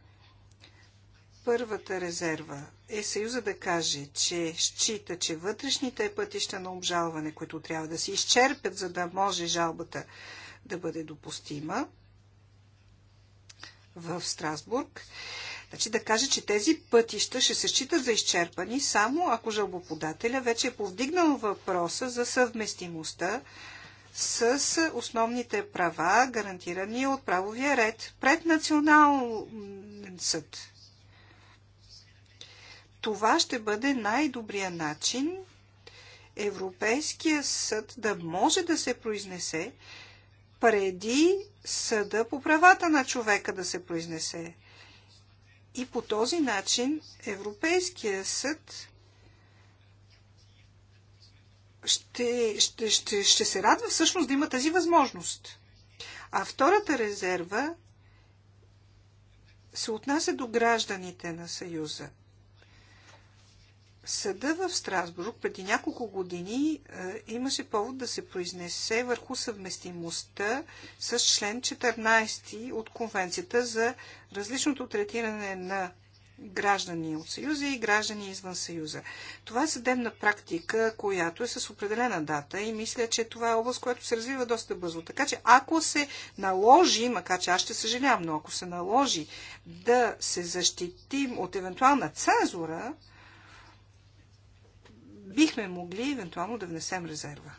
Speaker 4: Първата резерва е Съюза да каже, че счита, че вътрешните пътища на обжалване, които трябва да се изчерпят, за да може жалбата да бъде допустима в Страсбург, Значи да каже, че тези пътища ще се считат за изчерпани само ако жалбоподателя вече е повдигнал въпроса за съвместимостта с основните права, гарантирани от правовия ред пред национален съд. Това ще бъде най-добрия начин Европейския съд да може да се произнесе преди съда по правата на човека да се произнесе. И по този начин Европейския съд ще, ще, ще, ще се радва всъщност да има тази възможност. А втората резерва се отнася до гражданите на Съюза. Съда в Страсбург преди няколко години е, имаше повод да се произнесе върху съвместимостта с член 14 от Конвенцията за различното третиране на граждани от Съюза и граждани извън Съюза. Това е съдебна практика, която е с определена дата и мисля, че това е област, която се развива доста бързо. Така че ако се наложи, макар че аз ще съжалявам, но ако се наложи да се защитим от евентуална цензура, бихме могли евентуално да внесем резерва.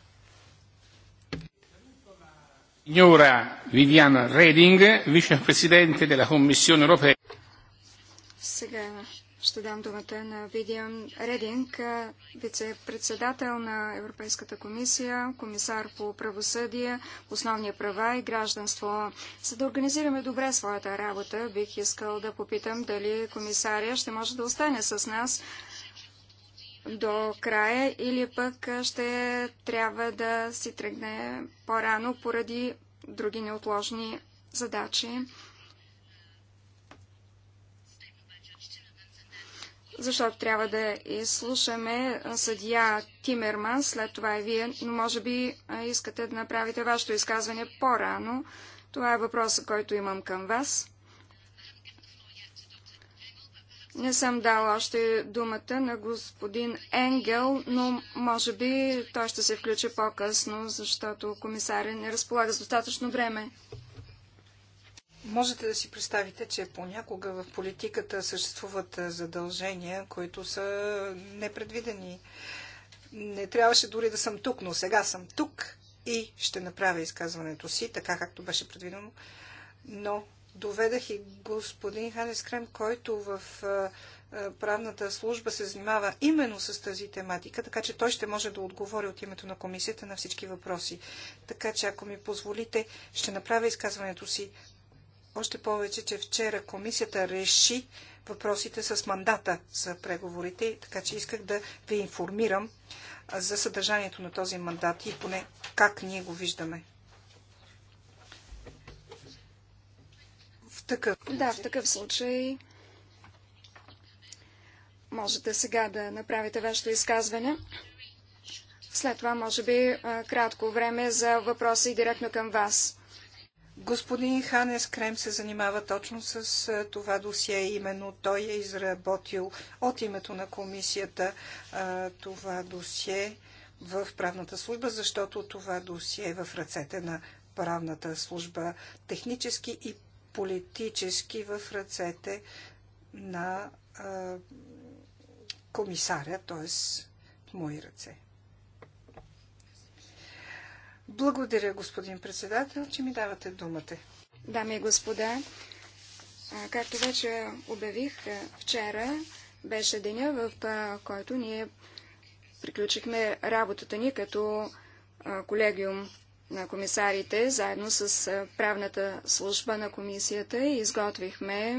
Speaker 1: Signora Viviana Reding, vicepresidente della Commissione europea.
Speaker 3: Сега ще дам думата на Видиан Рединг, вице-председател на Европейската комисия, комисар по правосъдие, основни права и гражданство. За да организираме добре своята работа, бих искал да попитам дали комисаря ще може да остане с нас до края или пък ще трябва да си тръгне по-рано поради други неотложни задачи. Защото трябва да изслушаме съдия Тимерман, след това и вие, но може би искате да направите вашето изказване по-рано. Това е въпросът, който имам към вас. Не съм дал още думата на господин Енгел, но може би той ще се включи по-късно, защото комисаря не разполага с достатъчно време.
Speaker 4: Можете да си представите, че понякога в политиката съществуват задължения, които са непредвидени. Не трябваше дори да съм тук, но сега съм тук и ще направя изказването си, така както беше предвидено. Но доведах и господин Ханес Крем, който в правната служба се занимава именно с тази тематика, така че той ще може да отговори от името на комисията на всички въпроси. Така че, ако ми позволите, ще направя изказването си. Още повече, че вчера комисията реши въпросите с мандата за преговорите, така че исках да ви информирам за съдържанието на този мандат и поне как ние го виждаме.
Speaker 3: такъв... Да, в такъв случай можете сега да направите вашето изказване. След това, може би, кратко време за въпроси директно към вас. Господин Ханес
Speaker 4: Крем се занимава точно с това досие. Именно той е изработил от името на комисията това досие в правната служба, защото това досие е в ръцете на правната служба. Технически и политически в ръцете на а, комисаря, т.е. в мои ръце.
Speaker 3: Благодаря, господин председател, че ми давате думата. Дами и господа, както вече обявих вчера, беше деня, в който ние приключихме работата ни като колегиум на комисарите, заедно с правната служба на комисията и изготвихме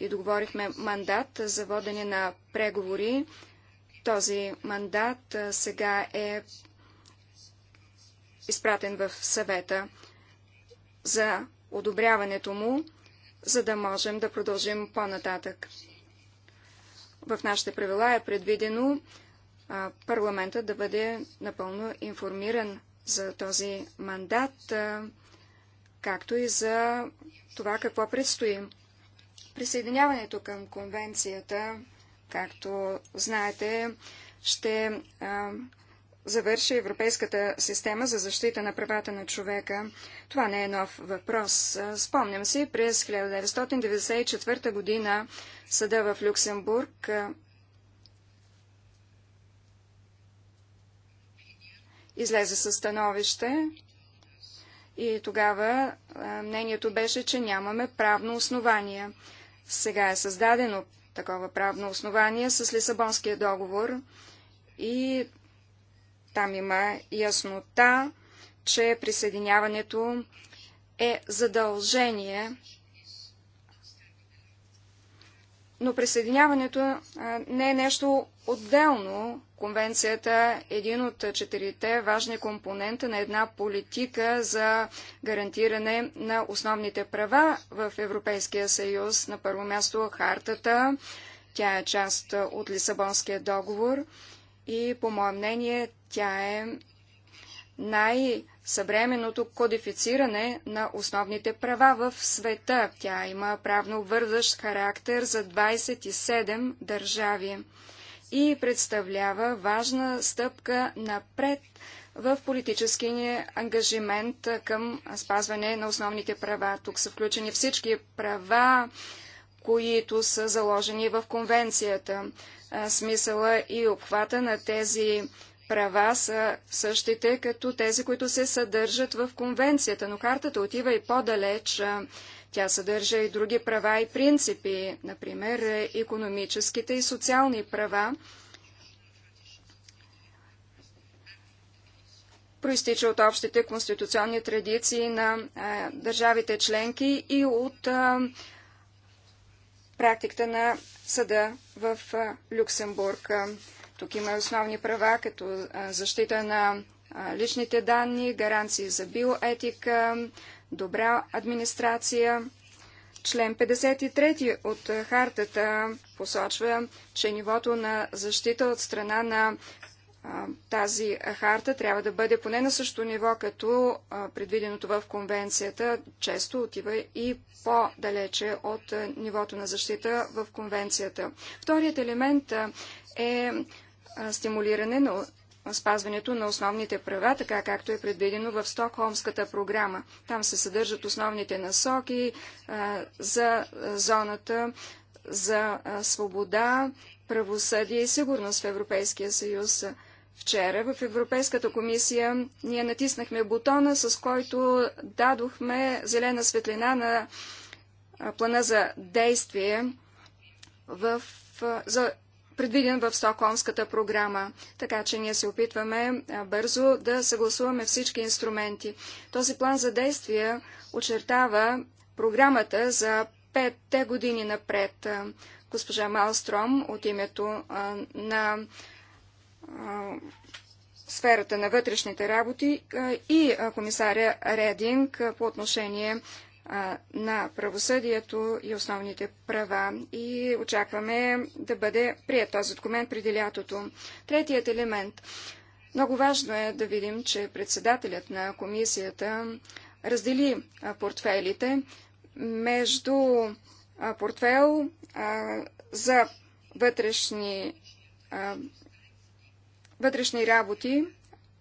Speaker 3: и договорихме мандат за водене на преговори. Този мандат сега е изпратен в съвета за одобряването му, за да можем да продължим по-нататък. В нашите правила е предвидено парламентът да бъде напълно информиран за този мандат, както и за това какво предстои. Присъединяването към конвенцията, както знаете, ще завърши Европейската система за защита на правата на човека. Това не е нов въпрос. Спомням си, през 1994 година съда в Люксембург излезе със становище и тогава мнението беше, че нямаме правно основание. Сега е създадено такова правно основание с Лисабонския договор и там има яснота, че присъединяването е задължение, но присъединяването не е нещо Отделно, конвенцията е един от четирите важни компонента на една политика за гарантиране на основните права в Европейския съюз. На първо място хартата, тя е част от Лисабонския договор и, по мое мнение, тя е най-съвременното кодифициране на основните права в света. Тя има правно вързащ характер за 27 държави и представлява важна стъпка напред в политическия ни ангажимент към спазване на основните права. Тук са включени всички права, които са заложени в конвенцията. Смисъла и обхвата на тези права са същите, като тези, които се съдържат в конвенцията, но картата отива и по-далеч. Тя съдържа и други права и принципи, например економическите и социални права, проистича от общите конституционни традиции на а, държавите членки и от а, практиката на съда в а, Люксембург. Тук има основни права, като защита на личните данни, гаранции за биоетика, добра администрация. Член 53 от е, хартата посочва, че нивото на защита от страна на тази е, харта трябва да бъде поне на същото ниво, като предвиденото в конвенцията често отива и по-далече от е, нивото на защита в конвенцията. Вторият елемент е стимулиране на спазването на основните права, така както е предвидено в Стокхолмската програма. Там се съдържат основните насоки за зоната за свобода, правосъдие и сигурност в Европейския съюз. Вчера в Европейската комисия ние натиснахме бутона, с който дадохме зелена светлина на плана за действие в, за предвиден в Стокхолмската програма. Така че ние се опитваме бързо да съгласуваме всички инструменти. Този план за действие очертава програмата за петте години напред. Госпожа Малстром от името на сферата на вътрешните работи и комисаря Рединг по отношение на правосъдието и основните права и очакваме да бъде прият този документ преди лятото. Третият елемент. Много важно е да видим, че председателят на комисията раздели портфелите между портфел за вътрешни, вътрешни работи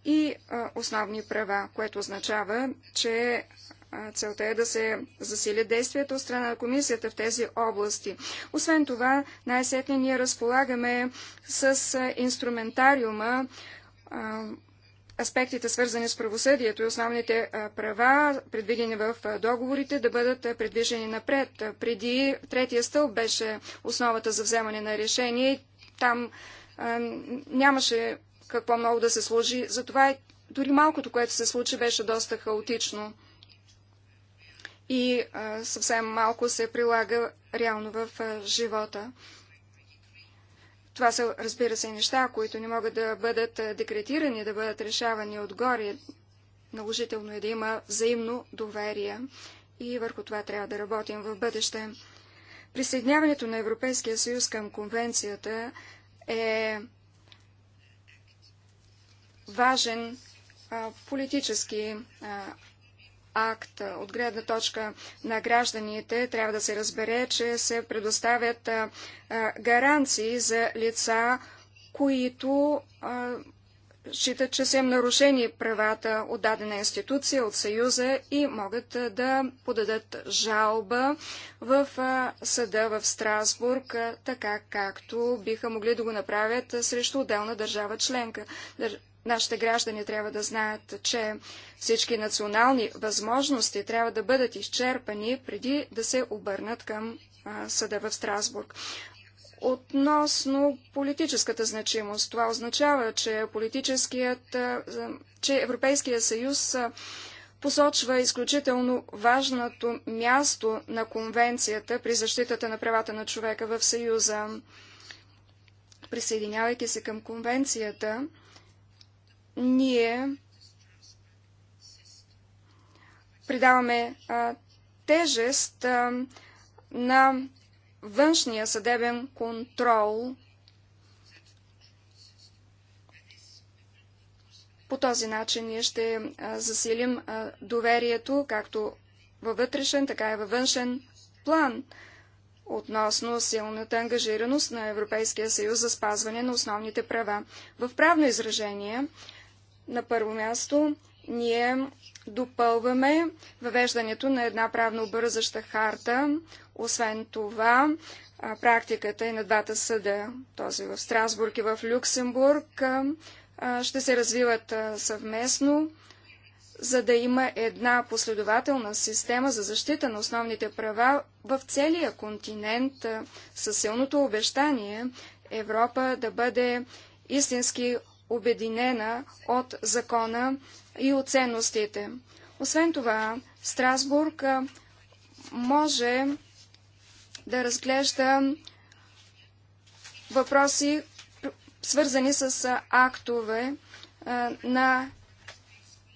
Speaker 3: и основни права, което означава, че Целта е да се засили действията от страна на комисията в тези области. Освен това, най-сетне ние разполагаме с инструментариума, аспектите свързани с правосъдието и основните права, предвидени в договорите, да бъдат предвижени напред. Преди третия стълб беше основата за вземане на решение и там нямаше какво много да се служи. Затова е, дори малкото, което се случи, беше доста хаотично и а, съвсем малко се прилага реално в а, живота. Това са, разбира се, неща, които не могат да бъдат декретирани, да бъдат решавани отгоре. Наложително е да има взаимно доверие и върху това трябва да работим в бъдеще. Присъединяването на Европейския съюз към конвенцията е важен а, политически а, акт. От гледна точка на гражданите трябва да се разбере, че се предоставят гаранции за лица, които считат, че са им нарушени правата от дадена институция, от Съюза и могат да подадат жалба в съда в Страсбург, така както биха могли да го направят срещу отделна държава членка. Нашите граждани трябва да знаят, че всички национални възможности трябва да бъдат изчерпани преди да се обърнат към съда в Страсбург. Относно политическата значимост, това означава, че, политическият, че Европейския съюз посочва изключително важното място на конвенцията при защитата на правата на човека в Съюза. Присъединявайки се към конвенцията, ние придаваме а, тежест а, на външния съдебен контрол. По този начин ние ще засилим доверието, както във вътрешен, така и във външен план относно силната ангажираност на Европейския съюз за спазване на основните права. В правно изражение на първо място ние допълваме въвеждането на една правно обързаща харта. Освен това, практиката и на двата съда, този в Страсбург и в Люксембург, ще се развиват съвместно, за да има една последователна система за защита на основните права в целия континент със силното обещание Европа да бъде истински обединена от закона и от ценностите. Освен това, Страсбург може да разглежда въпроси, свързани с актове на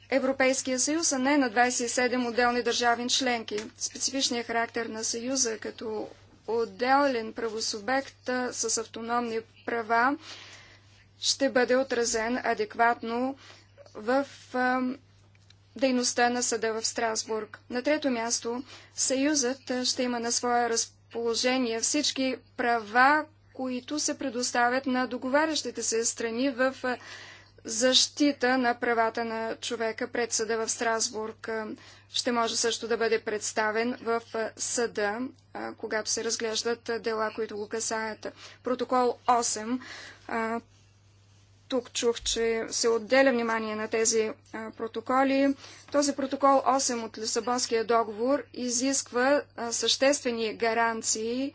Speaker 3: Европейския съюз, а не на 27 отделни държавни членки. Специфичният характер на съюза като отделен правосубект с автономни права ще бъде отразен адекватно в а, дейността на съда в Страсбург. На трето място, Съюзът ще има на свое разположение всички права, които се предоставят на договарящите се страни в защита на правата на човека пред съда в Страсбург. Ще може също да бъде представен в съда, когато се разглеждат дела, които го касаят. Протокол 8 тук чух, че се отделя внимание на тези протоколи. Този протокол 8 от Лисабонския договор изисква съществени гаранции,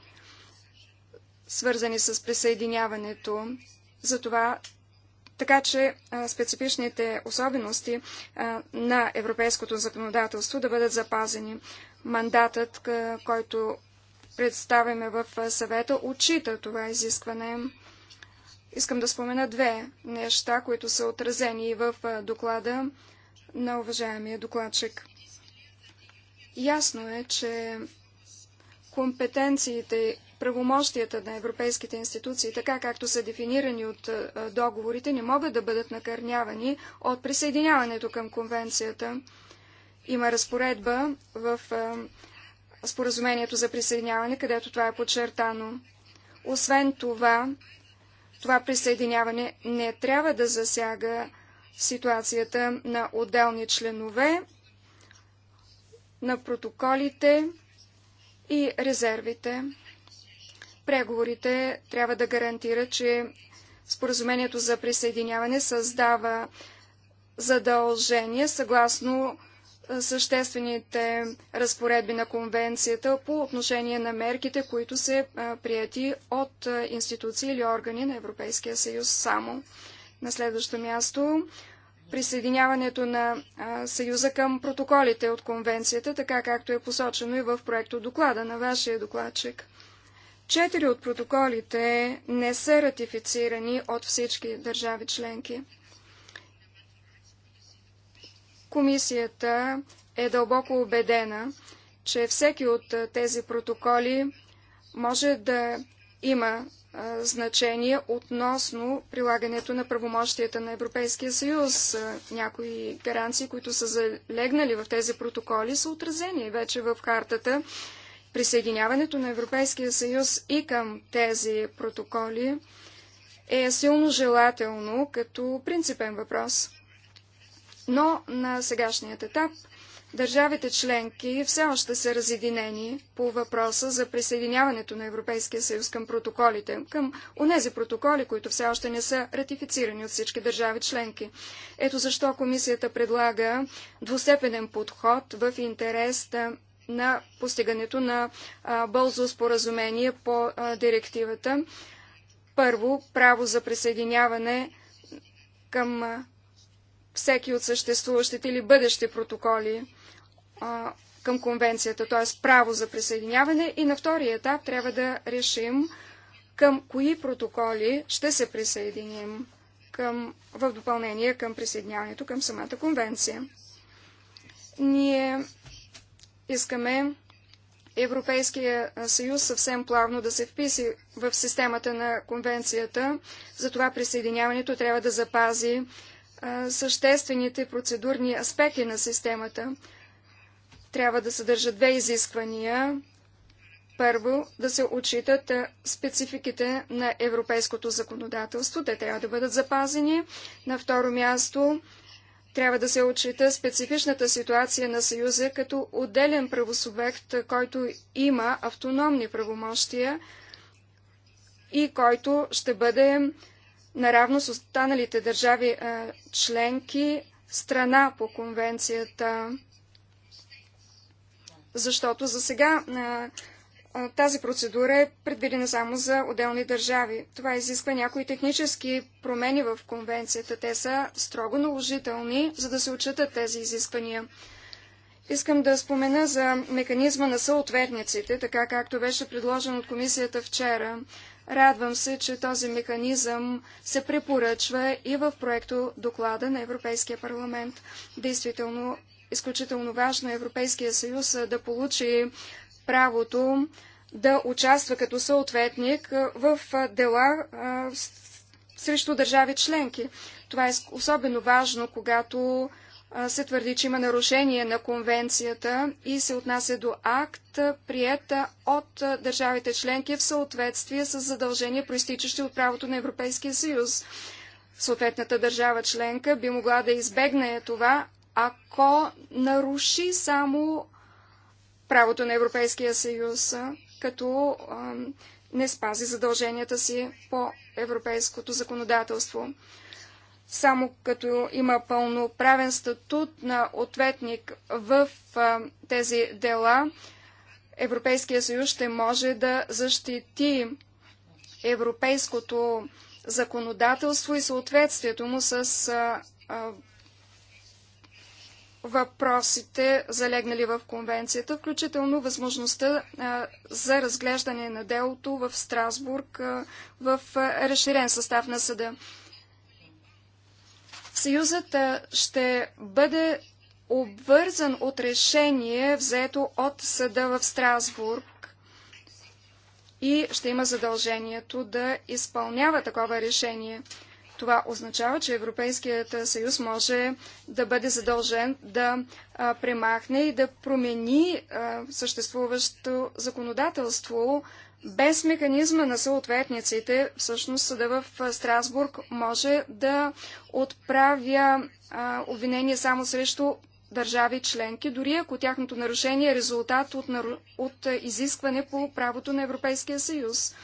Speaker 3: свързани с присъединяването. Затова така че специфичните особености на европейското законодателство да бъдат запазени. Мандатът, който представяме в съвета, отчита това изискване. Искам да спомена две неща, които са отразени в доклада на уважаемия докладчик. Ясно е, че компетенциите, правомощията на европейските институции, така както са дефинирани от договорите, не могат да бъдат накърнявани от присъединяването към конвенцията. Има разпоредба в споразумението за присъединяване, където това е подчертано. Освен това, това присъединяване не трябва да засяга ситуацията на отделни членове, на протоколите и резервите. Преговорите трябва да гарантират, че споразумението за присъединяване създава задължение съгласно съществените разпоредби на конвенцията по отношение на мерките, които се прияти от институции или органи на Европейския съюз само. На следващо място присъединяването на Съюза към протоколите от конвенцията, така както е посочено и в проекто доклада на вашия докладчик. Четири от протоколите не са ратифицирани от всички държави членки. Комисията е дълбоко убедена, че всеки от тези протоколи може да има значение относно прилагането на правомощията на Европейския съюз. Някои гаранции, които са залегнали в тези протоколи, са отразени вече в картата, Присъединяването на Европейския съюз и към тези протоколи е силно желателно като принципен въпрос. Но на сегашният етап държавите членки все още са разединени по въпроса за присъединяването на Европейския съюз към протоколите, към онези протоколи, които все още не са ратифицирани от всички държави членки. Ето защо комисията предлага двустепенен подход в интерес на постигането на бълзо споразумение по директивата. Първо, право за присъединяване към всеки от съществуващите или бъдещи протоколи а, към конвенцията, т.е. право за присъединяване. И на втория етап трябва да решим към кои протоколи ще се присъединим към, в допълнение към присъединяването към самата конвенция. Ние искаме Европейския съюз съвсем плавно да се вписи в системата на конвенцията, затова присъединяването трябва да запази съществените процедурни аспекти на системата. Трябва да съдържат две изисквания. Първо, да се отчитат спецификите на европейското законодателство. Те трябва да бъдат запазени. На второ място, трябва да се отчита специфичната ситуация на Съюза като отделен правосубект, който има автономни правомощия и който ще бъде наравно с останалите държави а, членки страна по конвенцията. Защото за сега а, а, тази процедура е предвидена само за отделни държави. Това изисква някои технически промени в конвенцията. Те са строго наложителни, за да се отчитат тези изисквания. Искам да спомена за механизма на съответниците, така както беше предложен от комисията вчера. Радвам се, че този механизъм се препоръчва и в проекто доклада на Европейския парламент. Действително, изключително важно е Европейския съюз да получи правото да участва като съответник в дела срещу държави членки. Това е особено важно, когато се твърди, че има нарушение на конвенцията и се отнася до акт, приета от държавите членки в съответствие с задължения, проистичащи от правото на Европейския съюз. Съответната държава членка би могла да избегне това, ако наруши само правото на Европейския съюз, като не спази задълженията си по европейското законодателство само като има пълноправен статут на ответник в а, тези дела, Европейския съюз ще може да защити европейското законодателство и съответствието му с а, а, въпросите, залегнали в конвенцията, включително възможността а, за разглеждане на делото в Страсбург а, в а, разширен състав на съда. Съюзът ще бъде обвързан от решение, взето от съда в Страсбург и ще има задължението да изпълнява такова решение. Това означава, че Европейският съюз може да бъде задължен да а, премахне и да промени а, съществуващо законодателство без механизма на съответниците, всъщност съда в Страсбург може да отправя а, обвинение само срещу държави членки, дори ако тяхното нарушение е резултат от, от изискване по правото на Европейския съюз.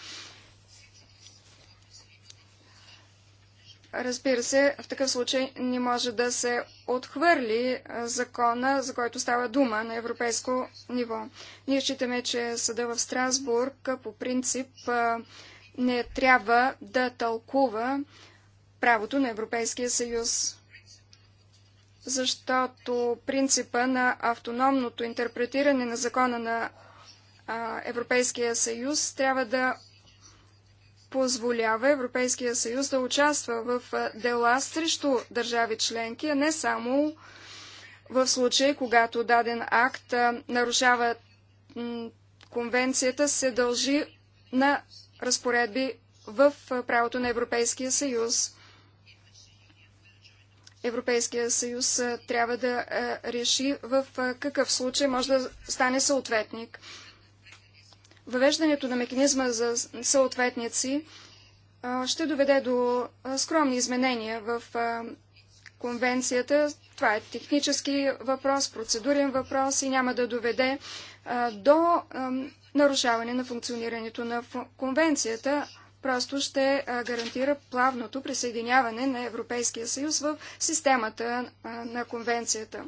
Speaker 3: Разбира се, в такъв случай не може да се отхвърли закона, за който става дума на европейско ниво. Ние считаме, че съда в Страсбург по принцип не трябва да тълкува правото на Европейския съюз, защото принципа на автономното интерпретиране на закона на Европейския съюз трябва да позволява Европейския съюз да участва в дела срещу държави членки, а не само в случай, когато даден акт нарушава конвенцията, се дължи на разпоредби в правото на Европейския съюз. Европейския съюз трябва да реши в какъв случай може да стане съответник. Въвеждането на механизма за съответници ще доведе до скромни изменения в конвенцията. Това е технически въпрос, процедурен въпрос и няма да доведе до нарушаване на функционирането на конвенцията, просто ще гарантира плавното присъединяване на Европейския съюз в системата на конвенцията.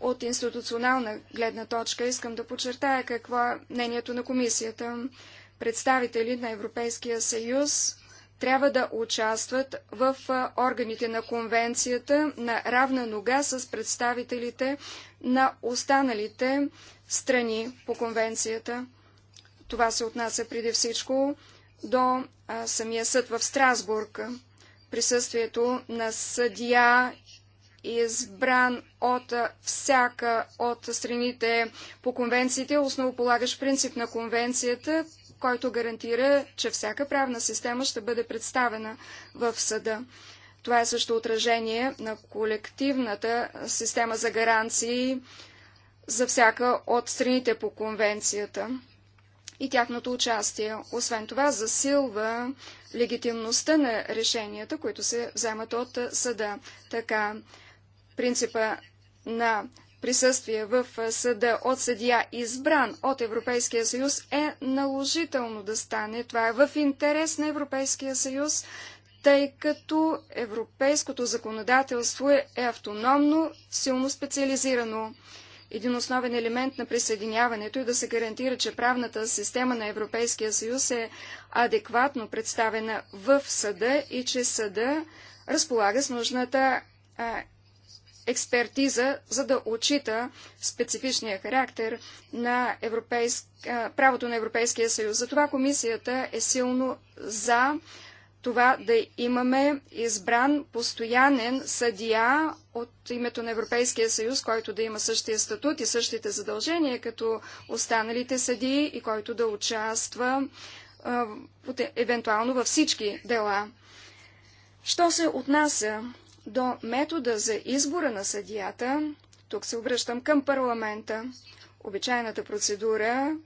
Speaker 3: От институционална гледна точка искам да подчертая какво е мнението на комисията. Представители на Европейския съюз трябва да участват в органите на конвенцията на равна нога с представителите на останалите страни по конвенцията. Това се отнася преди всичко до а, самия съд в Страсбург. Присъствието на съдия, избран от всяка от страните по конвенциите, основополагащ принцип на конвенцията, който гарантира, че всяка правна система ще бъде представена в съда. Това е също отражение на колективната система за гаранции за всяка от страните по конвенцията и тяхното участие. Освен това, засилва легитимността на решенията, които се вземат от съда. Така, принципа на присъствие в съда от съдия, избран от Европейския съюз, е наложително да стане. Това е в интерес на Европейския съюз, тъй като европейското законодателство е, е автономно, силно специализирано. Един основен елемент на присъединяването е да се гарантира, че правната система на Европейския съюз е адекватно представена в съда и че съда разполага с нужната а, експертиза, за да отчита специфичния характер на европейск... правото на Европейския съюз. Затова комисията е силно за това да имаме избран постоянен съдия от името на Европейския съюз, който да има същия статут и същите задължения като останалите съдии и който да участва е, евентуално във всички дела. Що се отнася до метода за избора на съдията, тук се обръщам към парламента. Обичайната процедура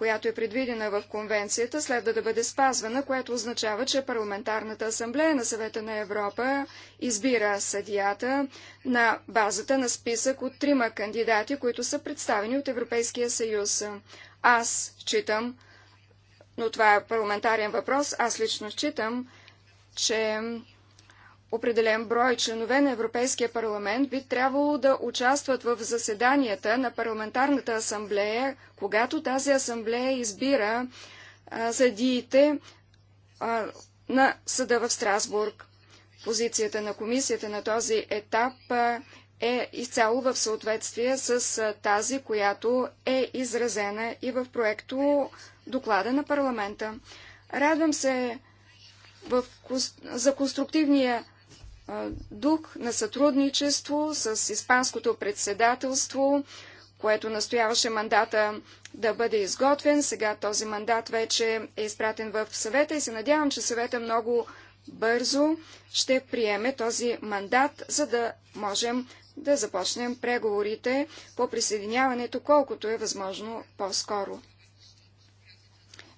Speaker 3: която е предвидена в конвенцията, следва да бъде спазвана, което означава, че Парламентарната асамблея на съвета на Европа избира съдията на базата на списък от трима кандидати, които са представени от Европейския съюз. Аз считам, но това е парламентарен въпрос, аз лично считам, че определен брой членове на Европейския парламент би трябвало да участват в заседанията на парламентарната асамблея, когато тази асамблея избира съдиите на съда в Страсбург. Позицията на комисията на този етап е изцяло в съответствие с тази, която е изразена и в проекто доклада на парламента. Радвам се в, за конструктивния дух на сътрудничество с Испанското председателство, което настояваше мандата да бъде изготвен. Сега този мандат вече е изпратен в съвета и се надявам, че съвета много бързо ще приеме този мандат, за да можем да започнем преговорите по присъединяването, колкото е възможно по-скоро.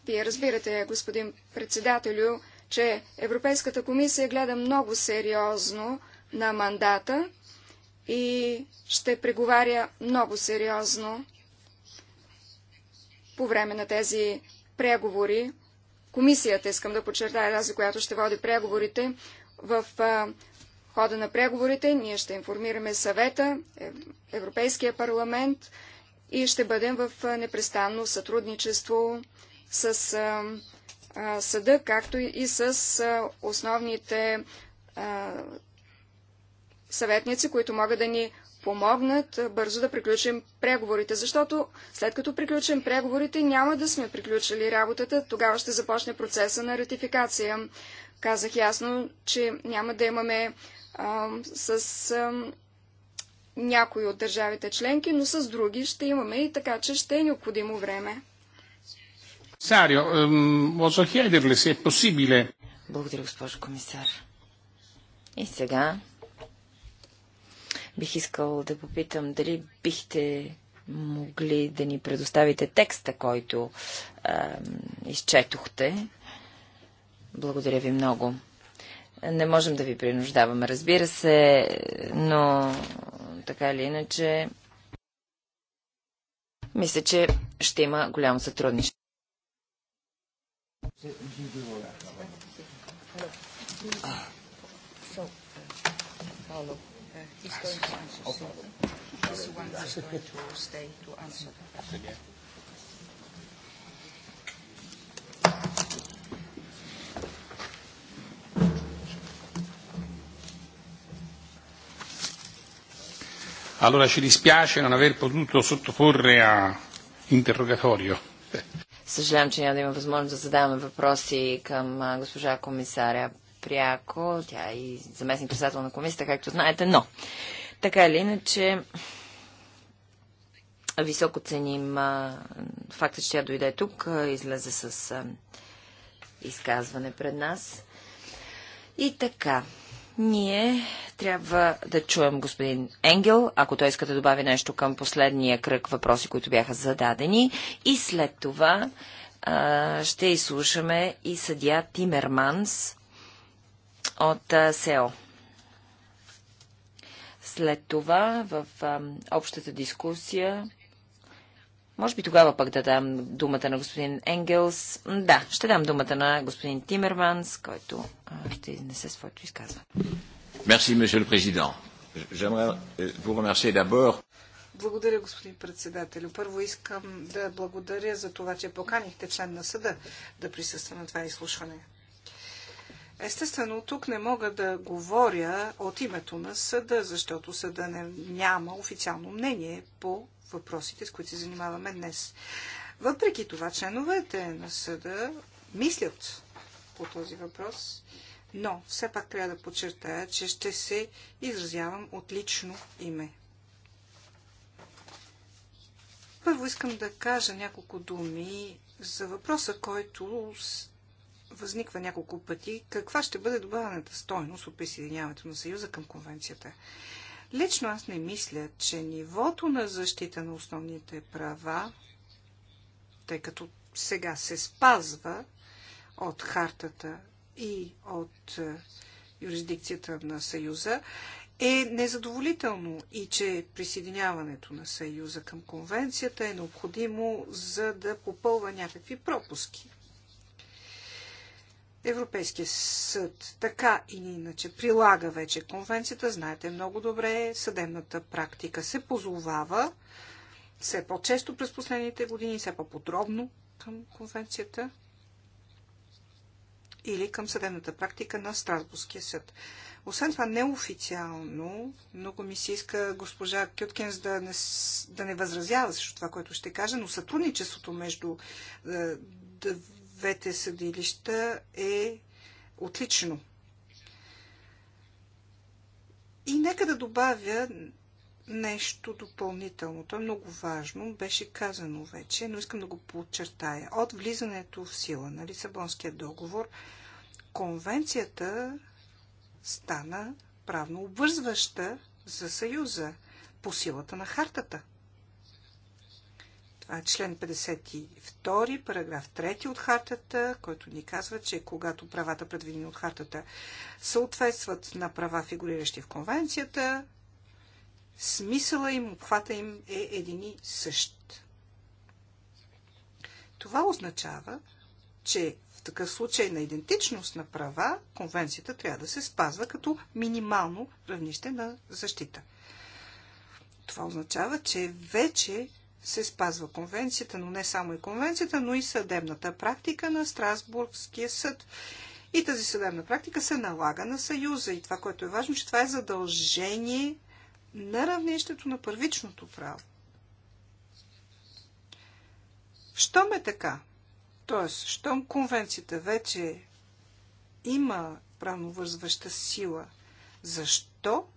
Speaker 3: Вие разбирате, господин председателю, че Европейската комисия гледа много сериозно на мандата и ще преговаря много сериозно по време на тези преговори. Комисията, искам да подчертая е тази, която ще води преговорите, в хода на преговорите ние ще информираме съвета, е, Европейския парламент и ще бъдем в непрестанно сътрудничество с съда, както и с основните съветници, които могат да ни помогнат бързо да приключим преговорите, защото след като приключим преговорите, няма да сме приключили работата, тогава ще започне процеса на ратификация. Казах ясно, че няма да имаме а, с а, някои от държавите членки, но с други ще имаме и така, че ще е необходимо време.
Speaker 1: Сарио, може се е посибиле.
Speaker 2: Благодаря, госпожо комисар. И сега бих искал да попитам дали бихте могли да ни предоставите текста, който е, изчетохте. Благодаря ви много. Не можем да ви принуждаваме, разбира се, но така или иначе, мисля, че ще има голямо сътрудничество.
Speaker 4: So, Paolo, uh, he's going to answer one going to stay to answer
Speaker 1: Allora ci dispiace non aver potuto sottoporre a interrogatorio.
Speaker 2: Съжалявам, че няма да има възможност да задаваме въпроси към госпожа комисаря пряко. Тя е и заместник председател на комисията, както знаете, но така или иначе високо ценим факта, че тя дойде тук, излезе с изказване пред нас. И така, ние трябва да чуем господин Енгел, ако той иска да добави нещо към последния кръг въпроси, които бяха зададени. И след това а, ще изслушаме и съдия Тимерманс от а, СЕО. След това в а, общата дискусия може би тогава пък да дам думата на господин Енгелс. Да, ще дам думата на господин Тимерманс, който ще изнесе своето изказване. Мерси, месье президент.
Speaker 4: Благодаря, господин председател. Първо искам да благодаря за това, че поканихте член на съда да присъства на това изслушване. Естествено, тук не мога да говоря от името на съда, защото съда не, няма официално мнение по въпросите, с които се занимаваме днес. Въпреки това, членовете на съда мислят по този въпрос, но все пак трябва да подчертая, че ще се изразявам от лично име. Първо искам да кажа няколко думи за въпроса, който възниква няколко пъти. Каква ще бъде добавената стойност от присъединяването на Съюза към конвенцията? Лично аз не мисля, че нивото на защита на основните права, тъй като сега се спазва от хартата и от е, юрисдикцията на Съюза, е незадоволително и че присъединяването на Съюза към конвенцията е необходимо за да попълва някакви пропуски. Европейския съд така или иначе прилага вече конвенцията, знаете много добре, съдебната практика се позовава все по-често през последните години, все по-подробно към конвенцията или към съдебната практика на Страсбургския съд. Освен това, неофициално, много ми се иска госпожа Кюткенс да не, да не възразява срещу това, което ще кажа, но сътрудничеството между е, двете съдилища е отлично. И нека да добавя нещо допълнително. То е много важно, беше казано вече, но искам да го подчертая. От влизането в сила на Лисабонския договор, конвенцията стана правно обвързваща за Съюза по силата на хартата член 52, параграф 3 от хартата, който ни казва, че когато правата, предвидени от хартата, съответстват на права, фигуриращи в конвенцията, смисъла им, обхвата им е един и същ. Това означава, че в такъв случай на идентичност на права, конвенцията трябва да се спазва като минимално равнище на защита. Това означава, че вече се спазва конвенцията, но не само и конвенцията, но и съдебната практика на Страсбургския съд. И тази съдебна практика се налага на Съюза. И това, което е важно, че това е задължение на равнището на първичното право. Щом е така, т.е. щом конвенцията вече има правновързваща сила, защо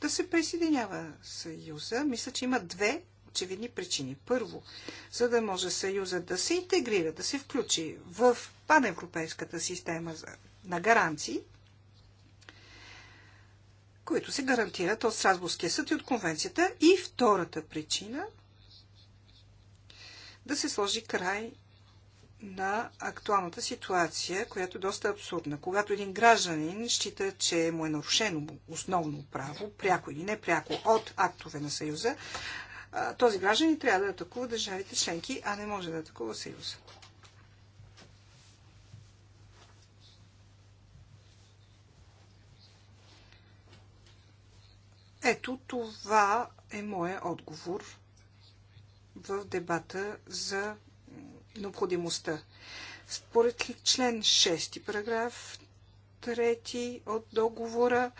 Speaker 4: да се присъединява Съюза? Мисля, че има две очевидни причини. Първо, за да може Съюза да се интегрира, да се включи в паневропейската система на гаранции, които се гарантират от Сразбургския съд и от конвенцията. И втората причина да се сложи край на актуалната ситуация, която е доста абсурдна. Когато един гражданин счита, че му е нарушено основно право, пряко или непряко, от актове на Съюза, този гражданин трябва да атакува държавите членки, а не може да атакува Съюза. Ето това е моя отговор в дебата за необходимостта. Според член 6 параграф 3 от договора,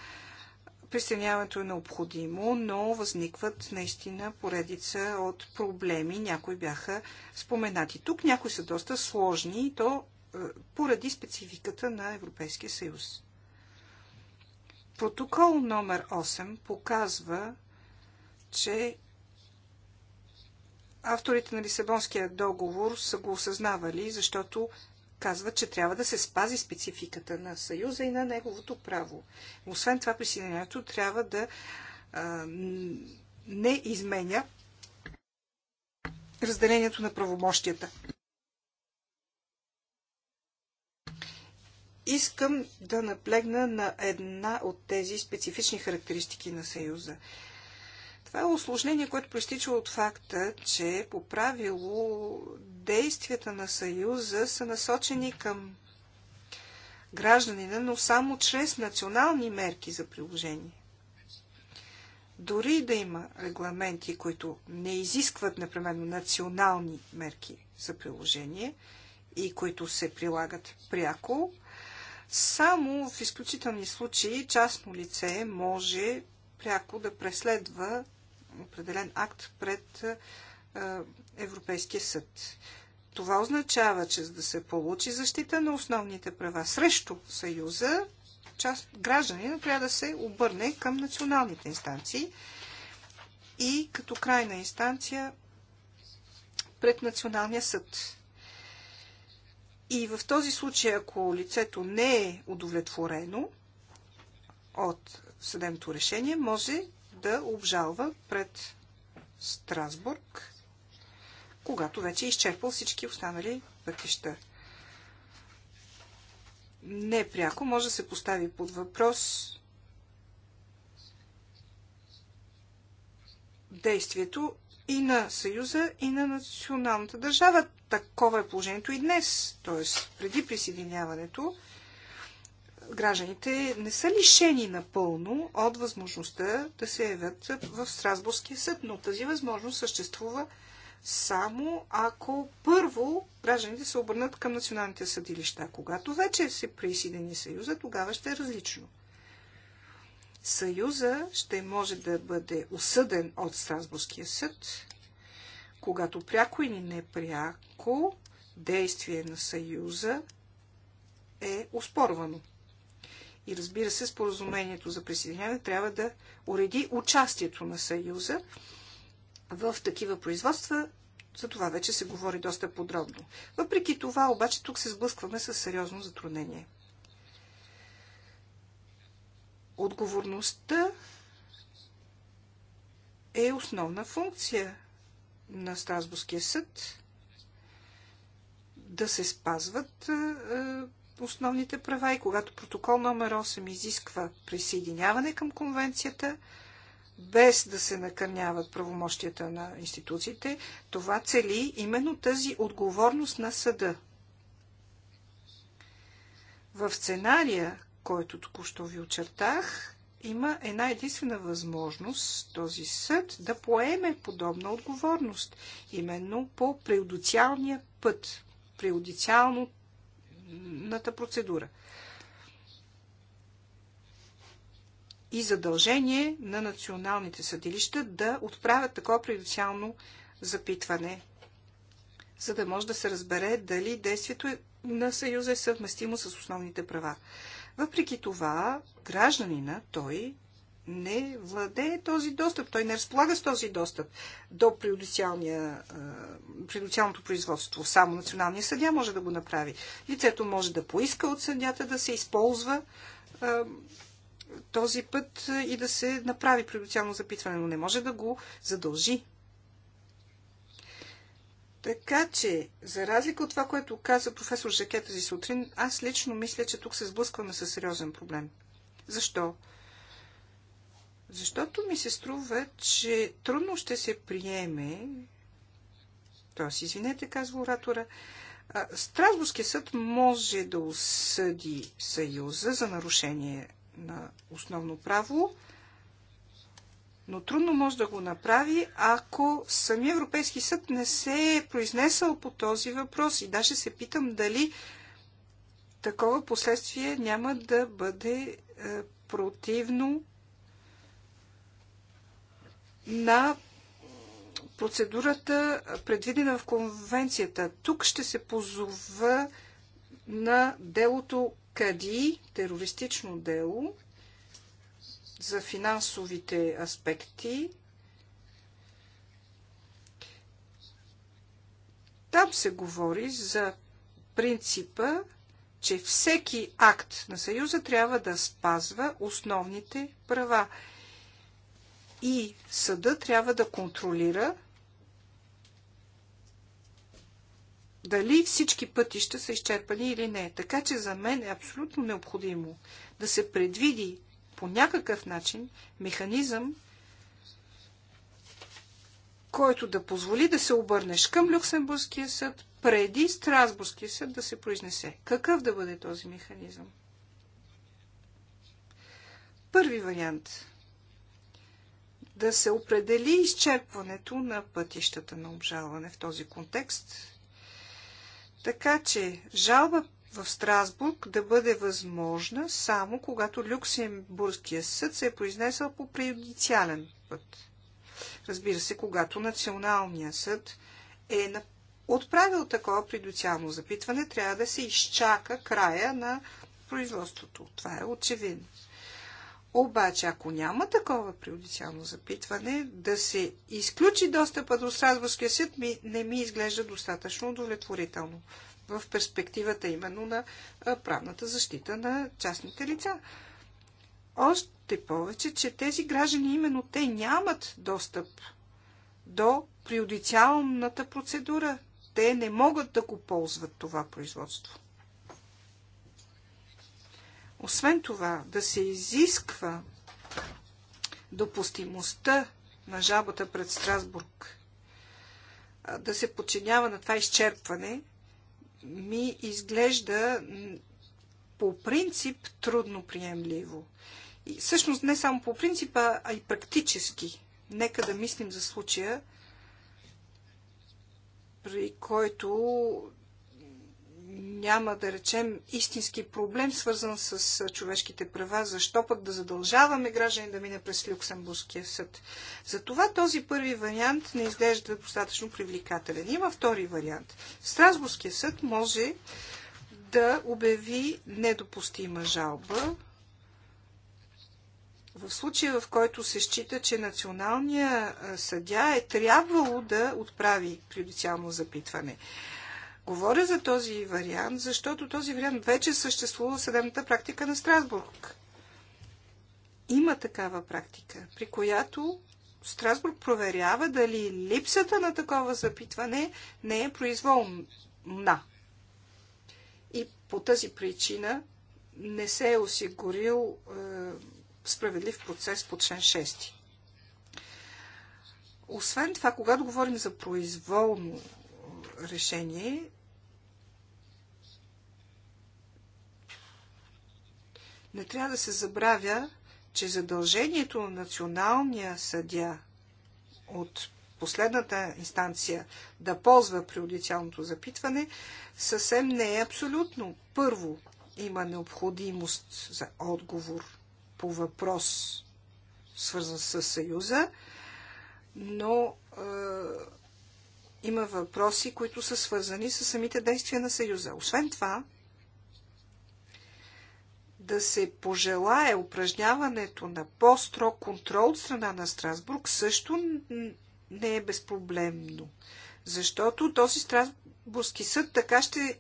Speaker 4: присъединяването е необходимо, но възникват наистина поредица от проблеми. Някои бяха споменати тук, някои са доста сложни и то е, поради спецификата на Европейския съюз. Протокол номер 8 показва, че авторите на Лисабонския договор са го осъзнавали, защото казва, че трябва да се спази спецификата на Съюза и на неговото право. Освен това, присъединението трябва да а, не изменя разделението на правомощията. Искам да наплегна на една от тези специфични характеристики на Съюза. Това е осложнение, което проистича от факта, че по правило действията на Съюза са насочени към гражданина, но само чрез национални мерки за приложение. Дори да има регламенти, които не изискват непременно национални мерки за приложение и които се прилагат пряко, само в изключителни случаи частно лице може пряко да преследва определен акт пред е, Европейския съд. Това означава, че за да се получи защита на основните права срещу Съюза, част гражданина трябва да се обърне към националните инстанции и като крайна инстанция пред Националния съд. И в този случай, ако лицето не е удовлетворено от съдебното решение, може да обжалва пред Страсбург, когато вече е изчерпал всички останали пътища. Не пряко може да се постави под въпрос действието и на Съюза, и на националната държава. Такова е положението и днес. Т.е. преди присъединяването гражданите не са лишени напълно от възможността да се явят в Страсбургския съд, но тази възможност съществува само ако първо гражданите се обърнат към националните съдилища. Когато вече се присъедини Съюза, тогава ще е различно. Съюза ще може да бъде осъден от Страсбургския съд, когато пряко или непряко действие на Съюза е оспорвано. И разбира се, споразумението за присъединяване трябва да уреди участието на Съюза в такива производства. За това вече се говори доста подробно. Въпреки това, обаче, тук се сблъскваме с сериозно затруднение. Отговорността е основна функция на Страсбургския съд да се спазват основните права и когато протокол номер 8 изисква присъединяване към конвенцията, без да се накърняват правомощията на институциите, това цели именно тази отговорност на съда. В сценария, който току-що ви очертах, има една единствена възможност този съд да поеме подобна отговорност, именно по преодициалния път, преодициално съдебната процедура. И задължение на националните съдилища да отправят такова предоциално запитване, за да може да се разбере дали действието е- на Съюза е съвместимо с основните права. Въпреки това, гражданина, той, не владее този достъп. Той не разполага с този достъп до приоритетното производство. Само националния съдя може да го направи. Лицето може да поиска от съдята да се използва а, този път и да се направи приодициално запитване, но не може да го задължи. Така че, за разлика от това, което каза професор Жакета за сутрин, аз лично мисля, че тук се сблъскваме с сериозен проблем. Защо? Защото ми се струва, че трудно ще се приеме, т.е. извинете, казва оратора, Страсбургския съд може да осъди Съюза за нарушение на основно право, но трудно може да го направи, ако самия Европейски съд не се е произнесъл по този въпрос. И даже се питам дали такова последствие няма да бъде е, противно на процедурата, предвидена в конвенцията. Тук ще се позова на делото Кади, терористично дело, за финансовите аспекти. Там се говори за принципа, че всеки акт на Съюза трябва да спазва основните права. И съда трябва да контролира дали всички пътища са изчерпани или не. Така че за мен е абсолютно необходимо да се предвиди по някакъв начин механизъм, който да позволи да се обърнеш към Люксембургския съд, преди Страсбургския съд да се произнесе. Какъв да бъде този механизъм? Първи вариант да се определи изчерпването на пътищата на обжалване в този контекст. Така че жалба в Страсбург да бъде възможна само когато Люксембургския съд се е произнесъл по преюдициален път. Разбира се, когато Националният съд е отправил такова предоциално запитване, трябва да се изчака края на производството. Това е очевидно. Обаче, ако няма такова приодициално запитване, да се изключи достъпа до срадващия съд ми, не ми изглежда достатъчно удовлетворително в перспективата именно на правната защита на частните лица. Още повече, че тези граждани, именно те нямат достъп до приодициалната процедура. Те не могат да го ползват това производство. Освен това, да се изисква допустимостта на жалбата пред Страсбург да се подчинява на това изчерпване, ми изглежда по принцип трудно приемливо. И всъщност не само по принципа, а и практически. Нека да мислим за случая, при който няма, да речем, истински проблем, свързан с човешките права, защо пък да задължаваме граждани да мине през Люксембургския съд. Затова този първи вариант не изглежда достатъчно привлекателен. Има втори вариант. Страсбургския съд може да обяви недопустима жалба в случая, в който се счита, че националния съдя е трябвало да отправи приодициално запитване. Говоря за този вариант, защото този вариант вече съществува в съдебната практика на Страсбург. Има такава практика, при която Страсбург проверява дали липсата на такова запитване не е произволна. И по тази причина не се е осигурил е, справедлив процес по член 6. Освен това, когато говорим за произволно е, решение, Не трябва да се забравя, че задължението на националния съдя от последната инстанция да ползва приодициалното запитване съвсем не е абсолютно. Първо, има необходимост за отговор по въпрос, свързан с Съюза, но е, има въпроси, които са свързани с самите действия на Съюза. Освен това, да се пожелае упражняването на по-строг контрол от страна на Страсбург също не е безпроблемно. Защото този Страсбургски съд така ще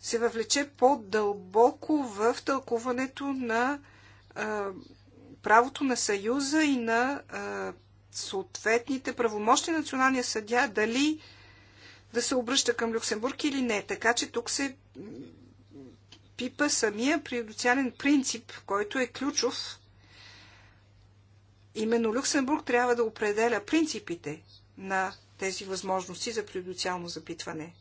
Speaker 4: се въвлече по-дълбоко в тълкуването на а, правото на Съюза и на а, съответните правомощни националния съдя, дали да се обръща към Люксембург или не. Така че тук се пипа самия приоритетен принцип, който е ключов. Именно Люксембург трябва да определя принципите на тези възможности за приоритетно запитване.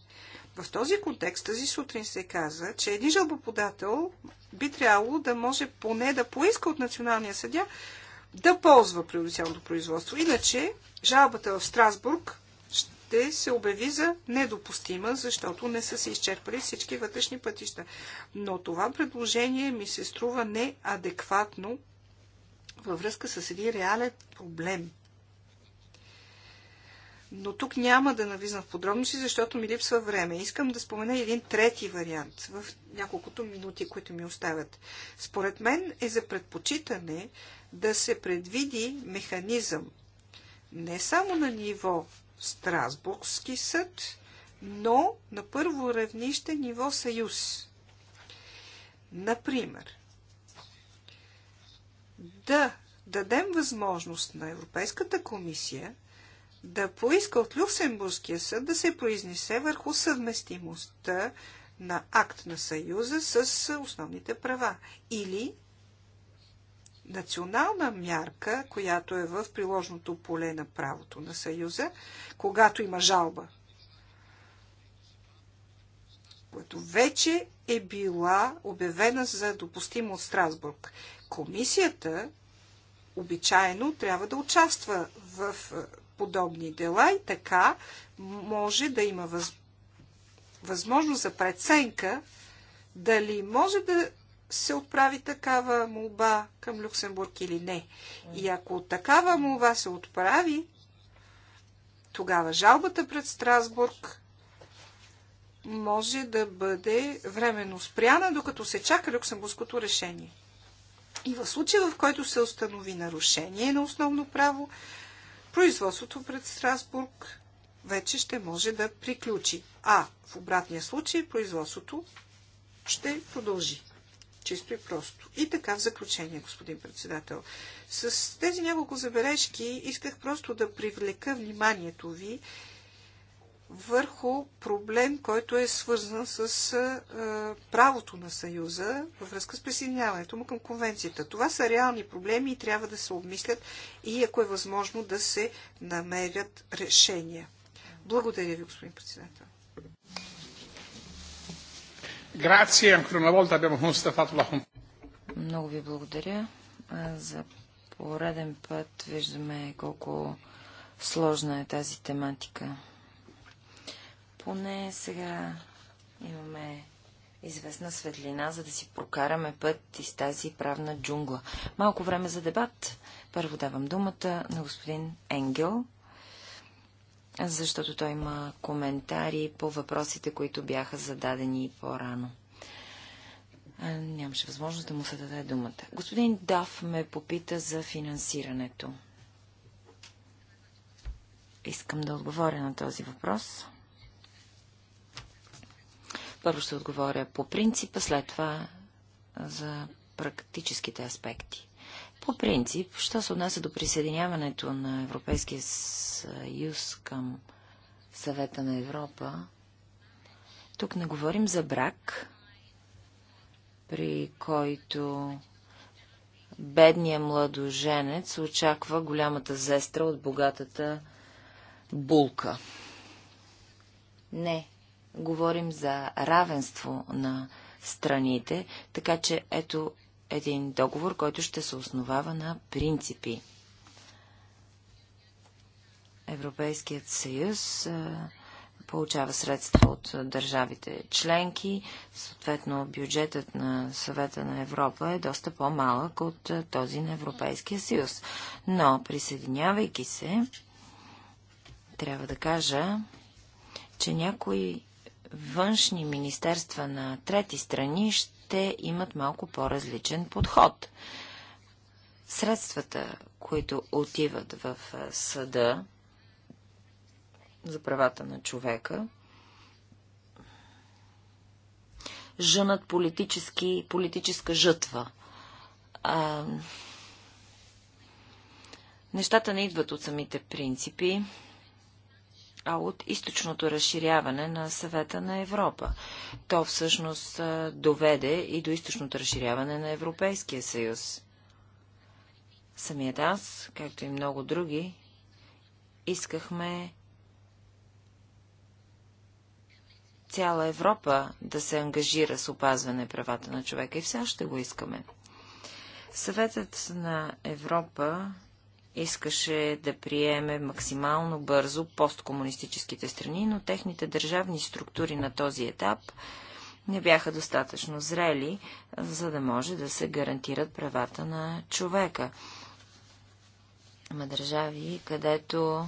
Speaker 4: В този контекст тази сутрин се каза, че един жалбоподател би трябвало да може поне да поиска от националния съдя да ползва приоритетното производство. Иначе жалбата в Страсбург ще се обяви за недопустима, защото не са се изчерпали всички вътрешни пътища. Но това предложение ми се струва неадекватно във връзка с един реален проблем. Но тук няма да навизна в подробности, защото ми липсва време. Искам да спомена един трети вариант в няколкото минути, които ми оставят. Според мен е за предпочитане да се предвиди механизъм не само на ниво Страсбургски съд, но на първо равнище ниво съюз. Например, да дадем възможност на Европейската комисия да поиска от Люксембургския съд да се произнесе върху съвместимостта на акт на Съюза с основните права или национална мярка, която е в приложното поле на правото на Съюза, когато има жалба, която вече е била обявена за допустимо от Страсбург. Комисията обичайно трябва да участва в е, подобни дела и така може да има възможност за преценка дали може да се отправи такава молба към Люксембург или не. И ако такава молба се отправи, тогава жалбата пред Страсбург може да бъде временно спряна, докато се чака люксембургското решение. И в случая, в който се установи нарушение на основно право, производството пред Страсбург вече ще може да приключи. А в обратния случай производството ще продължи. Чисто и просто. И така в заключение, господин председател. С тези няколко забележки исках просто да привлека вниманието ви върху проблем, който е свързан с правото на Съюза във връзка с присъединяването му към конвенцията. Това са реални проблеми и трябва да се обмислят и ако е възможно да се намерят решения. Благодаря ви, господин председател.
Speaker 2: Много ви благодаря. За пореден път виждаме колко сложна е тази тематика. Поне сега имаме известна светлина, за да си прокараме път из тази правна джунгла. Малко време за дебат. Първо давам думата на господин Енгел, защото той има коментари по въпросите, които бяха зададени по-рано. Нямаше възможност да му се даде думата. Господин Даф ме попита за финансирането. Искам да отговоря на този въпрос. Първо ще отговоря по принципа, след това за практическите аспекти.
Speaker 3: По принцип,
Speaker 2: що се отнася до присъединяването на Европейския съюз към съвета на Европа, тук не говорим за брак, при който бедният младоженец очаква голямата зестра от богатата булка. Не, говорим за равенство на страните, така че ето един договор, който ще се основава на принципи. Европейският съюз получава средства от държавите членки. Съответно, бюджетът на съвета на Европа е доста по-малък от този на Европейския съюз. Но, присъединявайки се, трябва да кажа, че някои външни министерства на трети страни ще те имат малко по-различен подход. Средствата, които отиват в съда за правата на човека, жънат политически, политическа жътва. А, нещата не идват от самите принципи а от източното разширяване на съвета на Европа. То всъщност доведе и до източното разширяване на Европейския съюз. Самият аз, както и много други, искахме цяла Европа да се ангажира с опазване правата на човека и все още го искаме. Съветът на Европа искаше да приеме максимално бързо посткомунистическите страни, но техните държавни структури на този етап не бяха достатъчно зрели, за да може да се гарантират правата на човека. Има държави, където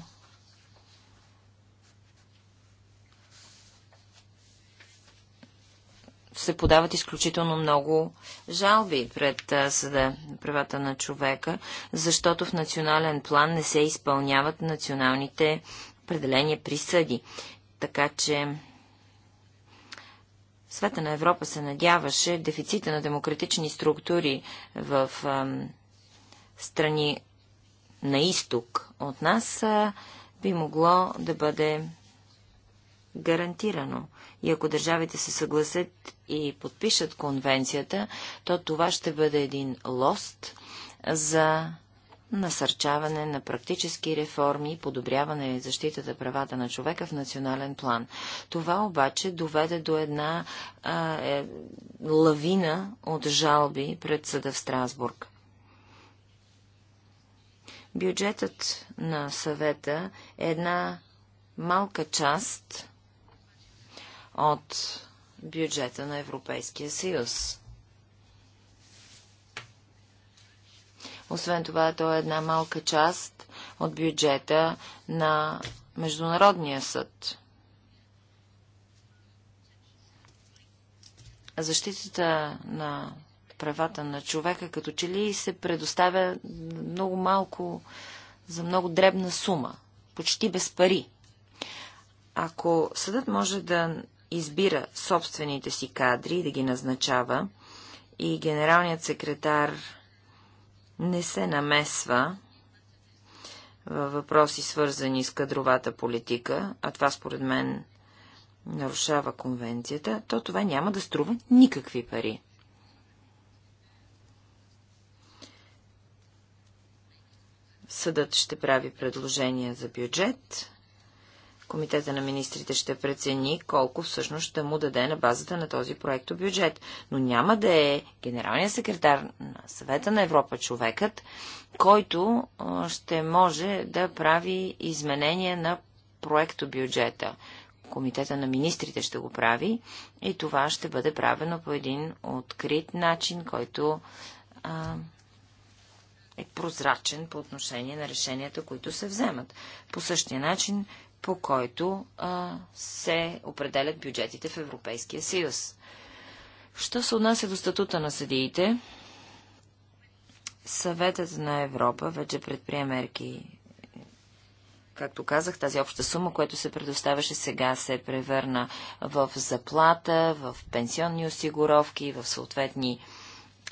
Speaker 2: се подават изключително много жалби пред съда на правата на човека, защото в национален план не се изпълняват националните определения присъди. Така че света на Европа се надяваше дефицита на демократични структури в страни на изток от нас а, би могло да бъде гарантирано. И ако държавите се съгласят и подпишат конвенцията, то това ще бъде един лост за насърчаване на практически реформи и подобряване на защитата правата на човека в национален план. Това обаче доведе до една а, е, лавина от жалби пред съда в Страсбург. Бюджетът на съвета е една малка част от бюджета на Европейския съюз. Освен това, то е една малка част от бюджета на Международния съд. Защитата на правата на човека като че ли се предоставя много малко, за много дребна сума, почти без пари. Ако съдът може да избира собствените си кадри, да ги назначава и генералният секретар не се намесва във въпроси, свързани с кадровата политика, а това според мен нарушава конвенцията, то това няма да струва никакви пари. Съдът ще прави предложения за бюджет Комитета на министрите ще прецени колко всъщност ще му даде на базата на този проект бюджет. Но няма да е генералният секретар на съвета на Европа човекът, който ще може да прави изменения на проекто бюджета. Комитета на министрите ще го прави и това ще бъде правено по един открит начин, който а, е прозрачен по отношение на решенията, които се вземат. По същия начин по който а, се определят бюджетите в Европейския съюз. Що се отнася до статута на съдиите, Съветът на Европа вече предприе мерки. Както казах, тази обща сума, която се предоставяше сега, се превърна в заплата, в пенсионни осигуровки, в съответни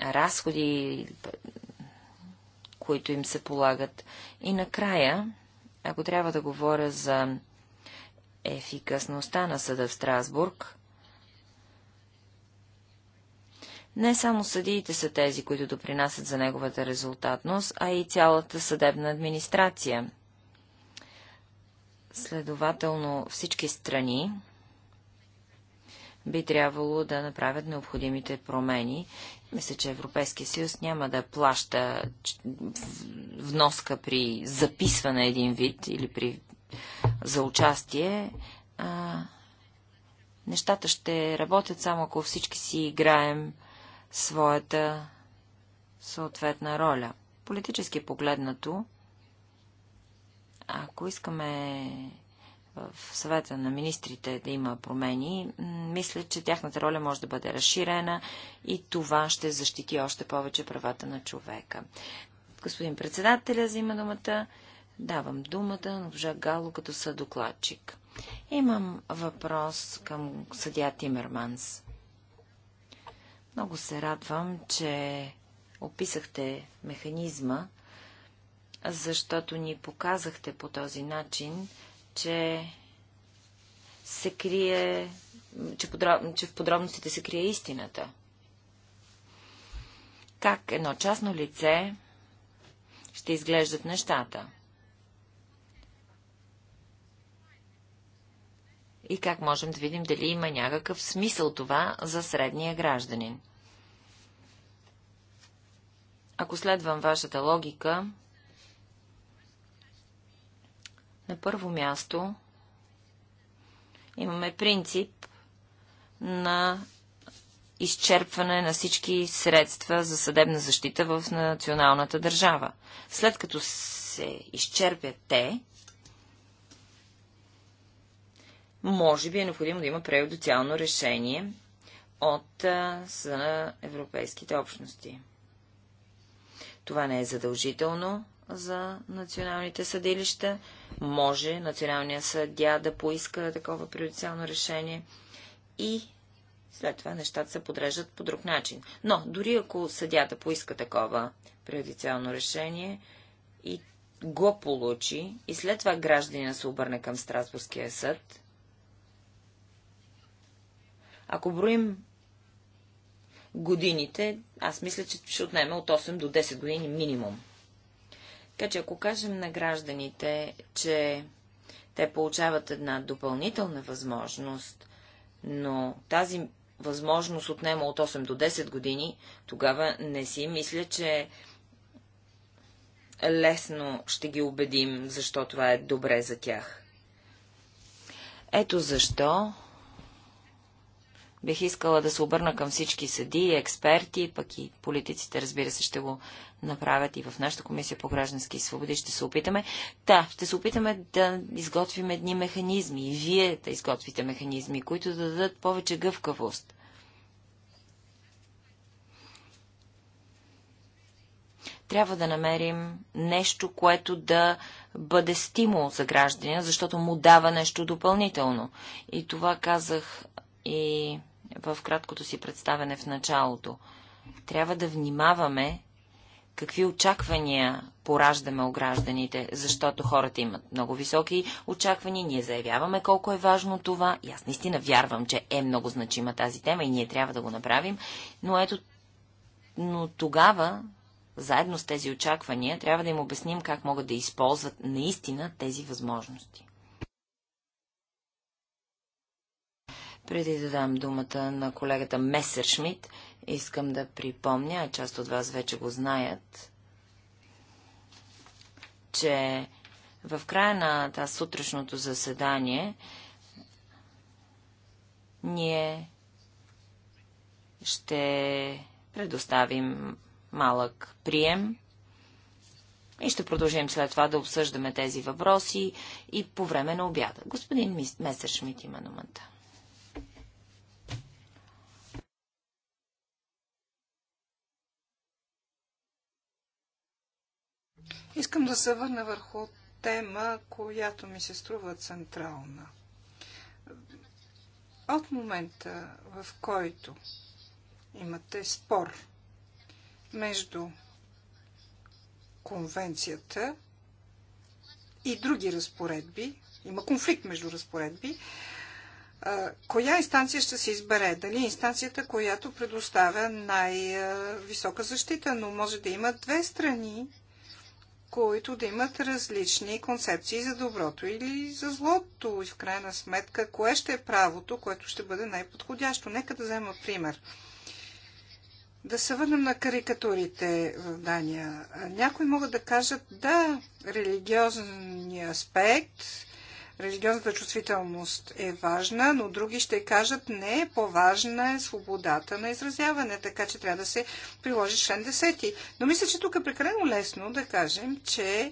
Speaker 2: разходи, които им се полагат. И накрая ако трябва да говоря за ефикасността на съда в Страсбург, не само съдиите са тези, които допринасят за неговата резултатност, а и цялата съдебна администрация. Следователно всички страни би трябвало да направят необходимите промени мисля, че Европейския съюз няма да плаща вноска при записване един вид или при за участие. А, нещата ще работят само ако всички си играем своята съответна роля. Политически погледнато, ако искаме в съвета на министрите да има промени, мисля, че тяхната роля може да бъде разширена и това ще защити още повече правата на човека. Господин председателя взима думата. Давам думата на госпожа Гало като съдокладчик. Имам въпрос към съдя Тимерманс. Много се радвам, че описахте механизма, защото ни показахте по този начин, че се крие, че, подроб, че в подробностите се крие истината. Как едно частно лице ще изглеждат нещата? И как можем да видим дали има някакъв смисъл това за средния гражданин? Ако следвам вашата логика, на първо място имаме принцип на изчерпване на всички средства за съдебна защита в националната държава. След като се изчерпят те, може би е необходимо да има преюдициално решение от Съда на Европейските общности. Това не е задължително, за националните съдилища. Може Националният съдя да поиска такова приоритетно решение и след това нещата се подреждат по друг начин. Но дори ако съдята поиска такова приоритетно решение и го получи и след това гражданина се обърне към Страсбургския съд, ако броим годините, аз мисля, че ще отнеме от 8 до 10 години минимум. Така че ако кажем на гражданите, че те получават една допълнителна възможност, но тази възможност отнема от 8 до 10 години, тогава не си мисля, че лесно ще ги убедим, защо това е добре за тях. Ето защо Бих искала да се обърна към всички съди, експерти, пък и политиците, разбира се, ще го направят и в нашата комисия по граждански свободи. Ще се опитаме. Да, ще се опитаме да изготвим едни механизми и вие да изготвите механизми, които да дадат повече гъвкавост. трябва да намерим нещо, което да бъде стимул за гражданина, защото му дава нещо допълнително. И това казах и в краткото си представене в началото. Трябва да внимаваме какви очаквания пораждаме у гражданите, защото хората имат много високи очаквания, ние заявяваме колко е важно това и аз наистина вярвам, че е много значима тази тема и ние трябва да го направим, но ето, но тогава, заедно с тези очаквания, трябва да им обясним как могат да използват наистина тези възможности. Преди да дам думата на колегата Месершмит, искам да припомня, а част от вас вече го знаят, че в края на тази сутрешното заседание ние ще предоставим малък прием и ще продължим след това да обсъждаме тези въпроси и по време на обяда. Господин Месершмит има думата.
Speaker 4: Искам да се върна върху тема, която ми се струва централна. От момента, в който имате спор между конвенцията и други разпоредби, има конфликт между разпоредби, коя инстанция ще се избере? Дали инстанцията, която предоставя най-висока защита, но може да има две страни, които да имат различни концепции за доброто или за злото. И в крайна сметка, кое ще е правото, което ще бъде най-подходящо? Нека да взема пример. Да се върнем на карикатурите в Дания. Някои могат да кажат, да, религиозният аспект Религиозната чувствителност е важна, но други ще кажат не, е по-важна е свободата на изразяване, така че трябва да се приложи член 10. Но мисля, че тук е прекалено лесно да кажем, че е,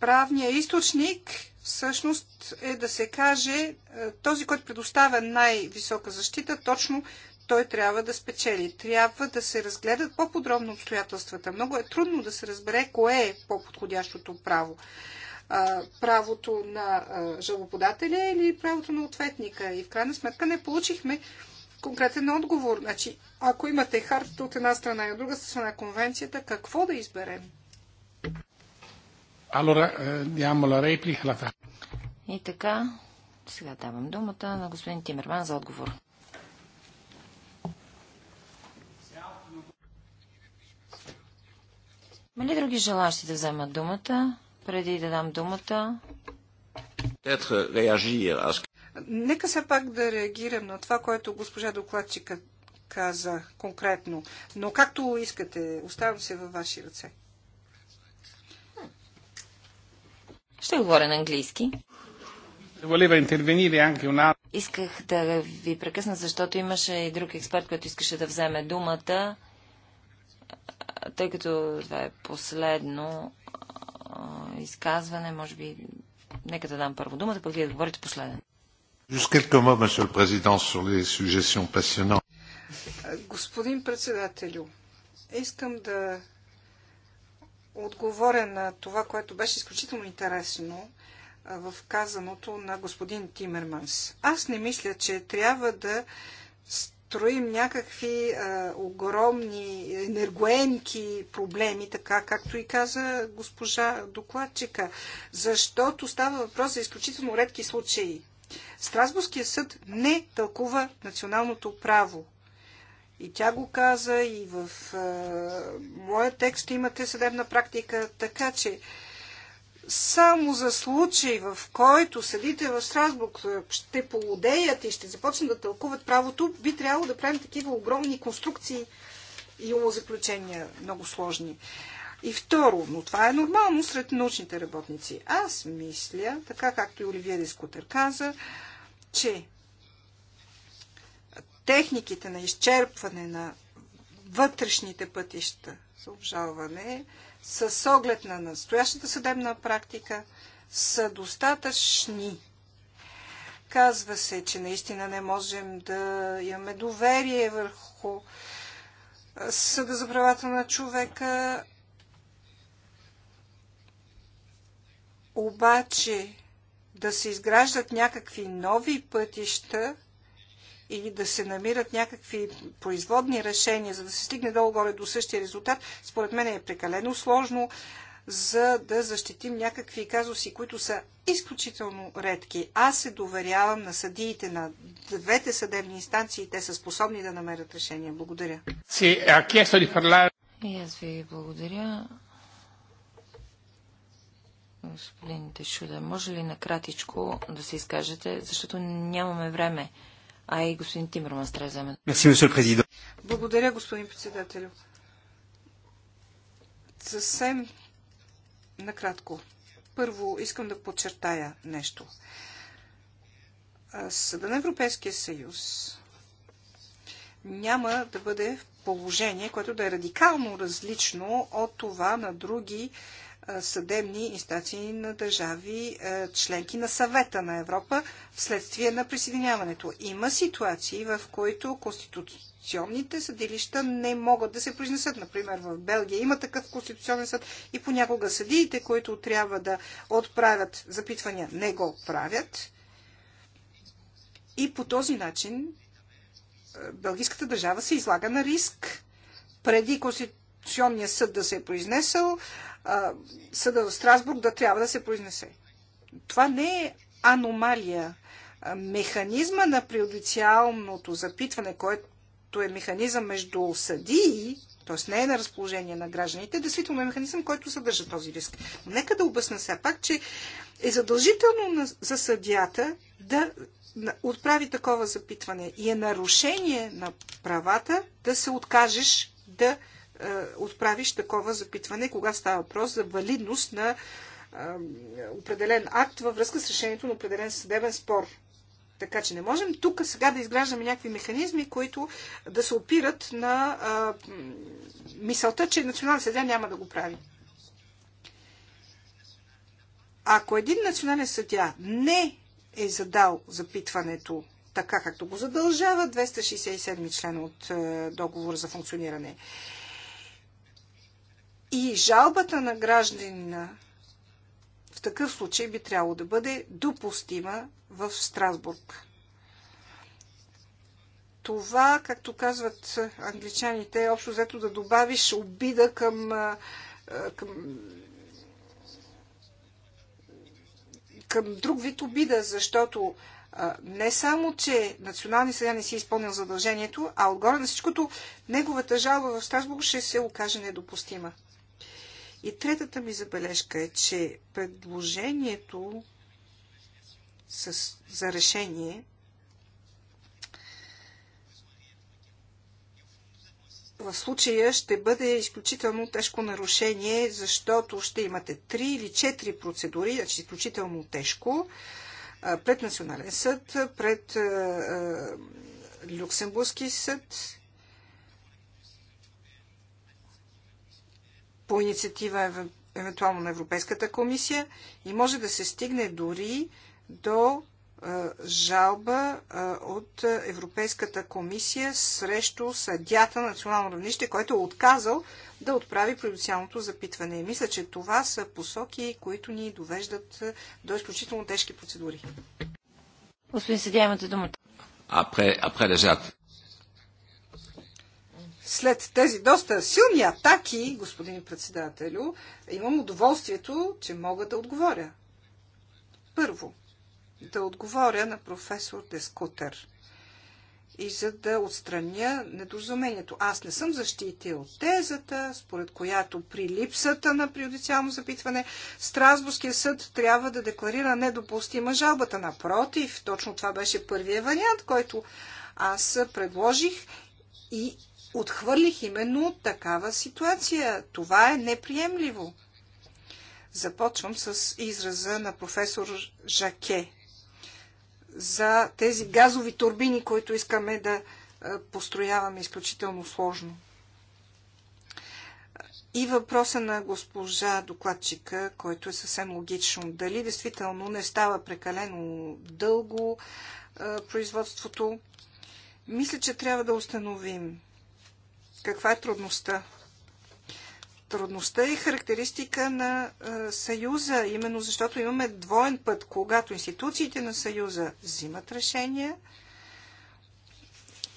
Speaker 4: правният източник всъщност е да се каже е, този, който предоставя най-висока защита, точно той трябва да спечели. Трябва да се разгледат по-подробно обстоятелствата. Много е трудно да се разбере кое е по-подходящото право правото на жалоподателя или правото на ответника. И в крайна сметка не получихме конкретен отговор. Значи, ако имате хартата от една страна и от друга страна конвенцията,
Speaker 2: какво да изберем?
Speaker 1: Eh,
Speaker 2: и така, сега давам думата на господин Тимерман за отговор. Има ли други желащи да вземат думата? Преди да дам думата. Нека се пак да реагирам на това,
Speaker 4: което госпожа докладчика каза конкретно. Но както искате, оставам
Speaker 2: се във ваши ръце. Ще говоря на английски. Исках да ви прекъсна, защото имаше и друг експерт, който искаше да вземе думата. Тъй като това е последно, изказване. Може би, нека да дам първо думата, пък вие да говорите последен.
Speaker 4: Господин председателю, искам да отговоря на това, което беше изключително интересно в казаното на господин Тимерманс. Аз не мисля, че трябва да строим някакви а, огромни, енергоемки проблеми, така както и каза госпожа докладчика, защото става въпрос за изключително редки случаи. Страсбургския съд не тълкува националното право. И тя го каза, и в а, моя текст имате съдебна практика, така че само за случай, в който съдите в Страсбург е, ще полудеят и ще започнат да тълкуват правото, би трябвало да правим такива огромни конструкции и умозаключения, много сложни. И второ, но това е нормално сред научните работници. Аз мисля, така както и Оливия Дискутер каза, че техниките на изчерпване на вътрешните пътища за обжалване с оглед на настоящата съдебна практика са достатъчни. Казва се, че наистина не можем да имаме доверие върху Съда за правата на човека. Обаче да се изграждат някакви нови пътища и да се намират някакви производни решения, за да се стигне долу-горе до същия резултат, според мен е прекалено сложно, за да защитим някакви казуси, които са изключително редки. Аз се доверявам на съдиите на двете съдебни инстанции, и те са способни да намерят решение. Благодаря.
Speaker 2: И аз ви благодаря. Господин Тешуда, може ли накратичко да се изкажете, защото нямаме време а и господин Тимерман трябва
Speaker 4: да вземе.
Speaker 2: Благодаря, господин председател.
Speaker 4: Съвсем накратко. Първо искам да подчертая нещо. Съда на Европейския съюз няма да бъде в положение, което да е радикално различно от това на други съдебни инстанции на държави членки на съвета на Европа вследствие на присъединяването. Има ситуации, в които конституционните съдилища не могат да се произнесат. Например, в Белгия има такъв конституционен съд и понякога съдиите, които трябва да отправят запитвания, не го правят. И по този начин белгийската държава се излага на риск. Преди Конституционния съд да се е произнесъл, съда в Страсбург да трябва да се произнесе. Това не е аномалия. Механизма на приодициалното запитване, което е механизъм между съдии, т.е. не е на разположение на гражданите, действително е механизъм, който съдържа този риск. Но нека да обясна сега пак, че е задължително за съдията да отправи такова запитване и е нарушение на правата да се откажеш да е, отправиш такова запитване, кога става въпрос за валидност на е, определен акт във връзка с решението на определен съдебен спор. Така че не можем тук сега да изграждаме някакви механизми, които да се опират на а, е, мисълта, че национален съдя няма да го прави. Ако един национален съдя не е задал запитването така, както го задължава 267 член от договор за функциониране и жалбата на гражданина в такъв случай би трябвало да бъде допустима в Страсбург. Това, както казват англичаните, е общо взето да добавиш обида към, към към друг вид обида, защото не само, че национални съдя не си е изпълнил задължението, а отгоре на всичкото, неговата жалба в Страсбург ще се окаже недопустима. И третата ми забележка е, че предложението с, за решение в случая ще бъде изключително тежко нарушение, защото ще имате 3 или 4 процедури, значи изключително тежко, пред Национален съд, пред Люксембургски съд по инициатива евентуално на Европейската комисия и може да се стигне дори до жалба от Европейската комисия срещу съдята на национално равнище, който е отказал да отправи продуциалното запитване. И мисля, че това са посоки, които ни довеждат до изключително тежки процедури.
Speaker 2: Господин съдя, имате думата
Speaker 4: след тези доста силни атаки, господин председателю, имам удоволствието, че мога да отговоря. Първо, да отговоря на професор Дескутер и за да отстраня недоразумението. Аз не съм защитил тезата, според която при липсата на приодициално запитване Страсбургския съд трябва да декларира недопустима жалбата. Напротив, точно това беше първия вариант, който аз предложих и отхвърлих именно такава ситуация. Това е неприемливо. Започвам с израза на професор Жаке за тези газови турбини, които искаме да построяваме изключително сложно. И въпроса на госпожа докладчика, който е съвсем логично. Дали действително не става прекалено дълго производството? Мисля, че трябва да установим каква е трудността? Трудността е характеристика на Съюза, именно защото имаме двоен път, когато институциите на Съюза взимат решения,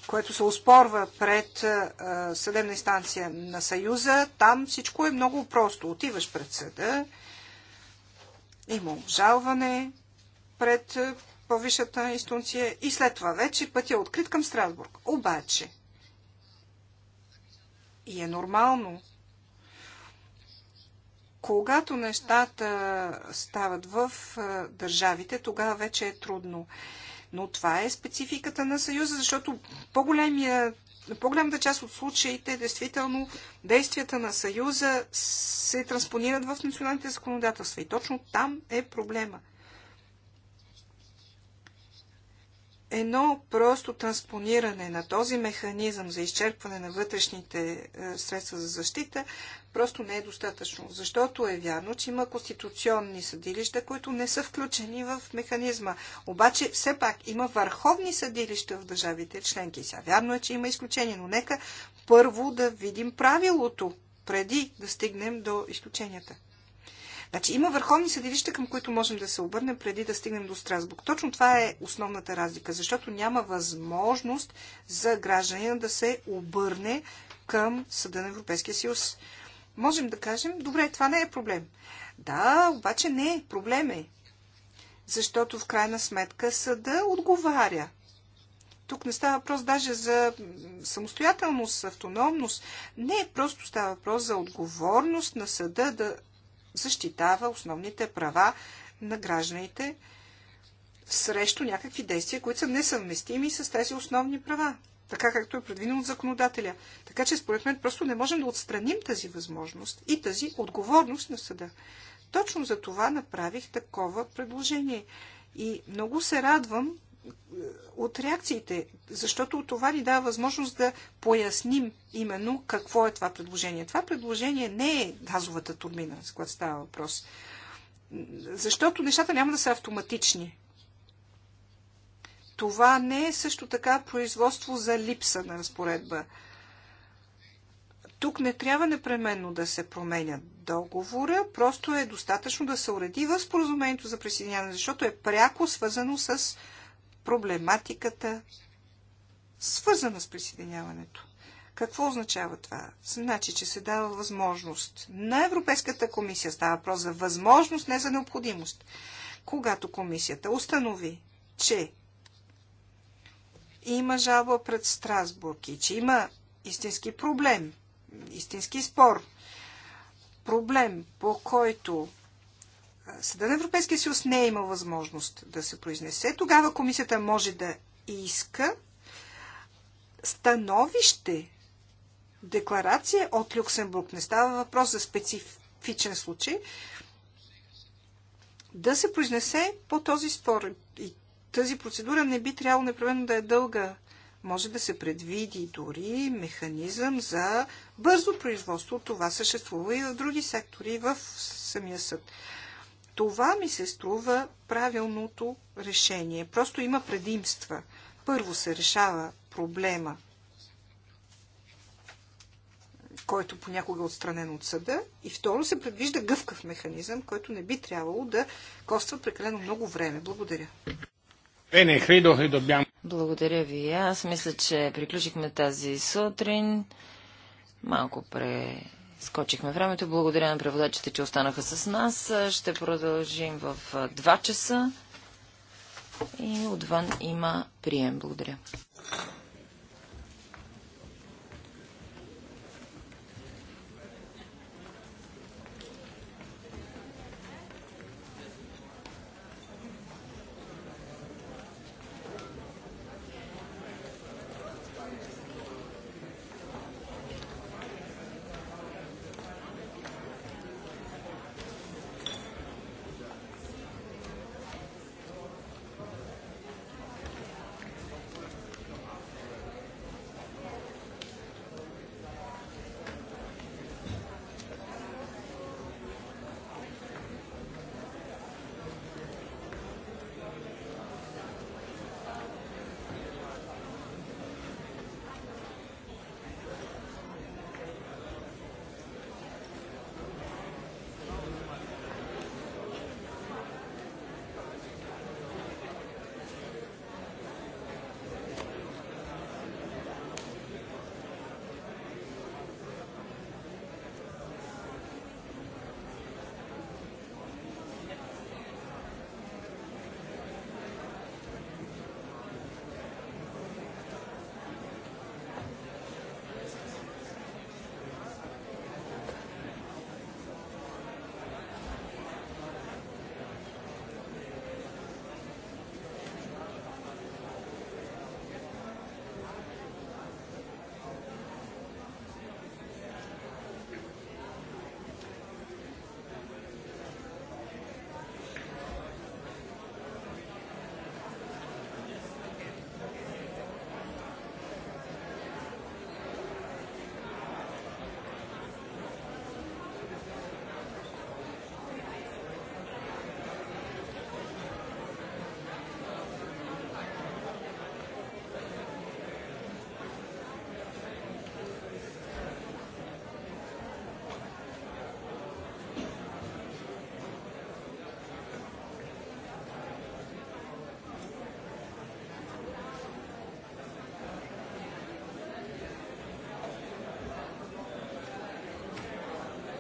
Speaker 4: което се успорва пред съдебна инстанция на Съюза, там всичко е много просто. Отиваш пред съда, има обжалване пред повишата инстанция и след това вече пътя е открит към Страсбург. Обаче, и е нормално. Когато нещата стават в държавите, тогава вече е трудно. Но това е спецификата на Съюза, защото по по-голямата част от случаите, действително, действията на Съюза се транспонират в националните законодателства. И точно там е проблема. едно просто транспониране на този механизъм за изчерпване на вътрешните е, средства за защита просто не е достатъчно. Защото е вярно, че има конституционни съдилища, които не са включени в механизма. Обаче все пак има върховни съдилища в държавите членки. Сега вярно е, че има изключения, но нека първо да видим правилото, преди да стигнем до изключенията. Значи има върховни съдилища, към които можем да се обърнем преди да стигнем до Страсбург. Точно това е основната разлика, защото няма възможност за гражданина да се обърне към Съда на Европейския съюз. Можем да кажем, добре, това не е проблем. Да, обаче не е. Проблем е. Защото в крайна сметка съда отговаря тук не става въпрос даже за самостоятелност, автономност. Не, просто става въпрос за отговорност на съда да защитава основните права на гражданите срещу някакви действия, които са несъвместими с тези основни права, така както е предвидено от законодателя. Така че, според мен, просто не можем да отстраним тази възможност и тази отговорност на съда. Точно за това направих такова предложение. И много се радвам, от реакциите, защото това ни дава възможност да поясним именно какво е това предложение. Това предложение не е газовата турбина, за която става въпрос. Защото нещата няма да са автоматични. Това не е също така производство за липса на разпоредба. Тук не трябва непременно да се променя договора, просто е достатъчно да се уреди в споразумението за присъединяване, защото е пряко свързано с проблематиката, свързана с присъединяването. Какво означава това? Значи, че се дава възможност. На Европейската комисия става въпрос за възможност, не за необходимост. Когато комисията установи, че има жалба пред Страсбург и че има истински проблем, истински спор, проблем, по който Съда на Европейския съюз не е имал възможност да се произнесе, тогава комисията може да иска становище, декларация от Люксембург. Не става въпрос за специфичен случай. Да се произнесе по този спор. И тази процедура не би трябвало непременно да е дълга. Може да се предвиди дори механизъм за бързо производство. Това съществува и в други сектори в самия съд. Това ми се струва правилното решение. Просто има предимства. Първо се решава проблема, който понякога е отстранен от съда, и второ се предвижда гъвкав механизъм, който не би трябвало да коства прекалено много време. Благодаря.
Speaker 2: Благодаря ви. Аз мисля, че приключихме тази сутрин. Малко пре Скочихме времето. Благодаря на преводачите, че останаха с нас. Ще продължим в 2 часа. И отвън има прием. Благодаря.